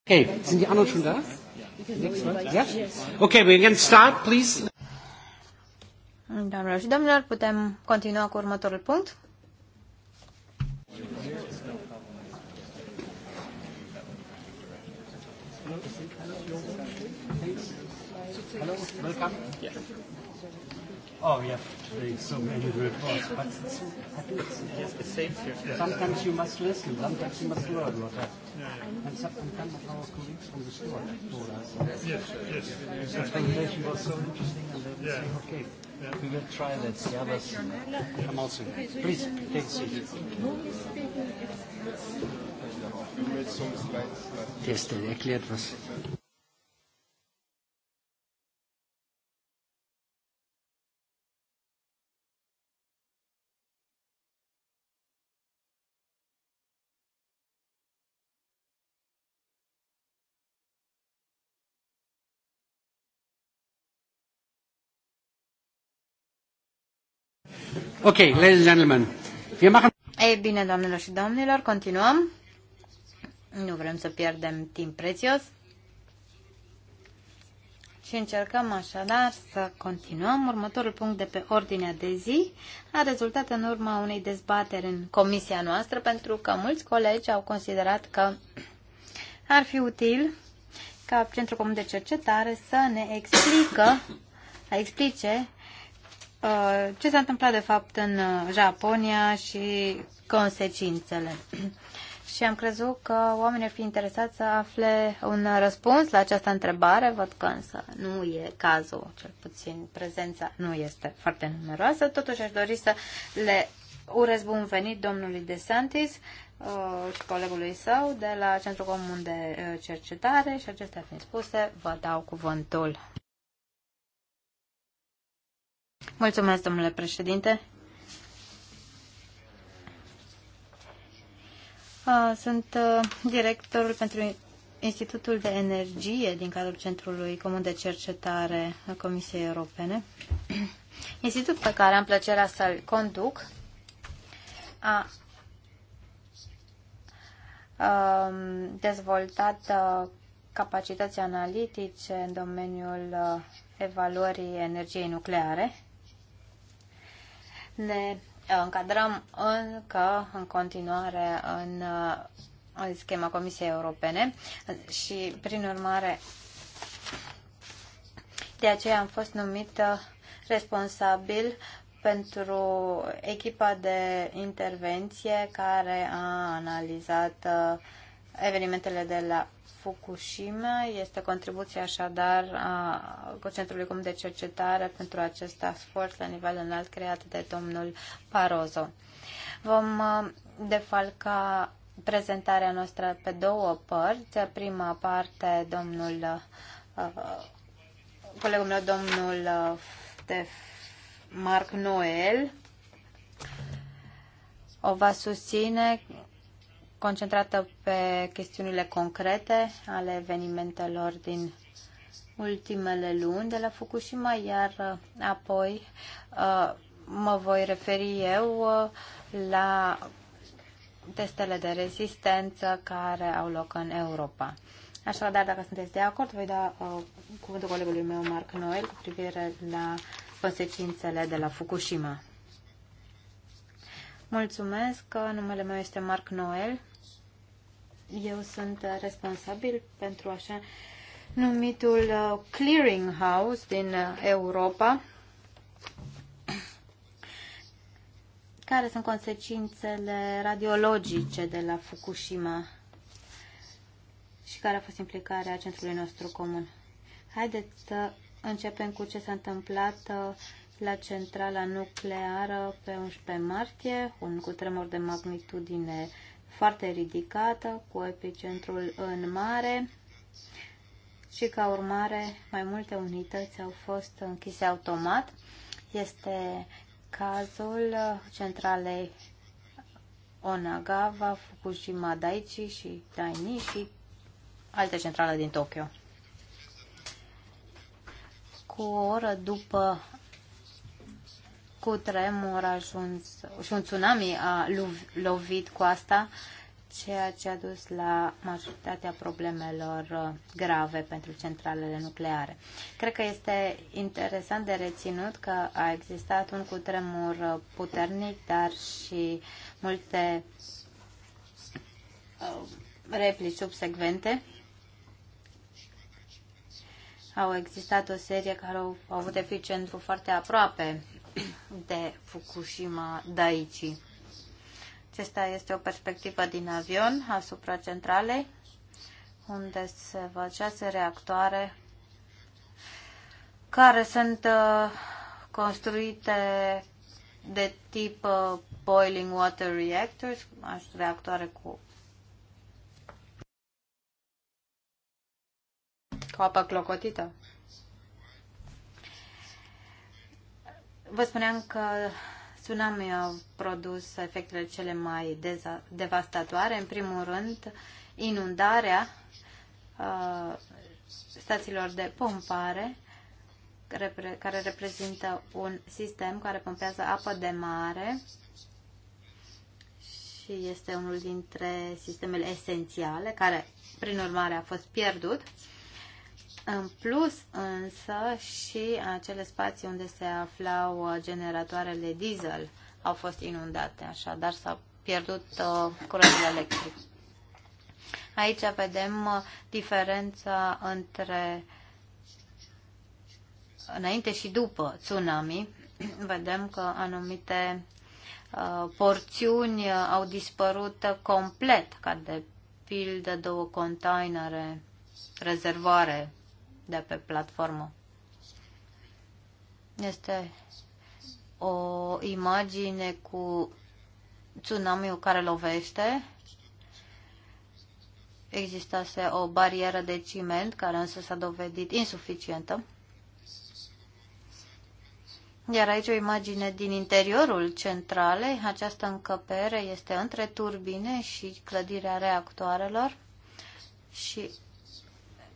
Okay, sind die anderen schon da? Ja. Okay, we can start, please. Doamnelor și domnilor, putem continua cu următorul punct. Hello, welcome. Yeah. Oh, yeah, so many reports, but it's, Sometimes you must listen, sometimes you must learn what happens. That's up from Campbell Power colleagues from the store. Yes, yes. The presentation was so interesting, and they were saying, okay, we will try that. The others come also. Please, take a seat. Yes, erklärt was. Ok, ladies and gentlemen. Ei bine, doamnelor și domnilor, continuăm. Nu vrem să pierdem timp prețios. Și încercăm așadar să continuăm. Următorul punct de pe ordinea de zi a rezultat în urma unei dezbateri în comisia noastră, pentru că mulți colegi au considerat că ar fi util ca Centrul Comun de Cercetare să ne explică, să explice Uh, ce s-a întâmplat de fapt în uh, Japonia și consecințele. Și am crezut că oamenii ar fi interesați să afle un răspuns la această întrebare. Văd că însă nu e cazul, cel puțin prezența nu este foarte numeroasă. Totuși aș dori să le urez bun venit domnului Santis uh, și colegului său de la Centrul Comun de Cercetare și acestea fiind spuse, vă dau cuvântul domnule președinte. Sunt directorul pentru Institutul de Energie din cadrul Centrului Comun de Cercetare a Comisiei Europene. Institut pe care am plăcerea să-l conduc a dezvoltat capacități analitice în domeniul evaluării energiei nucleare ne uh, încadrăm încă în continuare în, în uh, schema Comisiei Europene și, prin urmare, de aceea am fost numită uh, responsabil pentru echipa de intervenție care a analizat evenimentele de la Fukushima este contribuția așadar a Centrului Comun de Cercetare pentru acest sport la nivel înalt creat de domnul Parozo. Vom uh, defalca prezentarea noastră pe două părți. Prima parte, domnul uh, colegul meu, domnul de uh, Marc Noel, o va susține concentrată pe chestiunile concrete ale evenimentelor din ultimele luni de la Fukushima, iar uh, apoi uh, mă voi referi eu uh, la testele de rezistență care au loc în Europa. Așadar, dacă sunteți de acord, voi da cuvântul colegului meu, Marc Noel, cu privire la consecințele de la Fukushima. Mulțumesc, numele meu este Marc Noel. Eu sunt responsabil pentru așa numitul uh, Clearing House din uh, Europa, care sunt consecințele radiologice de la Fukushima și care a fost implicarea centrului nostru comun. Haideți să începem cu ce s-a întâmplat uh, la centrala nucleară pe 11 martie, un cutremur de magnitudine foarte ridicată, cu epicentrul în mare și ca urmare mai multe unități au fost închise automat. Este cazul centralei Onagawa, Fukushima Daiichi și Daini și alte centrale din Tokyo. Cu o oră după cu tremur a ajuns și un tsunami a lovit asta, ceea ce a dus la majoritatea problemelor uh, grave pentru centralele nucleare. Cred că este interesant de reținut că a existat un cutremur uh, puternic, dar și multe uh, replici subsecvente. Au existat o serie care au, avut eficientul foarte aproape de Fukushima Daiichi. Acesta este o perspectivă din avion asupra centralei, unde se văd șase reactoare care sunt uh, construite de tip uh, boiling water reactors, reactoare cu cu apă clocotită. Vă spuneam că tsunami au produs efectele cele mai devastatoare. În primul rând, inundarea uh, stațiilor de pompare, care reprezintă un sistem care pompează apă de mare și este unul dintre sistemele esențiale, care, prin urmare, a fost pierdut. Uh, în plus, însă, și acele spații unde se aflau uh, generatoarele diesel au fost inundate, așa, dar s-a pierdut uh, curentul electric. Aici vedem uh, diferența între înainte și după tsunami. Vedem că anumite porțiuni au dispărut complet, ca de pildă două containere, rezervoare de pe platformă. Este o imagine cu tsunamiul care lovește. Existase o barieră de ciment care însă s-a dovedit insuficientă. Iar aici o imagine din interiorul centralei. Această încăpere este între turbine și clădirea reactoarelor și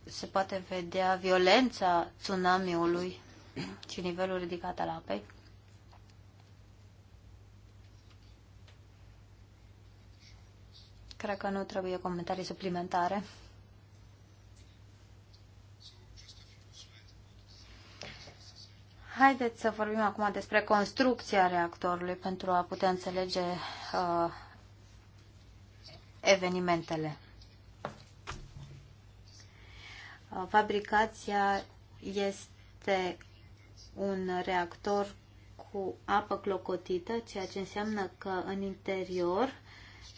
se poate vedea violența tsunamiului și nivelul ridicat al apei. Cred că nu trebuie comentarii suplimentare. Haideți să vorbim acum despre construcția reactorului pentru a putea înțelege uh, evenimentele. Uh, fabricația este un reactor cu apă clocotită, ceea ce înseamnă că în interior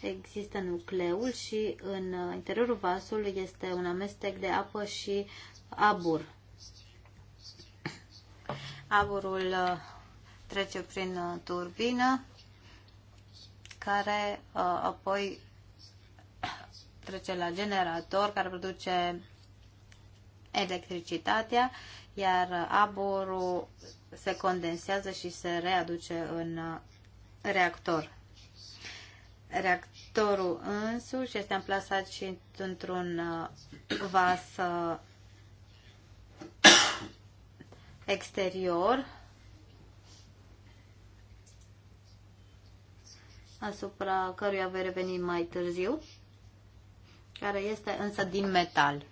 există nucleul și în uh, interiorul vasului este un amestec de apă și abur. Aburul uh, trece prin turbină care apoi trece la generator care produce electricitatea, iar aborul se condensează și se readuce în reactor. Reactorul însuși este amplasat și într-un uh, vas uh, exterior asupra căruia voi reveni mai târziu, care este însă din metal.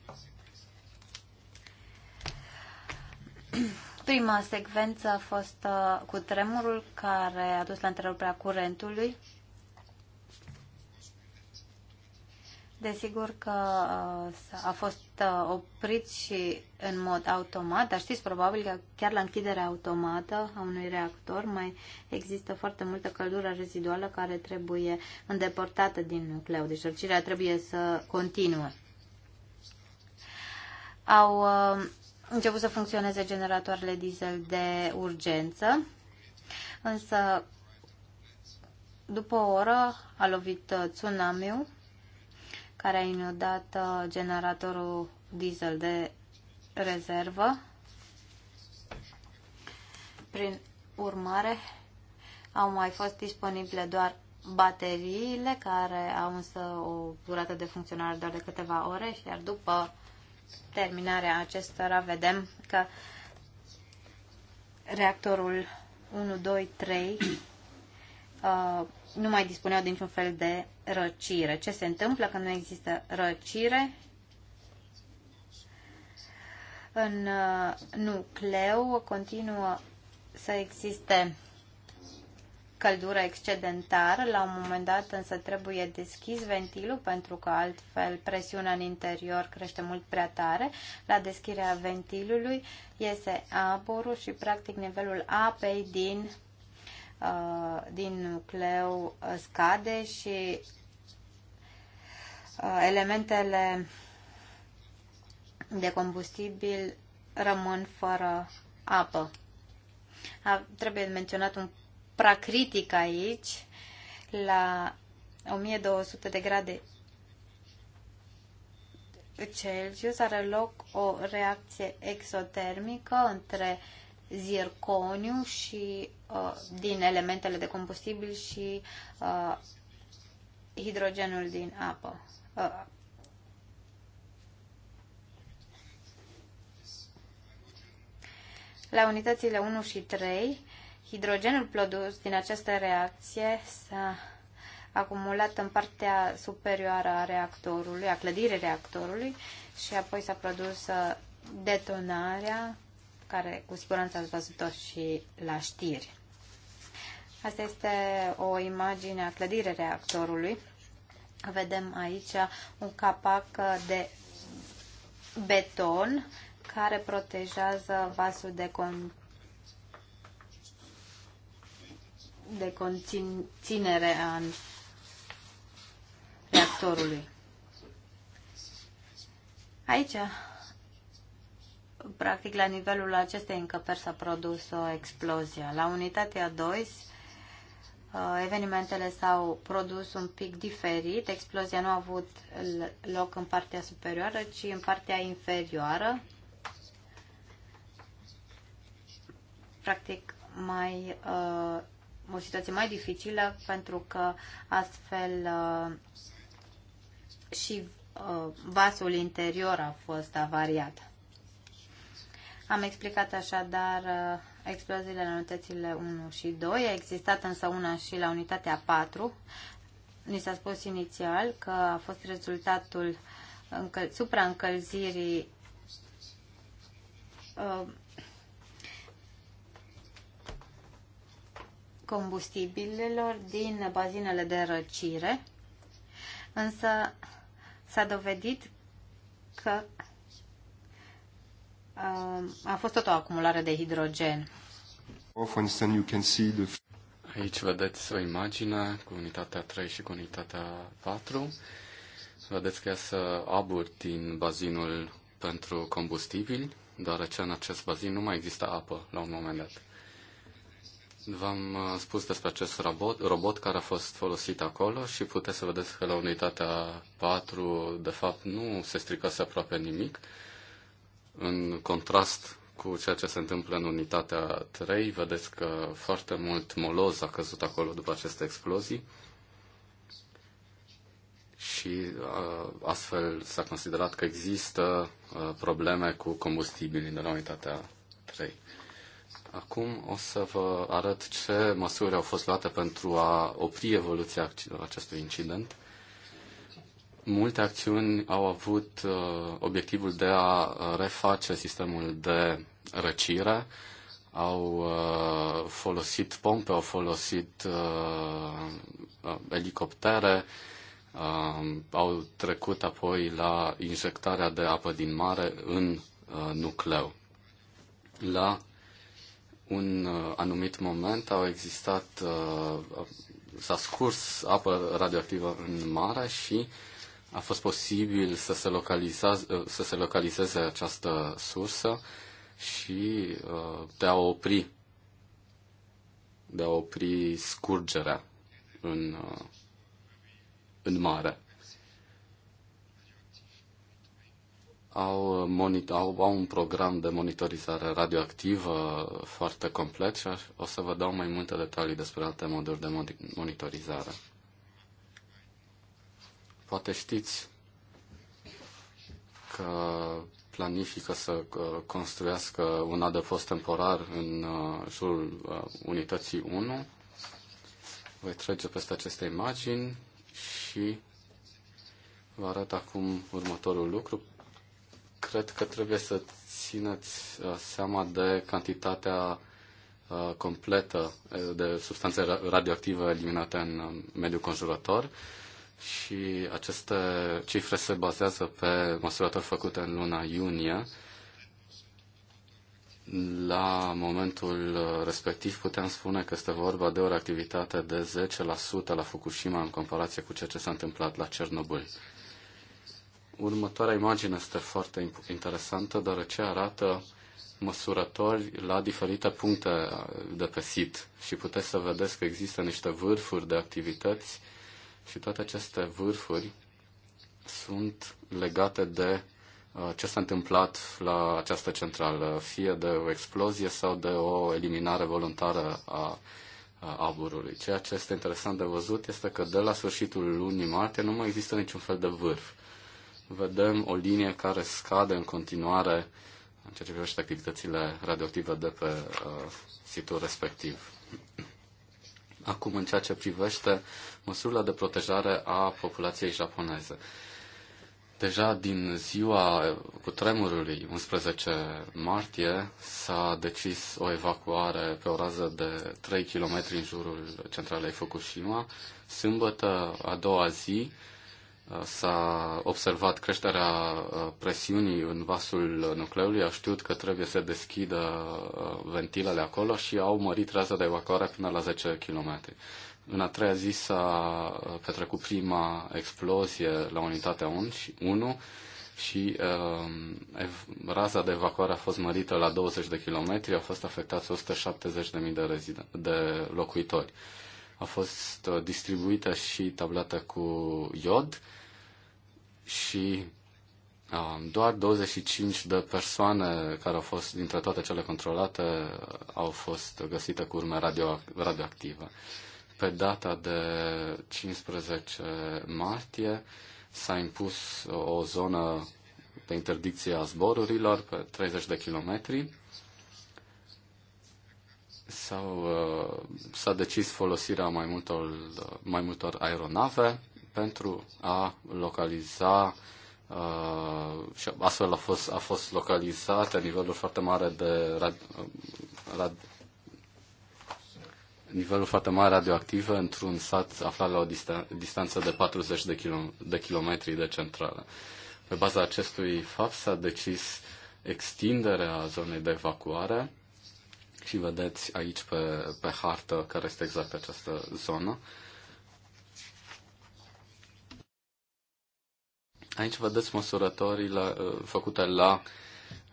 Prima secvență a fost uh, cu tremurul care a dus la întreruperea curentului. Desigur că uh, a fost uh, oprit și în mod automat, dar știți probabil că chiar la închiderea automată a unui reactor mai există foarte multă căldură reziduală care trebuie îndepărtată din nucleu, deci răcirea trebuie să continue. Au început să funcționeze generatoarele diesel de urgență, însă după o oră a lovit uh, tsunamiul care a inundat uh, generatorul diesel de rezervă. Prin urmare, au mai fost disponibile doar bateriile, care au însă o durată de funcționare doar de câteva ore, iar după terminarea acestora vedem că reactorul 1, 2, 3 uh, nu mai dispuneau de niciun fel de răcire. Ce se întâmplă când nu există răcire? În uh, nucleu continuă să existe căldură excedentară. La un moment dat însă trebuie deschis ventilul pentru că altfel presiunea în interior crește mult prea tare. La deschiderea ventilului iese aburul și practic nivelul apei din, uh, din nucleu uh, scade și uh, elementele de combustibil rămân fără apă. A, trebuie menționat un Pracritic aici, la 1200 de grade Celsius, are loc o reacție exotermică între zirconiu și uh, din elementele de combustibil și uh, hidrogenul din apă. Uh, la unitățile 1 și 3 Hidrogenul produs din această reacție s-a acumulat în partea superioară a reactorului, a clădirii reactorului și apoi s-a produs uh, detonarea, care cu siguranță ați văzut-o și la știri. Asta este o imagine a clădirii reactorului. Vedem aici un capac de beton care protejează vasul de contact de conținere a reactorului. Aici, practic, la nivelul acestei încăperi s-a produs o explozie. La unitatea 2, uh, evenimentele s-au produs un pic diferit. Explozia nu a avut loc în partea superioară, ci în partea inferioară. Practic, mai uh, o situație mai dificilă pentru că astfel uh, și uh, vasul interior a fost avariat. Am explicat așadar uh, exploziile la unitățile 1 și 2. A existat însă una și la unitatea 4. Ni s-a spus inițial că a fost rezultatul încăl- supraîncălzirii combustibililor din bazinele de răcire, însă s-a dovedit că uh, a fost tot o acumulare de hidrogen. Aici vedeți o imagine cu unitatea 3 și cu unitatea 4. Vedeți că iasă abur din bazinul pentru combustibil, deoarece în acest bazin nu mai există apă la un moment dat. V-am uh, spus despre acest robot, robot care a fost folosit acolo și puteți să vedeți că la unitatea 4, de fapt, nu se stricase aproape nimic, în contrast cu ceea ce se întâmplă în unitatea 3. Vedeți că foarte mult moloz a căzut acolo după aceste explozii și uh, astfel s-a considerat că există uh, probleme cu combustibilii de la unitatea 3. Acum o să vă arăt ce măsuri au fost luate pentru a opri evoluția acestui incident. Multe acțiuni au avut uh, obiectivul de a reface sistemul de răcire, au uh, folosit pompe, au folosit uh, uh elicoptere, uh, au trecut apoi la injectarea de apă din mare în uh, nucleu. La un uh, anumit moment au existat, uh, s-a scurs apă radioactivă în mare și a fost posibil să se, uh, să se localizeze această sursă și de a opri de a opri scurgerea în, în mare. au, uh, au, au un program de monitorizare radioactivă uh, foarte complet și o să vă dau mai multe detalii despre alte moduri de monitorizare. Poate știți că planifică să uh, construiască un adăpost temporar în jurul unității 1. Voi trece peste aceste imagini și vă arăt acum următorul lucru cred că trebuie să țineți uh, seama de cantitatea uh, completă uh, de substanțe radioactive eliminate în um, mediul conjurător și aceste cifre se bazează pe măsurători făcute în luna iunie. La momentul respectiv puteam spune că este vorba de o reactivitate de 10% la Fukushima în comparație cu ceea ce s-a întâmplat la Cernobâl. Următoarea imagine este foarte interesantă, deoarece arată măsurători la diferite puncte de pe sit și puteți să vedeți că există niște vârfuri de activități și toate aceste vârfuri sunt legate de uh, ce s-a întâmplat la această centrală, fie de o explozie sau de o eliminare voluntară a aburului. Ceea ce este interesant de văzut este că de la sfârșitul lunii martie nu mai există niciun fel de vârf vedem o linie care scade în continuare în ceea ce privește activitățile radioactive de pe uh, situl respectiv. Acum, în ceea ce privește măsurile de protejare a populației japoneze. Deja din ziua cu tremurului 11 martie s-a decis o evacuare pe o rază de 3 km în jurul centralei Fukushima. Sâmbătă, a doua zi, Uh, s-a observat creșterea uh, presiunii în vasul nucleului, au știut că trebuie să deschidă uh, ventilele acolo și au mărit raza de evacuare până la 10 km. În a treia zi s-a petrecut prima explozie la unitatea 1 și uh, raza de evacuare a fost mărită la 20 de kilometri, au fost afectați 170.000 de, de locuitori. Uh, a fost uh, distribuită și tablată cu iod și uh, doar 25 de persoane care au fost, dintre toate cele controlate, uh, au fost găsite cu urme radio, radioactive. Pe data de 15 martie s-a impus o zonă de interdicție a zborurilor pe 30 de kilometri sau uh, s-a decis folosirea mai multor, uh, mai multor aeronave pentru a localiza uh, și astfel a fost, a fost localizate nivelul foarte mare de rad, rad, nivelul foarte mare radioactiv într-un sat aflat la o distan- distanță de 40 de, kilo- de kilometri de centrală. Pe baza acestui fapt s-a decis extinderea zonei de evacuare și vedeți aici pe, pe hartă care este exact această zonă. Aici vedeți măsurătorile uh, făcute la,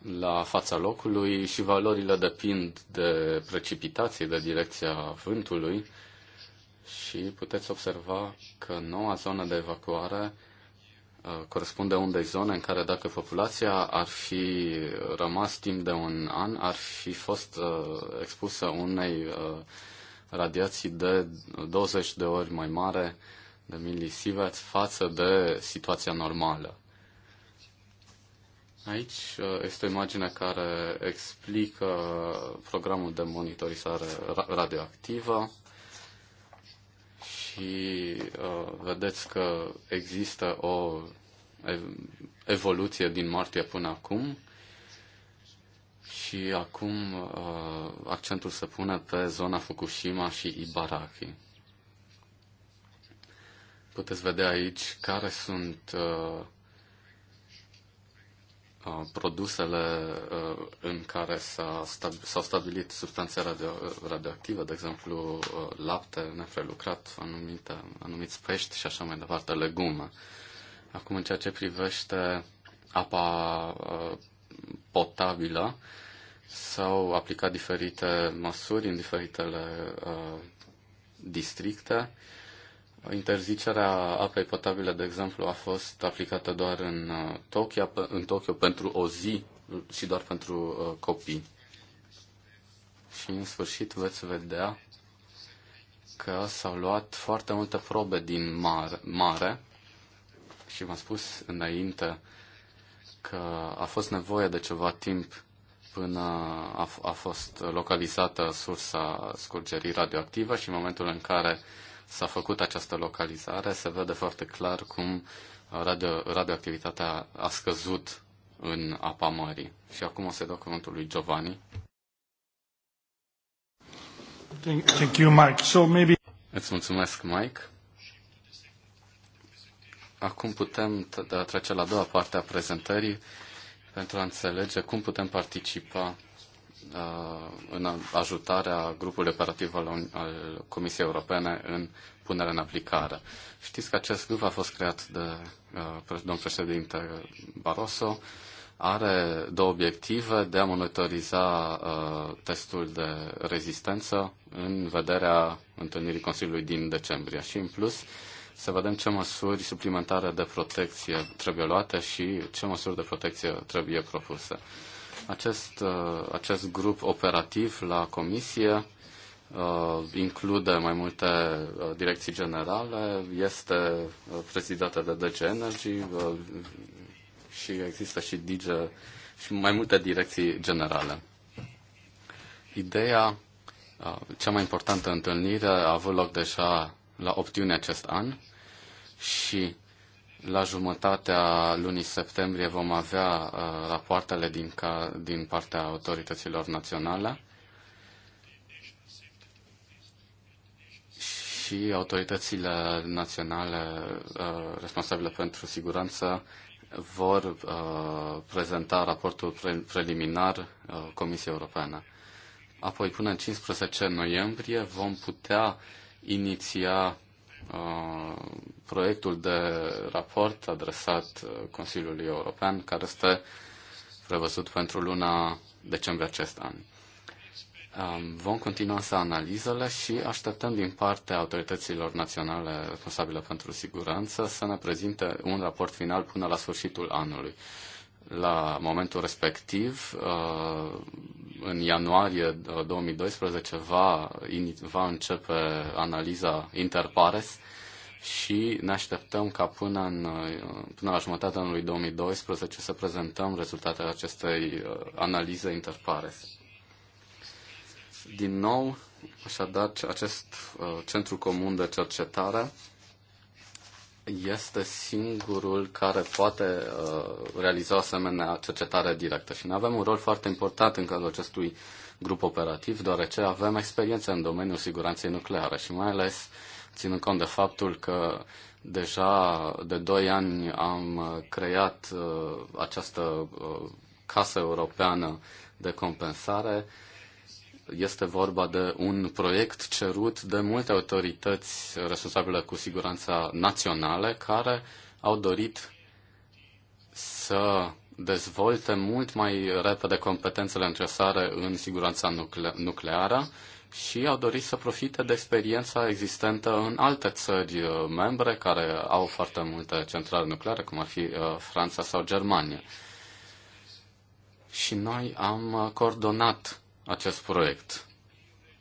la fața locului și valorile depind de precipitații, de direcția vântului și puteți observa că noua zonă de evacuare Uh, corespunde unei zone în care dacă populația ar fi rămas timp de un an, ar fi fost uh, expusă unei uh, radiații de 20 de ori mai mare de milisieverts față de situația normală. Aici este o imagine care explică programul de monitorizare radioactivă și uh, vedeți că există o evoluție din martie până acum și acum uh, accentul se pune pe zona Fukushima și Ibaraki. Puteți vedea aici care sunt uh, produsele în care s-au stabilit substanțe radio, radioactive, de exemplu lapte nefrelucrat, anumite, anumiți pești și așa mai departe, legume. Acum, în ceea ce privește apa potabilă, s-au aplicat diferite măsuri în diferitele districte Interzicerea apei potabile, de exemplu, a fost aplicată doar în uh, Tokyo, în Tokyo pentru o zi și doar pentru uh, copii. Și în sfârșit veți vedea că s-au luat foarte multe probe din mare, mare și v-am spus înainte că a fost nevoie de ceva timp până a, a fost localizată sursa scurgerii radioactive și în momentul în care uh, s-a făcut această localizare, se vede foarte clar cum radio, radioactivitatea a scăzut în apa mării. Și acum o să dau cuvântul lui Giovanni. Thank you, Mike. So maybe... Îți mulțumesc, Mike. Acum putem trece la a doua parte a prezentării pentru a înțelege cum putem participa Uh, în ajutarea grupului operativ al, al Comisiei Europene în punerea în aplicare. Știți că acest grup a fost creat de uh, domnul președinte Barroso, are două obiective de a monitoriza uh, testul de rezistență în vederea întâlnirii Consiliului din decembrie și, în plus, să vedem ce măsuri suplimentare de protecție trebuie luate și ce măsuri de protecție trebuie propuse. Acest, uh, acest grup operativ la comisie uh, include mai multe uh, direcții generale, este prezidată de DG Energy și există și DG și mai multe direcții generale. Ideea, cea mai importantă întâlnire a avut loc deja la 8 iunie acest an și la jumătatea lunii septembrie vom avea uh, rapoartele din, ca, din partea autorităților naționale și autoritățile naționale uh, responsabile pentru siguranță vor uh, prezenta raportul pre- preliminar uh, Comisiei Europene. Apoi, până în 15 noiembrie, vom putea iniția Uh, proiectul de raport adresat uh, Consiliului European, care este prevăzut pentru luna decembrie acest an. Um, vom continua să analizele și așteptăm din partea autorităților naționale responsabile pentru siguranță să ne prezinte un raport final până la sfârșitul anului la momentul respectiv, uh, în ianuarie 2012, uh, va, va începe analiza Interpares și ne așteptăm ca până, în, uh, până la jumătatea anului 2012 să prezentăm rezultatele acestei analize Interpares. Din nou, așadar, acest centru comun de cercetare este singurul care poate uh, realiza o asemenea cercetare directă și ne avem un rol foarte important în cadrul acestui grup operativ, deoarece avem experiență în domeniul siguranței nucleare și mai ales ținând cont de faptul că deja de 2 ani am creat uh, această uh, casă europeană de compensare uh, este vorba de un proiect cerut de multe autorități responsabile cu siguranța naționale care au dorit să dezvolte mult mai repede competențele necesare în siguranța nucle- nucleară și au dorit să profite de experiența existentă în alte țări uh, membre care au foarte multe centrale nucleare, cum ar fi uh, Franța sau Germania. Și noi am uh, coordonat acest proiect.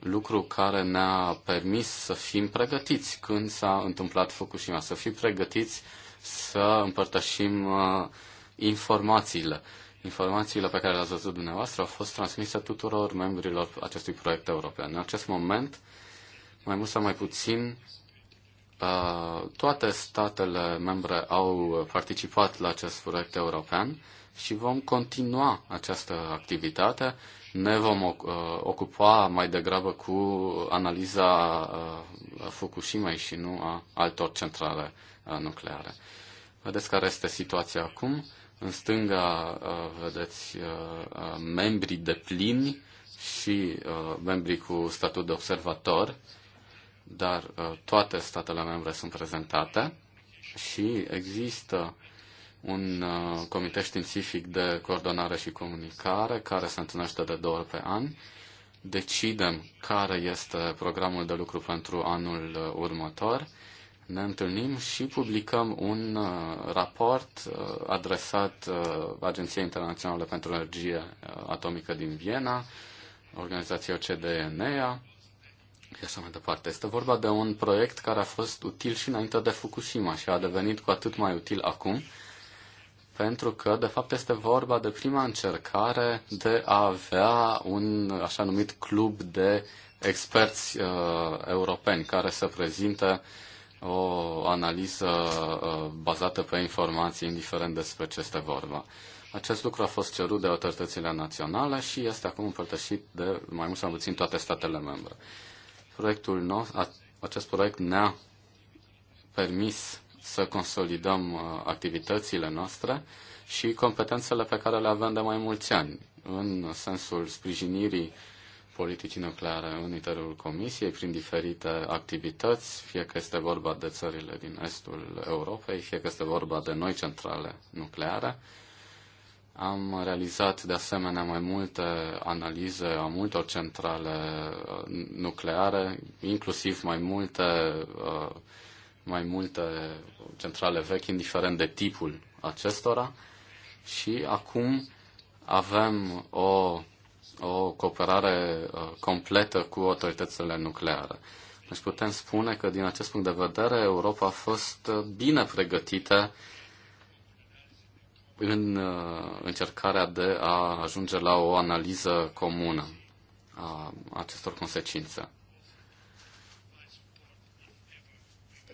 Lucru care ne-a permis să fim pregătiți când s-a întâmplat Fukushima, să fim pregătiți să împărtășim uh, informațiile. Informațiile pe care le-ați văzut dumneavoastră au fost transmise tuturor membrilor acestui proiect european. În acest moment, mai mult sau mai puțin, uh, toate statele membre au participat la acest proiect european și vom continua această activitate ne vom uh, ocupa mai degrabă cu analiza uh, Fukushima și nu a altor centrale uh, nucleare. Vedeți care este situația acum. În stânga vedeți membrii de plini și membrii cu statut de observator, dar toate statele membre sunt prezentate și există un uh, comitet științific de coordonare și comunicare care se întâlnește de două ori pe an. Decidem care este programul de lucru pentru anul uh, următor. Ne întâlnim și publicăm un uh, raport adresat Agenției Internaționale pentru Energie Atomică din Viena, organizația OCDE NEA și așa mai departe. Este vorba de un proiect care a fost util și înainte de Fukushima și a devenit cu atât mai util acum, pentru că, de fapt, este vorba de prima încercare de a avea un așa numit club de experți uh, europeni care să prezinte o analiză uh, bazată pe informații, indiferent despre ce este vorba. Acest lucru a fost cerut de autoritățile naționale și este acum împărtășit de mai mult sau puțin toate statele membre. Proiectul nostru, acest proiect ne-a permis să consolidăm uh, activitățile noastre și competențele pe care le avem de mai mulți ani, în sensul sprijinirii politicii nucleare în interiorul Comisiei prin diferite activități, fie că este vorba de țările din estul Europei, fie că este vorba de noi centrale nucleare. Am realizat de asemenea mai multe analize a multor centrale uh, nucleare, inclusiv mai multe uh, mai multe centrale vechi, indiferent de tipul acestora. Și acum avem o, o cooperare uh, completă cu autoritățile nucleare. Deci putem spune că din acest punct de vedere Europa a fost uh, bine pregătită în uh, încercarea de a ajunge la o analiză comună a acestor consecințe.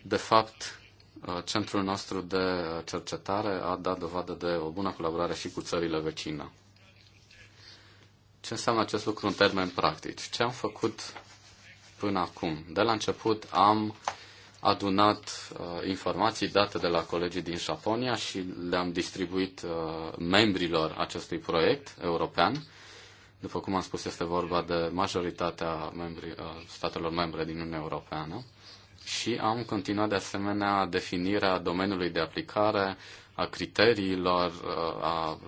De fapt, uh, centrul nostru de cercetare a dat dovadă de o bună colaborare și cu țările vecine. Ce înseamnă acest lucru în termeni practici? Ce am făcut până acum? De la început am adunat uh, informații date de la colegii din Japonia și le-am distribuit uh, membrilor acestui proiect european. După cum am spus, este vorba de majoritatea membri, uh, statelor membre din Uniunea Europeană și am continuat de asemenea definirea domeniului de aplicare, a criteriilor, uh, a uh,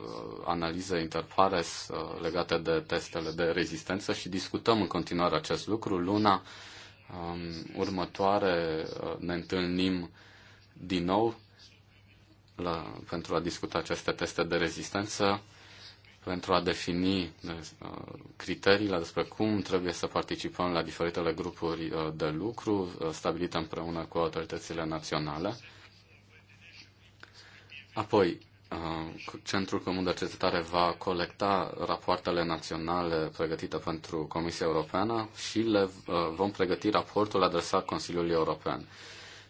analizei interpares uh, legate de testele de rezistență și discutăm în continuare acest lucru. Luna um, următoare ne întâlnim din nou la, pentru a discuta aceste teste de rezistență pentru a defini uh, criteriile despre cum trebuie să participăm la diferitele grupuri uh, de lucru uh, stabilite împreună cu autoritățile naționale. Apoi, Centrul Comun de Cercetare va colecta rapoartele naționale pregătite pentru Comisia Europeană și le vom pregăti raportul adresat Consiliului European.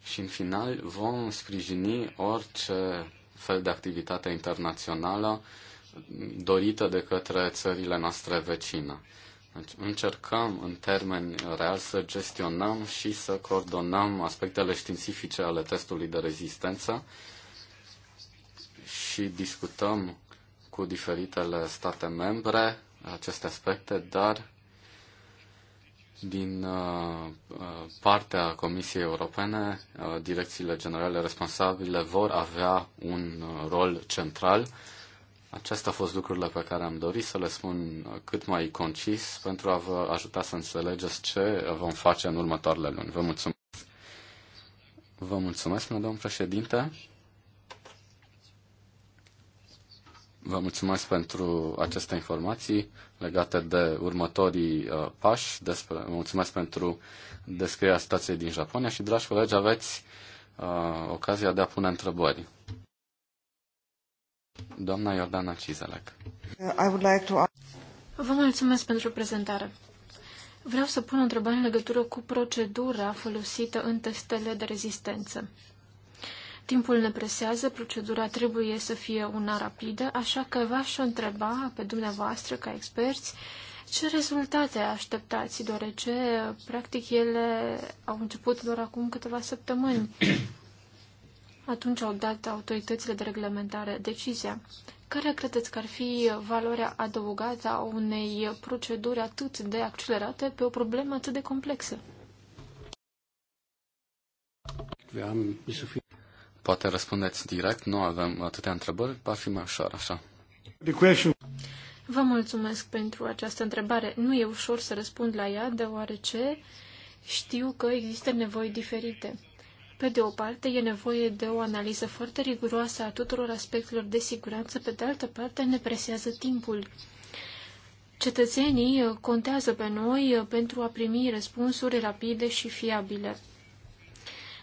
Și în final vom sprijini orice fel de activitate internațională uh, dorită de către țările noastre vecine. Deci încercăm în termeni real să gestionăm și să coordonăm aspectele științifice ale testului de rezistență și discutăm cu diferitele state membre aceste aspecte, dar din uh, uh, partea Comisiei Europene, uh, direcțiile generale responsabile vor avea un rol central Acestea au fost lucrurile pe care am dorit să le spun cât mai concis pentru a vă ajuta să înțelegeți ce vom face în următoarele luni. Vă mulțumesc. Vă mulțumesc, mă domn președinte. Vă mulțumesc pentru aceste informații legate de următorii uh, pași. Despre, vă mulțumesc pentru descrierea situației din Japonia și, dragi colegi, aveți uh, ocazia de a pune întrebări. Doamna Iordana Cizalac. I would like to... Vă mulțumesc pentru prezentare. Vreau să pun o întrebare în legătură cu procedura folosită în testele de rezistență. Timpul ne presează, procedura trebuie să fie una rapidă, așa că v-aș întreba pe dumneavoastră, ca experți, ce rezultate așteptați, deoarece, practic, ele au început doar acum câteva săptămâni atunci au dat autoritățile de reglementare decizia. Care credeți că ar fi valoarea adăugată a unei proceduri atât de accelerate pe o problemă atât de complexă? Poate răspundeți direct, nu avem atâtea întrebări, va fi mai ușor așa. Vă mulțumesc pentru această întrebare. Nu e ușor să răspund la ea, deoarece știu că există nevoi diferite. Pe de o parte, e nevoie de o analiză foarte riguroasă a tuturor aspectelor de siguranță, pe de altă parte, ne presează timpul. Cetățenii contează pe noi pentru a primi răspunsuri rapide și fiabile.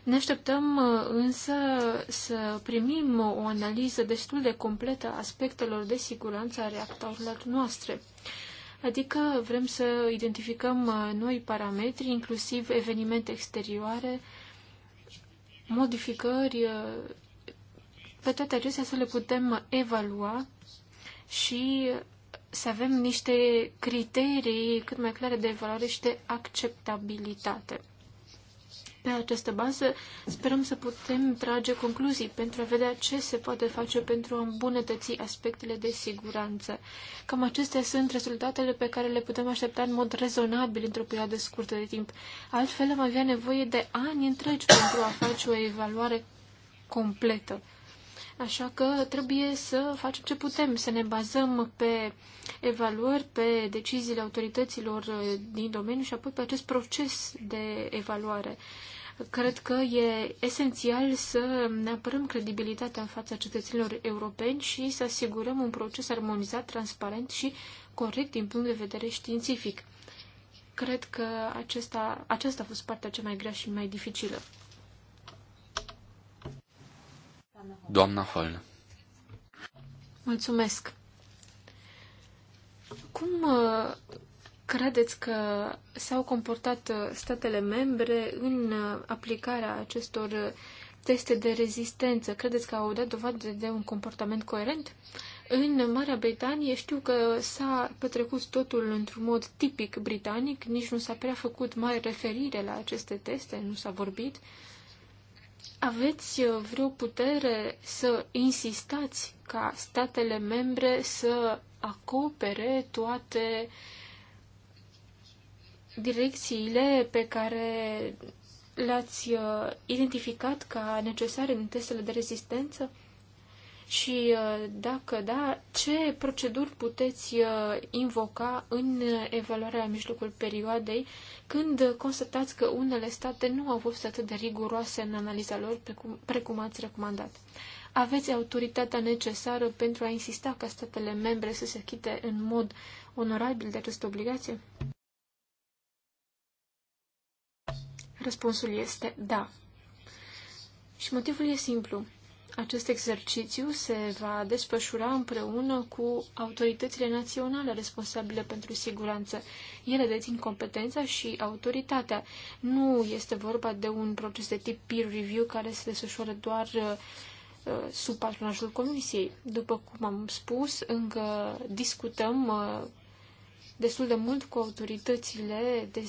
Ne așteptăm uh, însă să primim o analiză destul de completă a aspectelor de siguranță a reactorilor noastre. Adică vrem să identificăm uh, noi parametri, inclusiv evenimente exterioare, modificări, uh, pe toate acestea să le putem evalua și să avem niște criterii cât mai clare de evaluare și de acceptabilitate. Pe această bază sperăm să putem trage concluzii pentru a vedea ce se poate face pentru a îmbunătăți aspectele de siguranță. Cam acestea sunt rezultatele pe care le putem aștepta în mod rezonabil într-o perioadă scurtă de timp. Altfel am avea nevoie de ani întregi pentru a face o evaluare completă. Așa că trebuie să facem ce putem, să ne bazăm pe evaluări, pe deciziile autorităților din domeniu și apoi pe acest proces de evaluare. Cred că e esențial să ne apărăm credibilitatea în fața cetățenilor europeni și să asigurăm un proces armonizat, transparent și corect din punct de vedere științific. Cred că acesta, aceasta a fost partea cea mai grea și mai dificilă. Doamna Holm. Mulțumesc. Cum credeți că s-au comportat uh, statele membre în uh, aplicarea acestor uh, teste de rezistență? Credeți că au dat dovadă de un comportament coerent? În Marea Britanie știu că s-a petrecut totul într-un mod tipic britanic, nici nu s-a prea făcut mai referire la aceste teste, nu s-a vorbit. Aveți vreo putere să insistați ca statele membre să acopere toate uh, direcțiile pe care le-ați uh, identificat ca necesare în testele de rezistență? Și uh, dacă da, ce proceduri puteți uh, invoca în evaluarea mijlocul perioadei când constatați că unele state nu au fost atât de riguroase în analiza lor precum, precum ați recomandat? Aveți autoritatea necesară pentru a insista ca statele membre să se achite în mod onorabil de această obligație? Răspunsul este da. Și motivul e simplu. Acest exercițiu se va desfășura împreună cu autoritățile naționale responsabile pentru siguranță. Ele dețin competența și autoritatea. Nu este vorba de un proces de tip peer review care se desfășoară doar uh, uh sub patronajul Comisiei. După cum am spus, încă discutăm uh, destul de mult cu autoritățile de,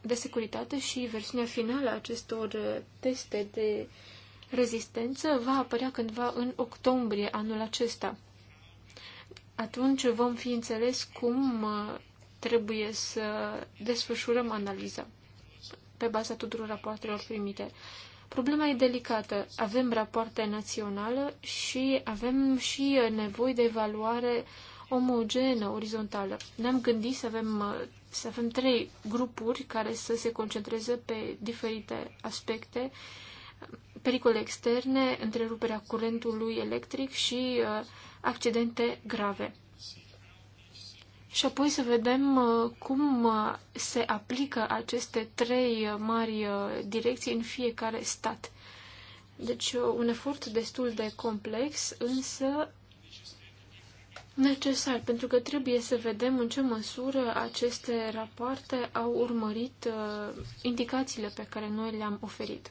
de securitate și versiunea finală a acestor uh, teste de rezistență va apărea cândva în octombrie anul acesta. Atunci vom fi înțeles cum uh, trebuie să desfășurăm analiza pe baza tuturor rapoartelor primite. Problema e delicată. Avem rapoarte naționale și avem și uh, nevoie de evaluare uh, omogenă, orizontală. Ne-am gândit să avem, uh, să avem trei grupuri care să se concentreze pe diferite aspecte, pericole externe, întreruperea curentului electric și uh, accidente grave. Și apoi să vedem uh, cum se aplică aceste trei mari direcții în fiecare stat. Deci un efort destul de complex, însă necesar, pentru că trebuie să vedem în ce măsură aceste rapoarte au urmărit uh, indicațiile pe care noi le-am oferit.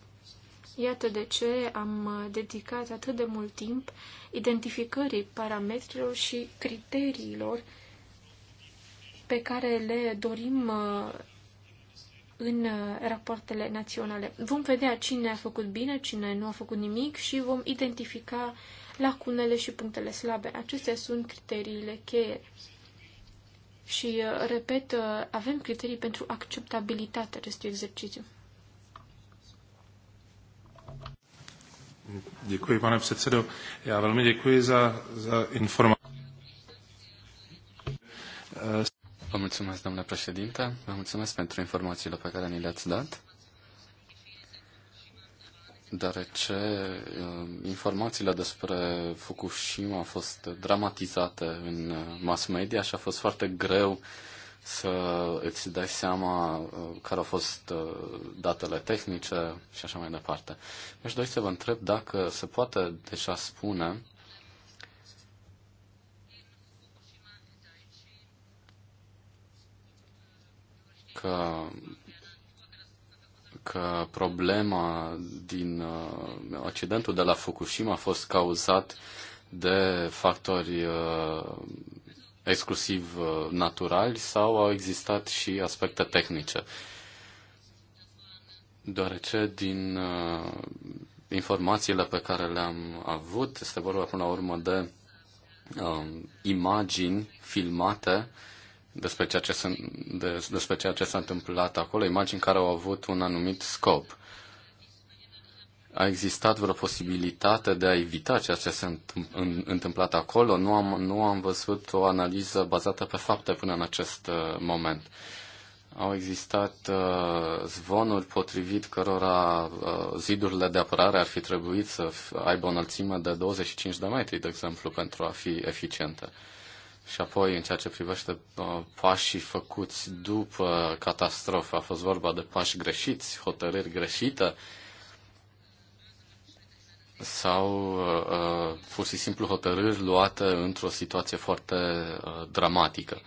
Iată de ce am uh, dedicat atât de mult timp identificării parametrilor și criteriilor pe care le dorim uh, în uh, rapoartele naționale. Vom vedea cine a făcut bine, cine nu a făcut nimic și vom identifica uh, lacunele și punctele slabe. Acestea sunt criteriile cheie. Și, uh, repet, uh, avem criterii pentru acceptabilitatea acestui exercițiu. Děkuji, pane předsedo. Já velmi děkuji za, za informaci. Vă mulțumesc, domnule președinte. Vă mulțumesc pentru informațiile pe care ni le-ați dat deoarece um, informațiile despre Fukushima au fost dramatizate în uh, mass media și a fost foarte greu să îți dai seama uh, care au fost uh, datele tehnice și așa mai departe. Aș dori să vă întreb dacă se poate deja spune că că problema din uh, accidentul de la Fukushima a fost cauzat de factori uh, exclusiv uh, naturali sau au existat și aspecte tehnice? Deoarece din informațiile pe care le-am avut, este vorba până la urmă de um, imagini filmate despre ceea ce, se, des, despre ceea ce s-a întâmplat acolo, imagini care au avut un anumit scop. A existat vreo posibilitate de a evita ceea ce s-a întâmplat acolo? Nu am, nu am văzut o analiză bazată pe fapte până în acest uh, moment. Au existat uh, zvonuri potrivit cărora uh, zidurile de apărare ar fi trebuit să aibă o înălțime de 25 de metri, de exemplu, pentru a fi eficiente. Uh, și apoi, în ceea ce privește uh, pașii făcuți după catastrofă, a fost vorba de pași greșiți, hotărâri greșite, sau uh, uh, pur și simplu hotărâri luate într-o situație foarte uh, dramatică.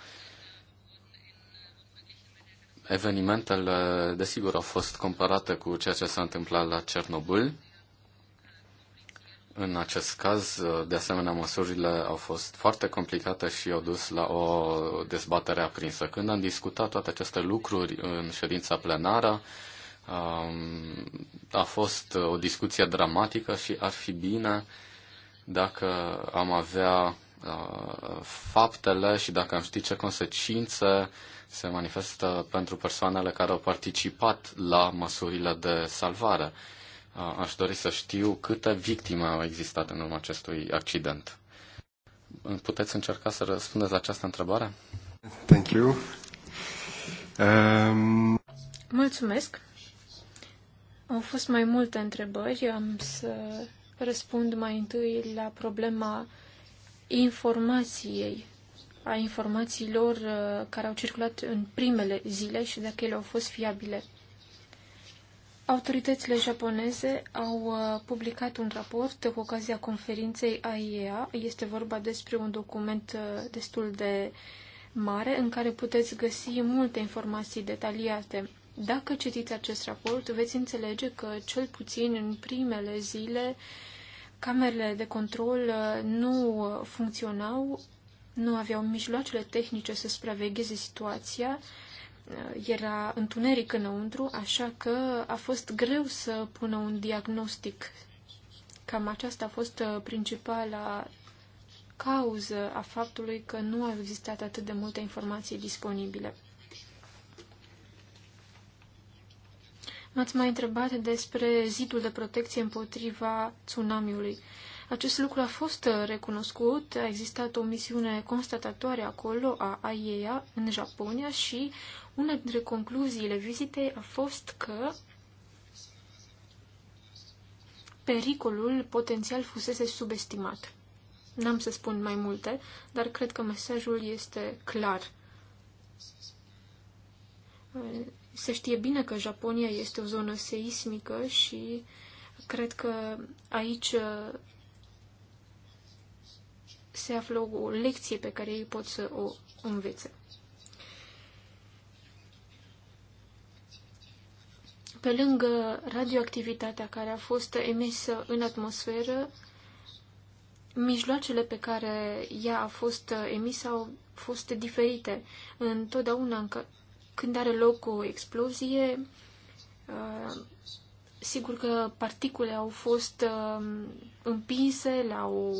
Evenimentele, desigur, au fost comparate cu ceea ce s-a întâmplat la Cernobâl, în acest caz, de asemenea, măsurile au fost foarte complicate și au dus la o dezbatere aprinsă. Când am discutat toate aceste lucruri în ședința plenară, a fost o discuție dramatică și ar fi bine dacă am avea faptele și dacă am ști ce consecințe se manifestă pentru persoanele care au participat la măsurile de salvare. Aș dori să știu câte victime au existat în urma acestui accident. Puteți încerca să răspundeți la această întrebare? Thank you. Um... Mulțumesc. Au fost mai multe întrebări. am să răspund mai întâi la problema informației, a informațiilor uh, care au circulat în primele zile și dacă ele au fost fiabile. Autoritățile japoneze au uh, publicat un raport cu ocazia conferinței AIEA. Este vorba despre un document uh, destul de mare în care puteți găsi multe informații detaliate. Dacă citiți acest raport, veți înțelege că, cel puțin în primele zile, camerele de control uh, nu funcționau, nu aveau mijloacele tehnice să supravegheze situația era întuneric înăuntru, așa că a fost greu să pună un diagnostic. Cam aceasta a fost uh, principala cauză a faptului că nu au existat atât de multe informații disponibile. M-ați mai întrebat despre zidul de protecție împotriva tsunamiului. Acest lucru a fost uh, recunoscut, a existat o misiune constatatoare acolo a AIEA în Japonia și una dintre concluziile vizitei a fost că pericolul potențial fusese subestimat. N-am să spun mai multe, dar cred că mesajul este clar. Se știe bine că Japonia este o zonă seismică și cred că aici uh, se află o lecție pe care ei pot să o învețe. Pe lângă radioactivitatea care a fost emisă în atmosferă, mijloacele pe care ea a fost emisă au fost diferite. Întotdeauna când are loc o explozie, uh, sigur că particule au fost uh, împinse la o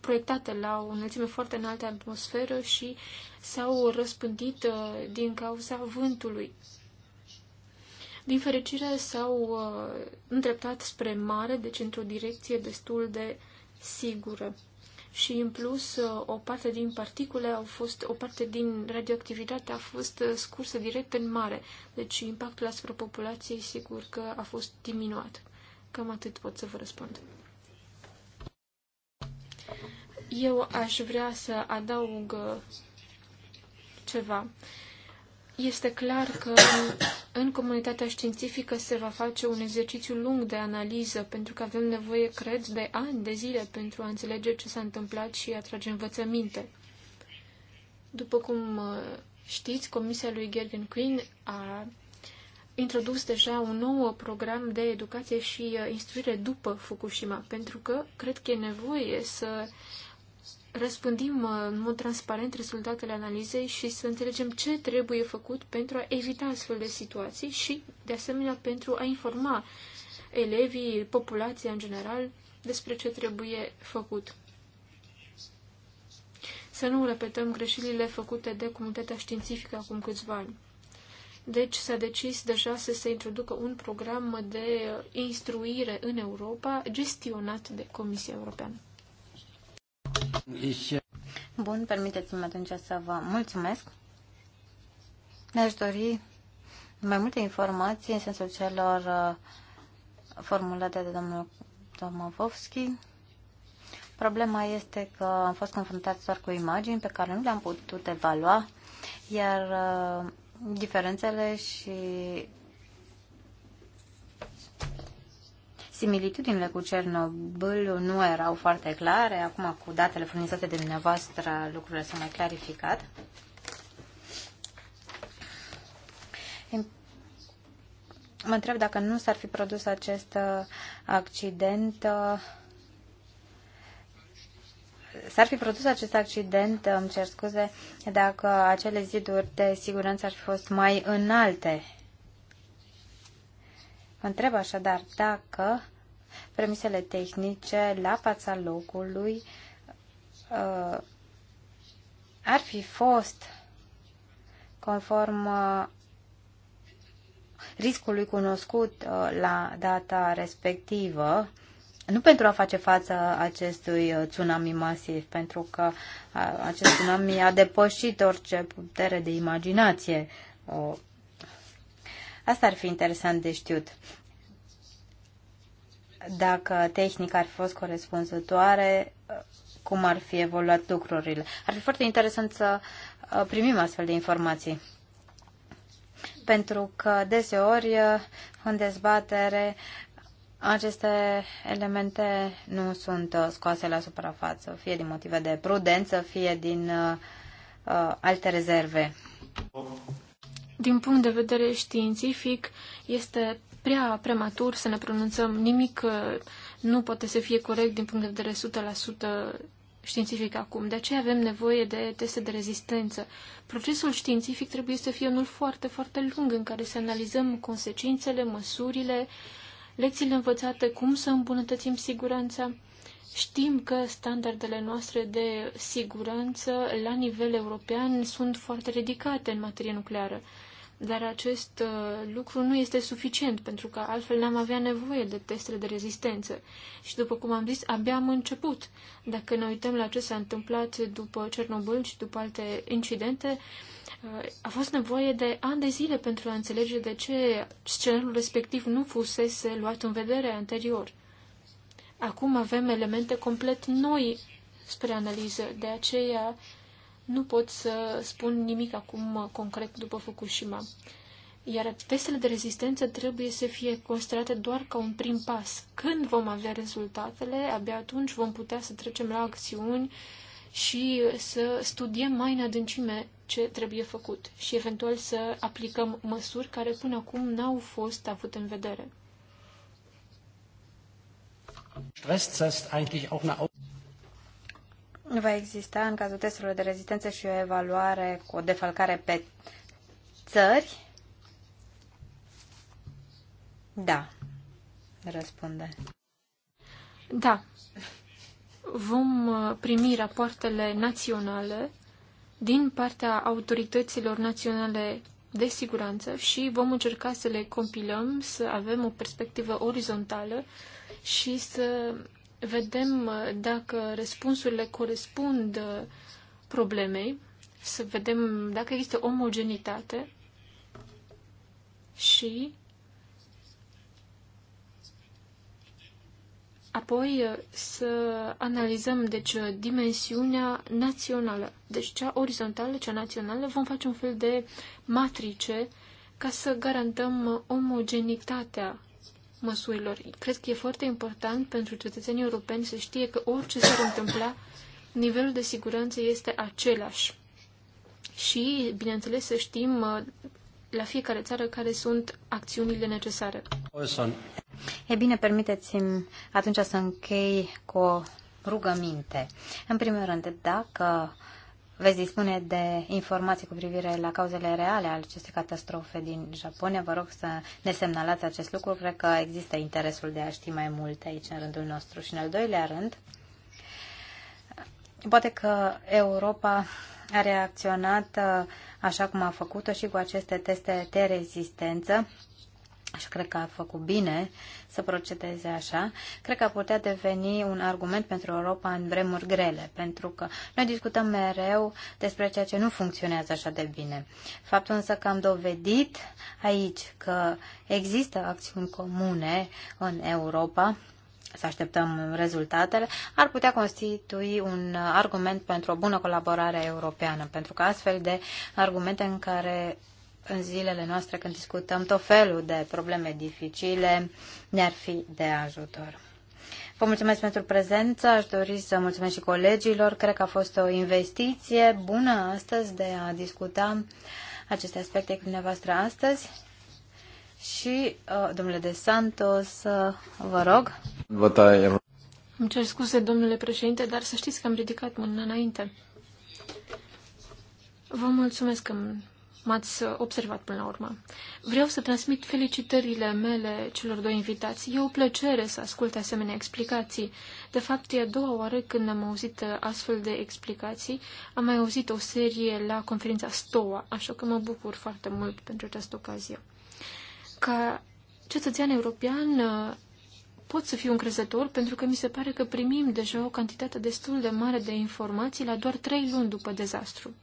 proiectate la o înălțime foarte înaltă atmosferă și s-au răspândit uh, din cauza vântului. Din fericire s-au uh, îndreptat spre mare, deci într-o direcție destul de sigură. Și în plus, uh, o parte din particule au fost, o parte din radioactivitate a fost uh, scursă direct în mare. Deci impactul asupra populației sigur că a fost diminuat. Cam atât pot să vă răspund. Eu aș vrea să adaug uh, ceva. Uh, este clar că în comunitatea științifică se va face un exercițiu lung de analiză, pentru că avem nevoie, cred, de ani de zile pentru a înțelege ce s-a întâmplat și a trage învățăminte. După cum uh, știți, Comisia lui Gergen Quinn a introdus deja un nou program de educație și uh, instruire după Fukushima, pentru că cred că e nevoie să răspândim uh, în mod transparent rezultatele analizei și să înțelegem ce trebuie făcut pentru a evita astfel de situații și, de asemenea, pentru a informa elevii, populația în general, despre ce trebuie făcut. Să nu repetăm greșelile făcute de comunitatea științifică acum câțiva ani. Deci s-a decis deja să se introducă un program de instruire în Europa gestionat de Comisia Europeană. Bun, permiteți-mi atunci să vă mulțumesc. ne aș dori mai multe informații în sensul celor uh, formulate de domnul Tomovovski. Problema este că am fost confruntați doar cu imagini pe care nu le-am putut evalua, iar uh, diferențele și Similitudinile cu Cernobâl nu erau foarte clare. Acum, cu datele furnizate de dumneavoastră, lucrurile s-au mai clarificat. Mă întreb dacă nu s-ar fi produs acest uh, accident. Uh, s-ar fi produs acest accident, îmi cer scuze, dacă acele ziduri de siguranță ar fi fost mai înalte Mă întreb așadar dacă premisele tehnice la fața locului uh, ar fi fost conform uh, riscului cunoscut uh, la data respectivă, nu pentru a face față acestui uh, tsunami masiv, pentru că uh, acest tsunami a depășit orice putere de imaginație uh, Asta ar fi interesant de știut. Dacă tehnica ar fi fost corespunzătoare, cum ar fi evoluat lucrurile. Ar fi foarte interesant să uh, primim astfel de informații. Pentru că deseori uh, în dezbatere aceste elemente nu sunt uh, scoase la suprafață, fie din motive de prudență, fie din uh, alte rezerve din punct de vedere științific, este prea prematur să ne pronunțăm nimic, uh, nu poate să fie corect din punct de vedere 100% științific acum. De aceea avem nevoie de teste de rezistență. Procesul științific trebuie să fie unul foarte, foarte lung în care să analizăm consecințele, măsurile, lecțiile învățate, cum să îmbunătățim siguranța. Știm că standardele noastre de siguranță la nivel european sunt foarte ridicate în materie nucleară. Dar acest uh, lucru nu este suficient, pentru că altfel n-am avea nevoie de testele de rezistență. Și după cum am zis, abia am început. Dacă ne uităm la ce s-a întâmplat după Cernobâl și după alte incidente, uh, a fost nevoie de ani de zile pentru a înțelege de ce scenariul respectiv nu fusese luat în vedere anterior. Acum avem elemente complet noi spre analiză, de aceea nu pot să spun nimic acum uh, concret după Fukushima. Iar testele de rezistență trebuie să fie considerate doar ca un prim pas. Când vom avea rezultatele, abia atunci vom putea să trecem la acțiuni și să studiem mai în adâncime ce trebuie făcut și eventual să aplicăm măsuri care până acum n-au fost avute în vedere va exista în cazul testelor de rezistență și o evaluare cu o defalcare pe țări? Da, răspunde. Da. Vom uh, primi rapoartele naționale din partea autorităților naționale de siguranță și vom încerca să le compilăm, să avem o perspectivă orizontală și să vedem uh, dacă răspunsurile corespund uh, problemei, să vedem dacă există omogenitate și apoi uh, să analizăm deci dimensiunea națională. Deci cea orizontală, cea națională, vom face un fel de matrice ca să garantăm omogenitatea măsurilor. Cred că e foarte important pentru cetățenii europeni să știe că orice s-ar întâmpla, nivelul de siguranță este același. Și, bineînțeles, să știm uh, la fiecare țară care sunt acțiunile necesare. E bine, permiteți-mi atunci să închei cu o rugăminte. În primul rând, dacă veți dispune de informații cu privire la cauzele reale ale acestei catastrofe din Japonia, vă rog să ne semnalați acest lucru. Cred că există interesul de a ști mai multe aici în rândul nostru. Și în al doilea rând, poate că Europa a reacționat uh, așa cum a făcut-o și cu aceste teste de rezistență și cred că a făcut bine să procedeze așa, cred că a putea deveni un argument pentru Europa în vremuri grele, pentru că noi discutăm mereu despre ceea ce nu funcționează așa de bine. Faptul însă că am dovedit aici că există acțiuni comune în Europa, să așteptăm rezultatele, ar putea constitui un argument pentru o bună colaborare europeană, pentru că astfel de argumente în care în zilele noastre când discutăm tot felul de probleme dificile, ne-ar fi de ajutor. Vă mulțumesc pentru prezență, aș dori să mulțumesc și colegilor. Cred că a fost o investiție bună astăzi de a discuta aceste aspecte cu dumneavoastră astăzi. Și, uh, domnule De Santos, uh, vă rog. Îmi cer scuze, domnule președinte, dar să știți că am ridicat mâna înainte. Vă mulțumesc că m-ați observat până la urmă. Vreau să transmit felicitările mele celor doi invitați. E o plăcere să ascult asemenea explicații. De fapt, e a doua oară când am auzit astfel de explicații. Am mai auzit o serie la conferința STOA, așa că mă bucur foarte mult pentru această ocazie. Ca cetățean european, pot să fiu încrezător pentru că mi se pare că primim deja o cantitate destul de mare de informații la doar trei luni după dezastru.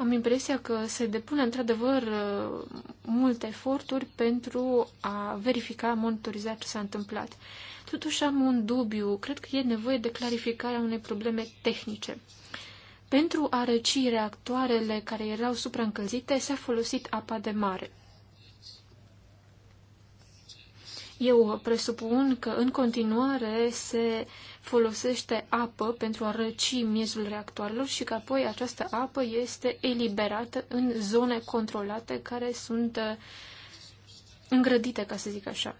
Am impresia că se depune într-adevăr multe eforturi pentru a verifica, monitoriza ce s-a întâmplat. Totuși am un dubiu. Cred că e nevoie de clarificarea unei probleme tehnice. Pentru a răci reactoarele care erau supraîncălzite, s-a folosit apa de mare. Eu presupun că în continuare se uh, folosește apă pentru a răci miezul reactoarelor și că apoi această apă este eliberată în zone controlate care sunt uh, îngrădite, ca să zic așa.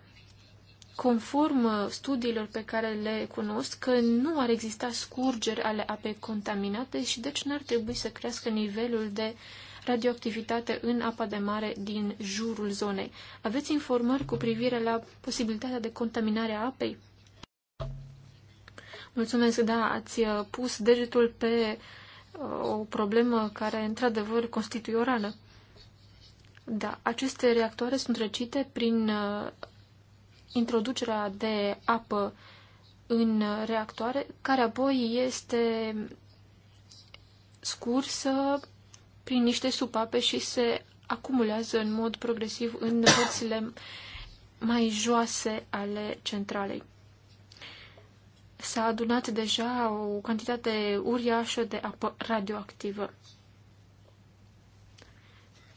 Conform uh, studiilor pe care le cunosc, că nu ar exista scurgeri ale apei contaminate și deci n-ar trebui să crească nivelul de radioactivitate în apa de mare din jurul zonei. Aveți informări cu privire la posibilitatea de contaminare a apei? Mulțumesc, da, ați uh, pus degetul pe uh, o problemă care, într-adevăr, constituie o rană. Da, aceste reactoare sunt răcite prin uh, introducerea de apă în reactoare, care apoi este scursă prin niște supape și se acumulează în mod progresiv în părțile mai joase ale centralei s-a adunat deja o cantitate uriașă de apă radioactivă.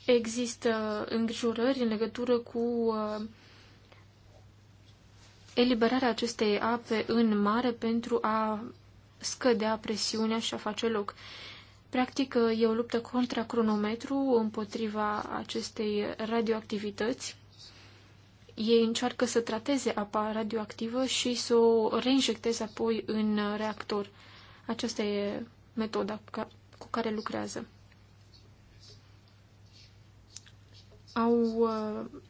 Există îngrijorări în legătură cu uh, eliberarea acestei ape în mare pentru a scădea presiunea și a face loc. Practic, e o luptă contra cronometru împotriva acestei radioactivități ei încearcă să trateze apa radioactivă și să o reinjecteze apoi în reactor. Aceasta e metoda cu care lucrează. Au uh,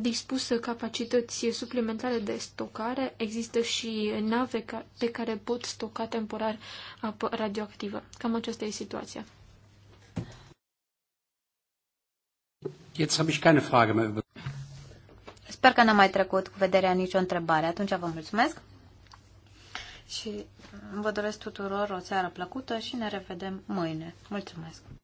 dispus capacități suplimentare de stocare. Există și nave pe care pot stoca temporar apă radioactivă. Cam aceasta e situația. Jetzt habe ich keine Frage mehr über Sper că n-am mai trecut cu vederea nicio întrebare. Atunci vă mulțumesc și vă doresc tuturor o seară plăcută și ne revedem mâine. Mulțumesc!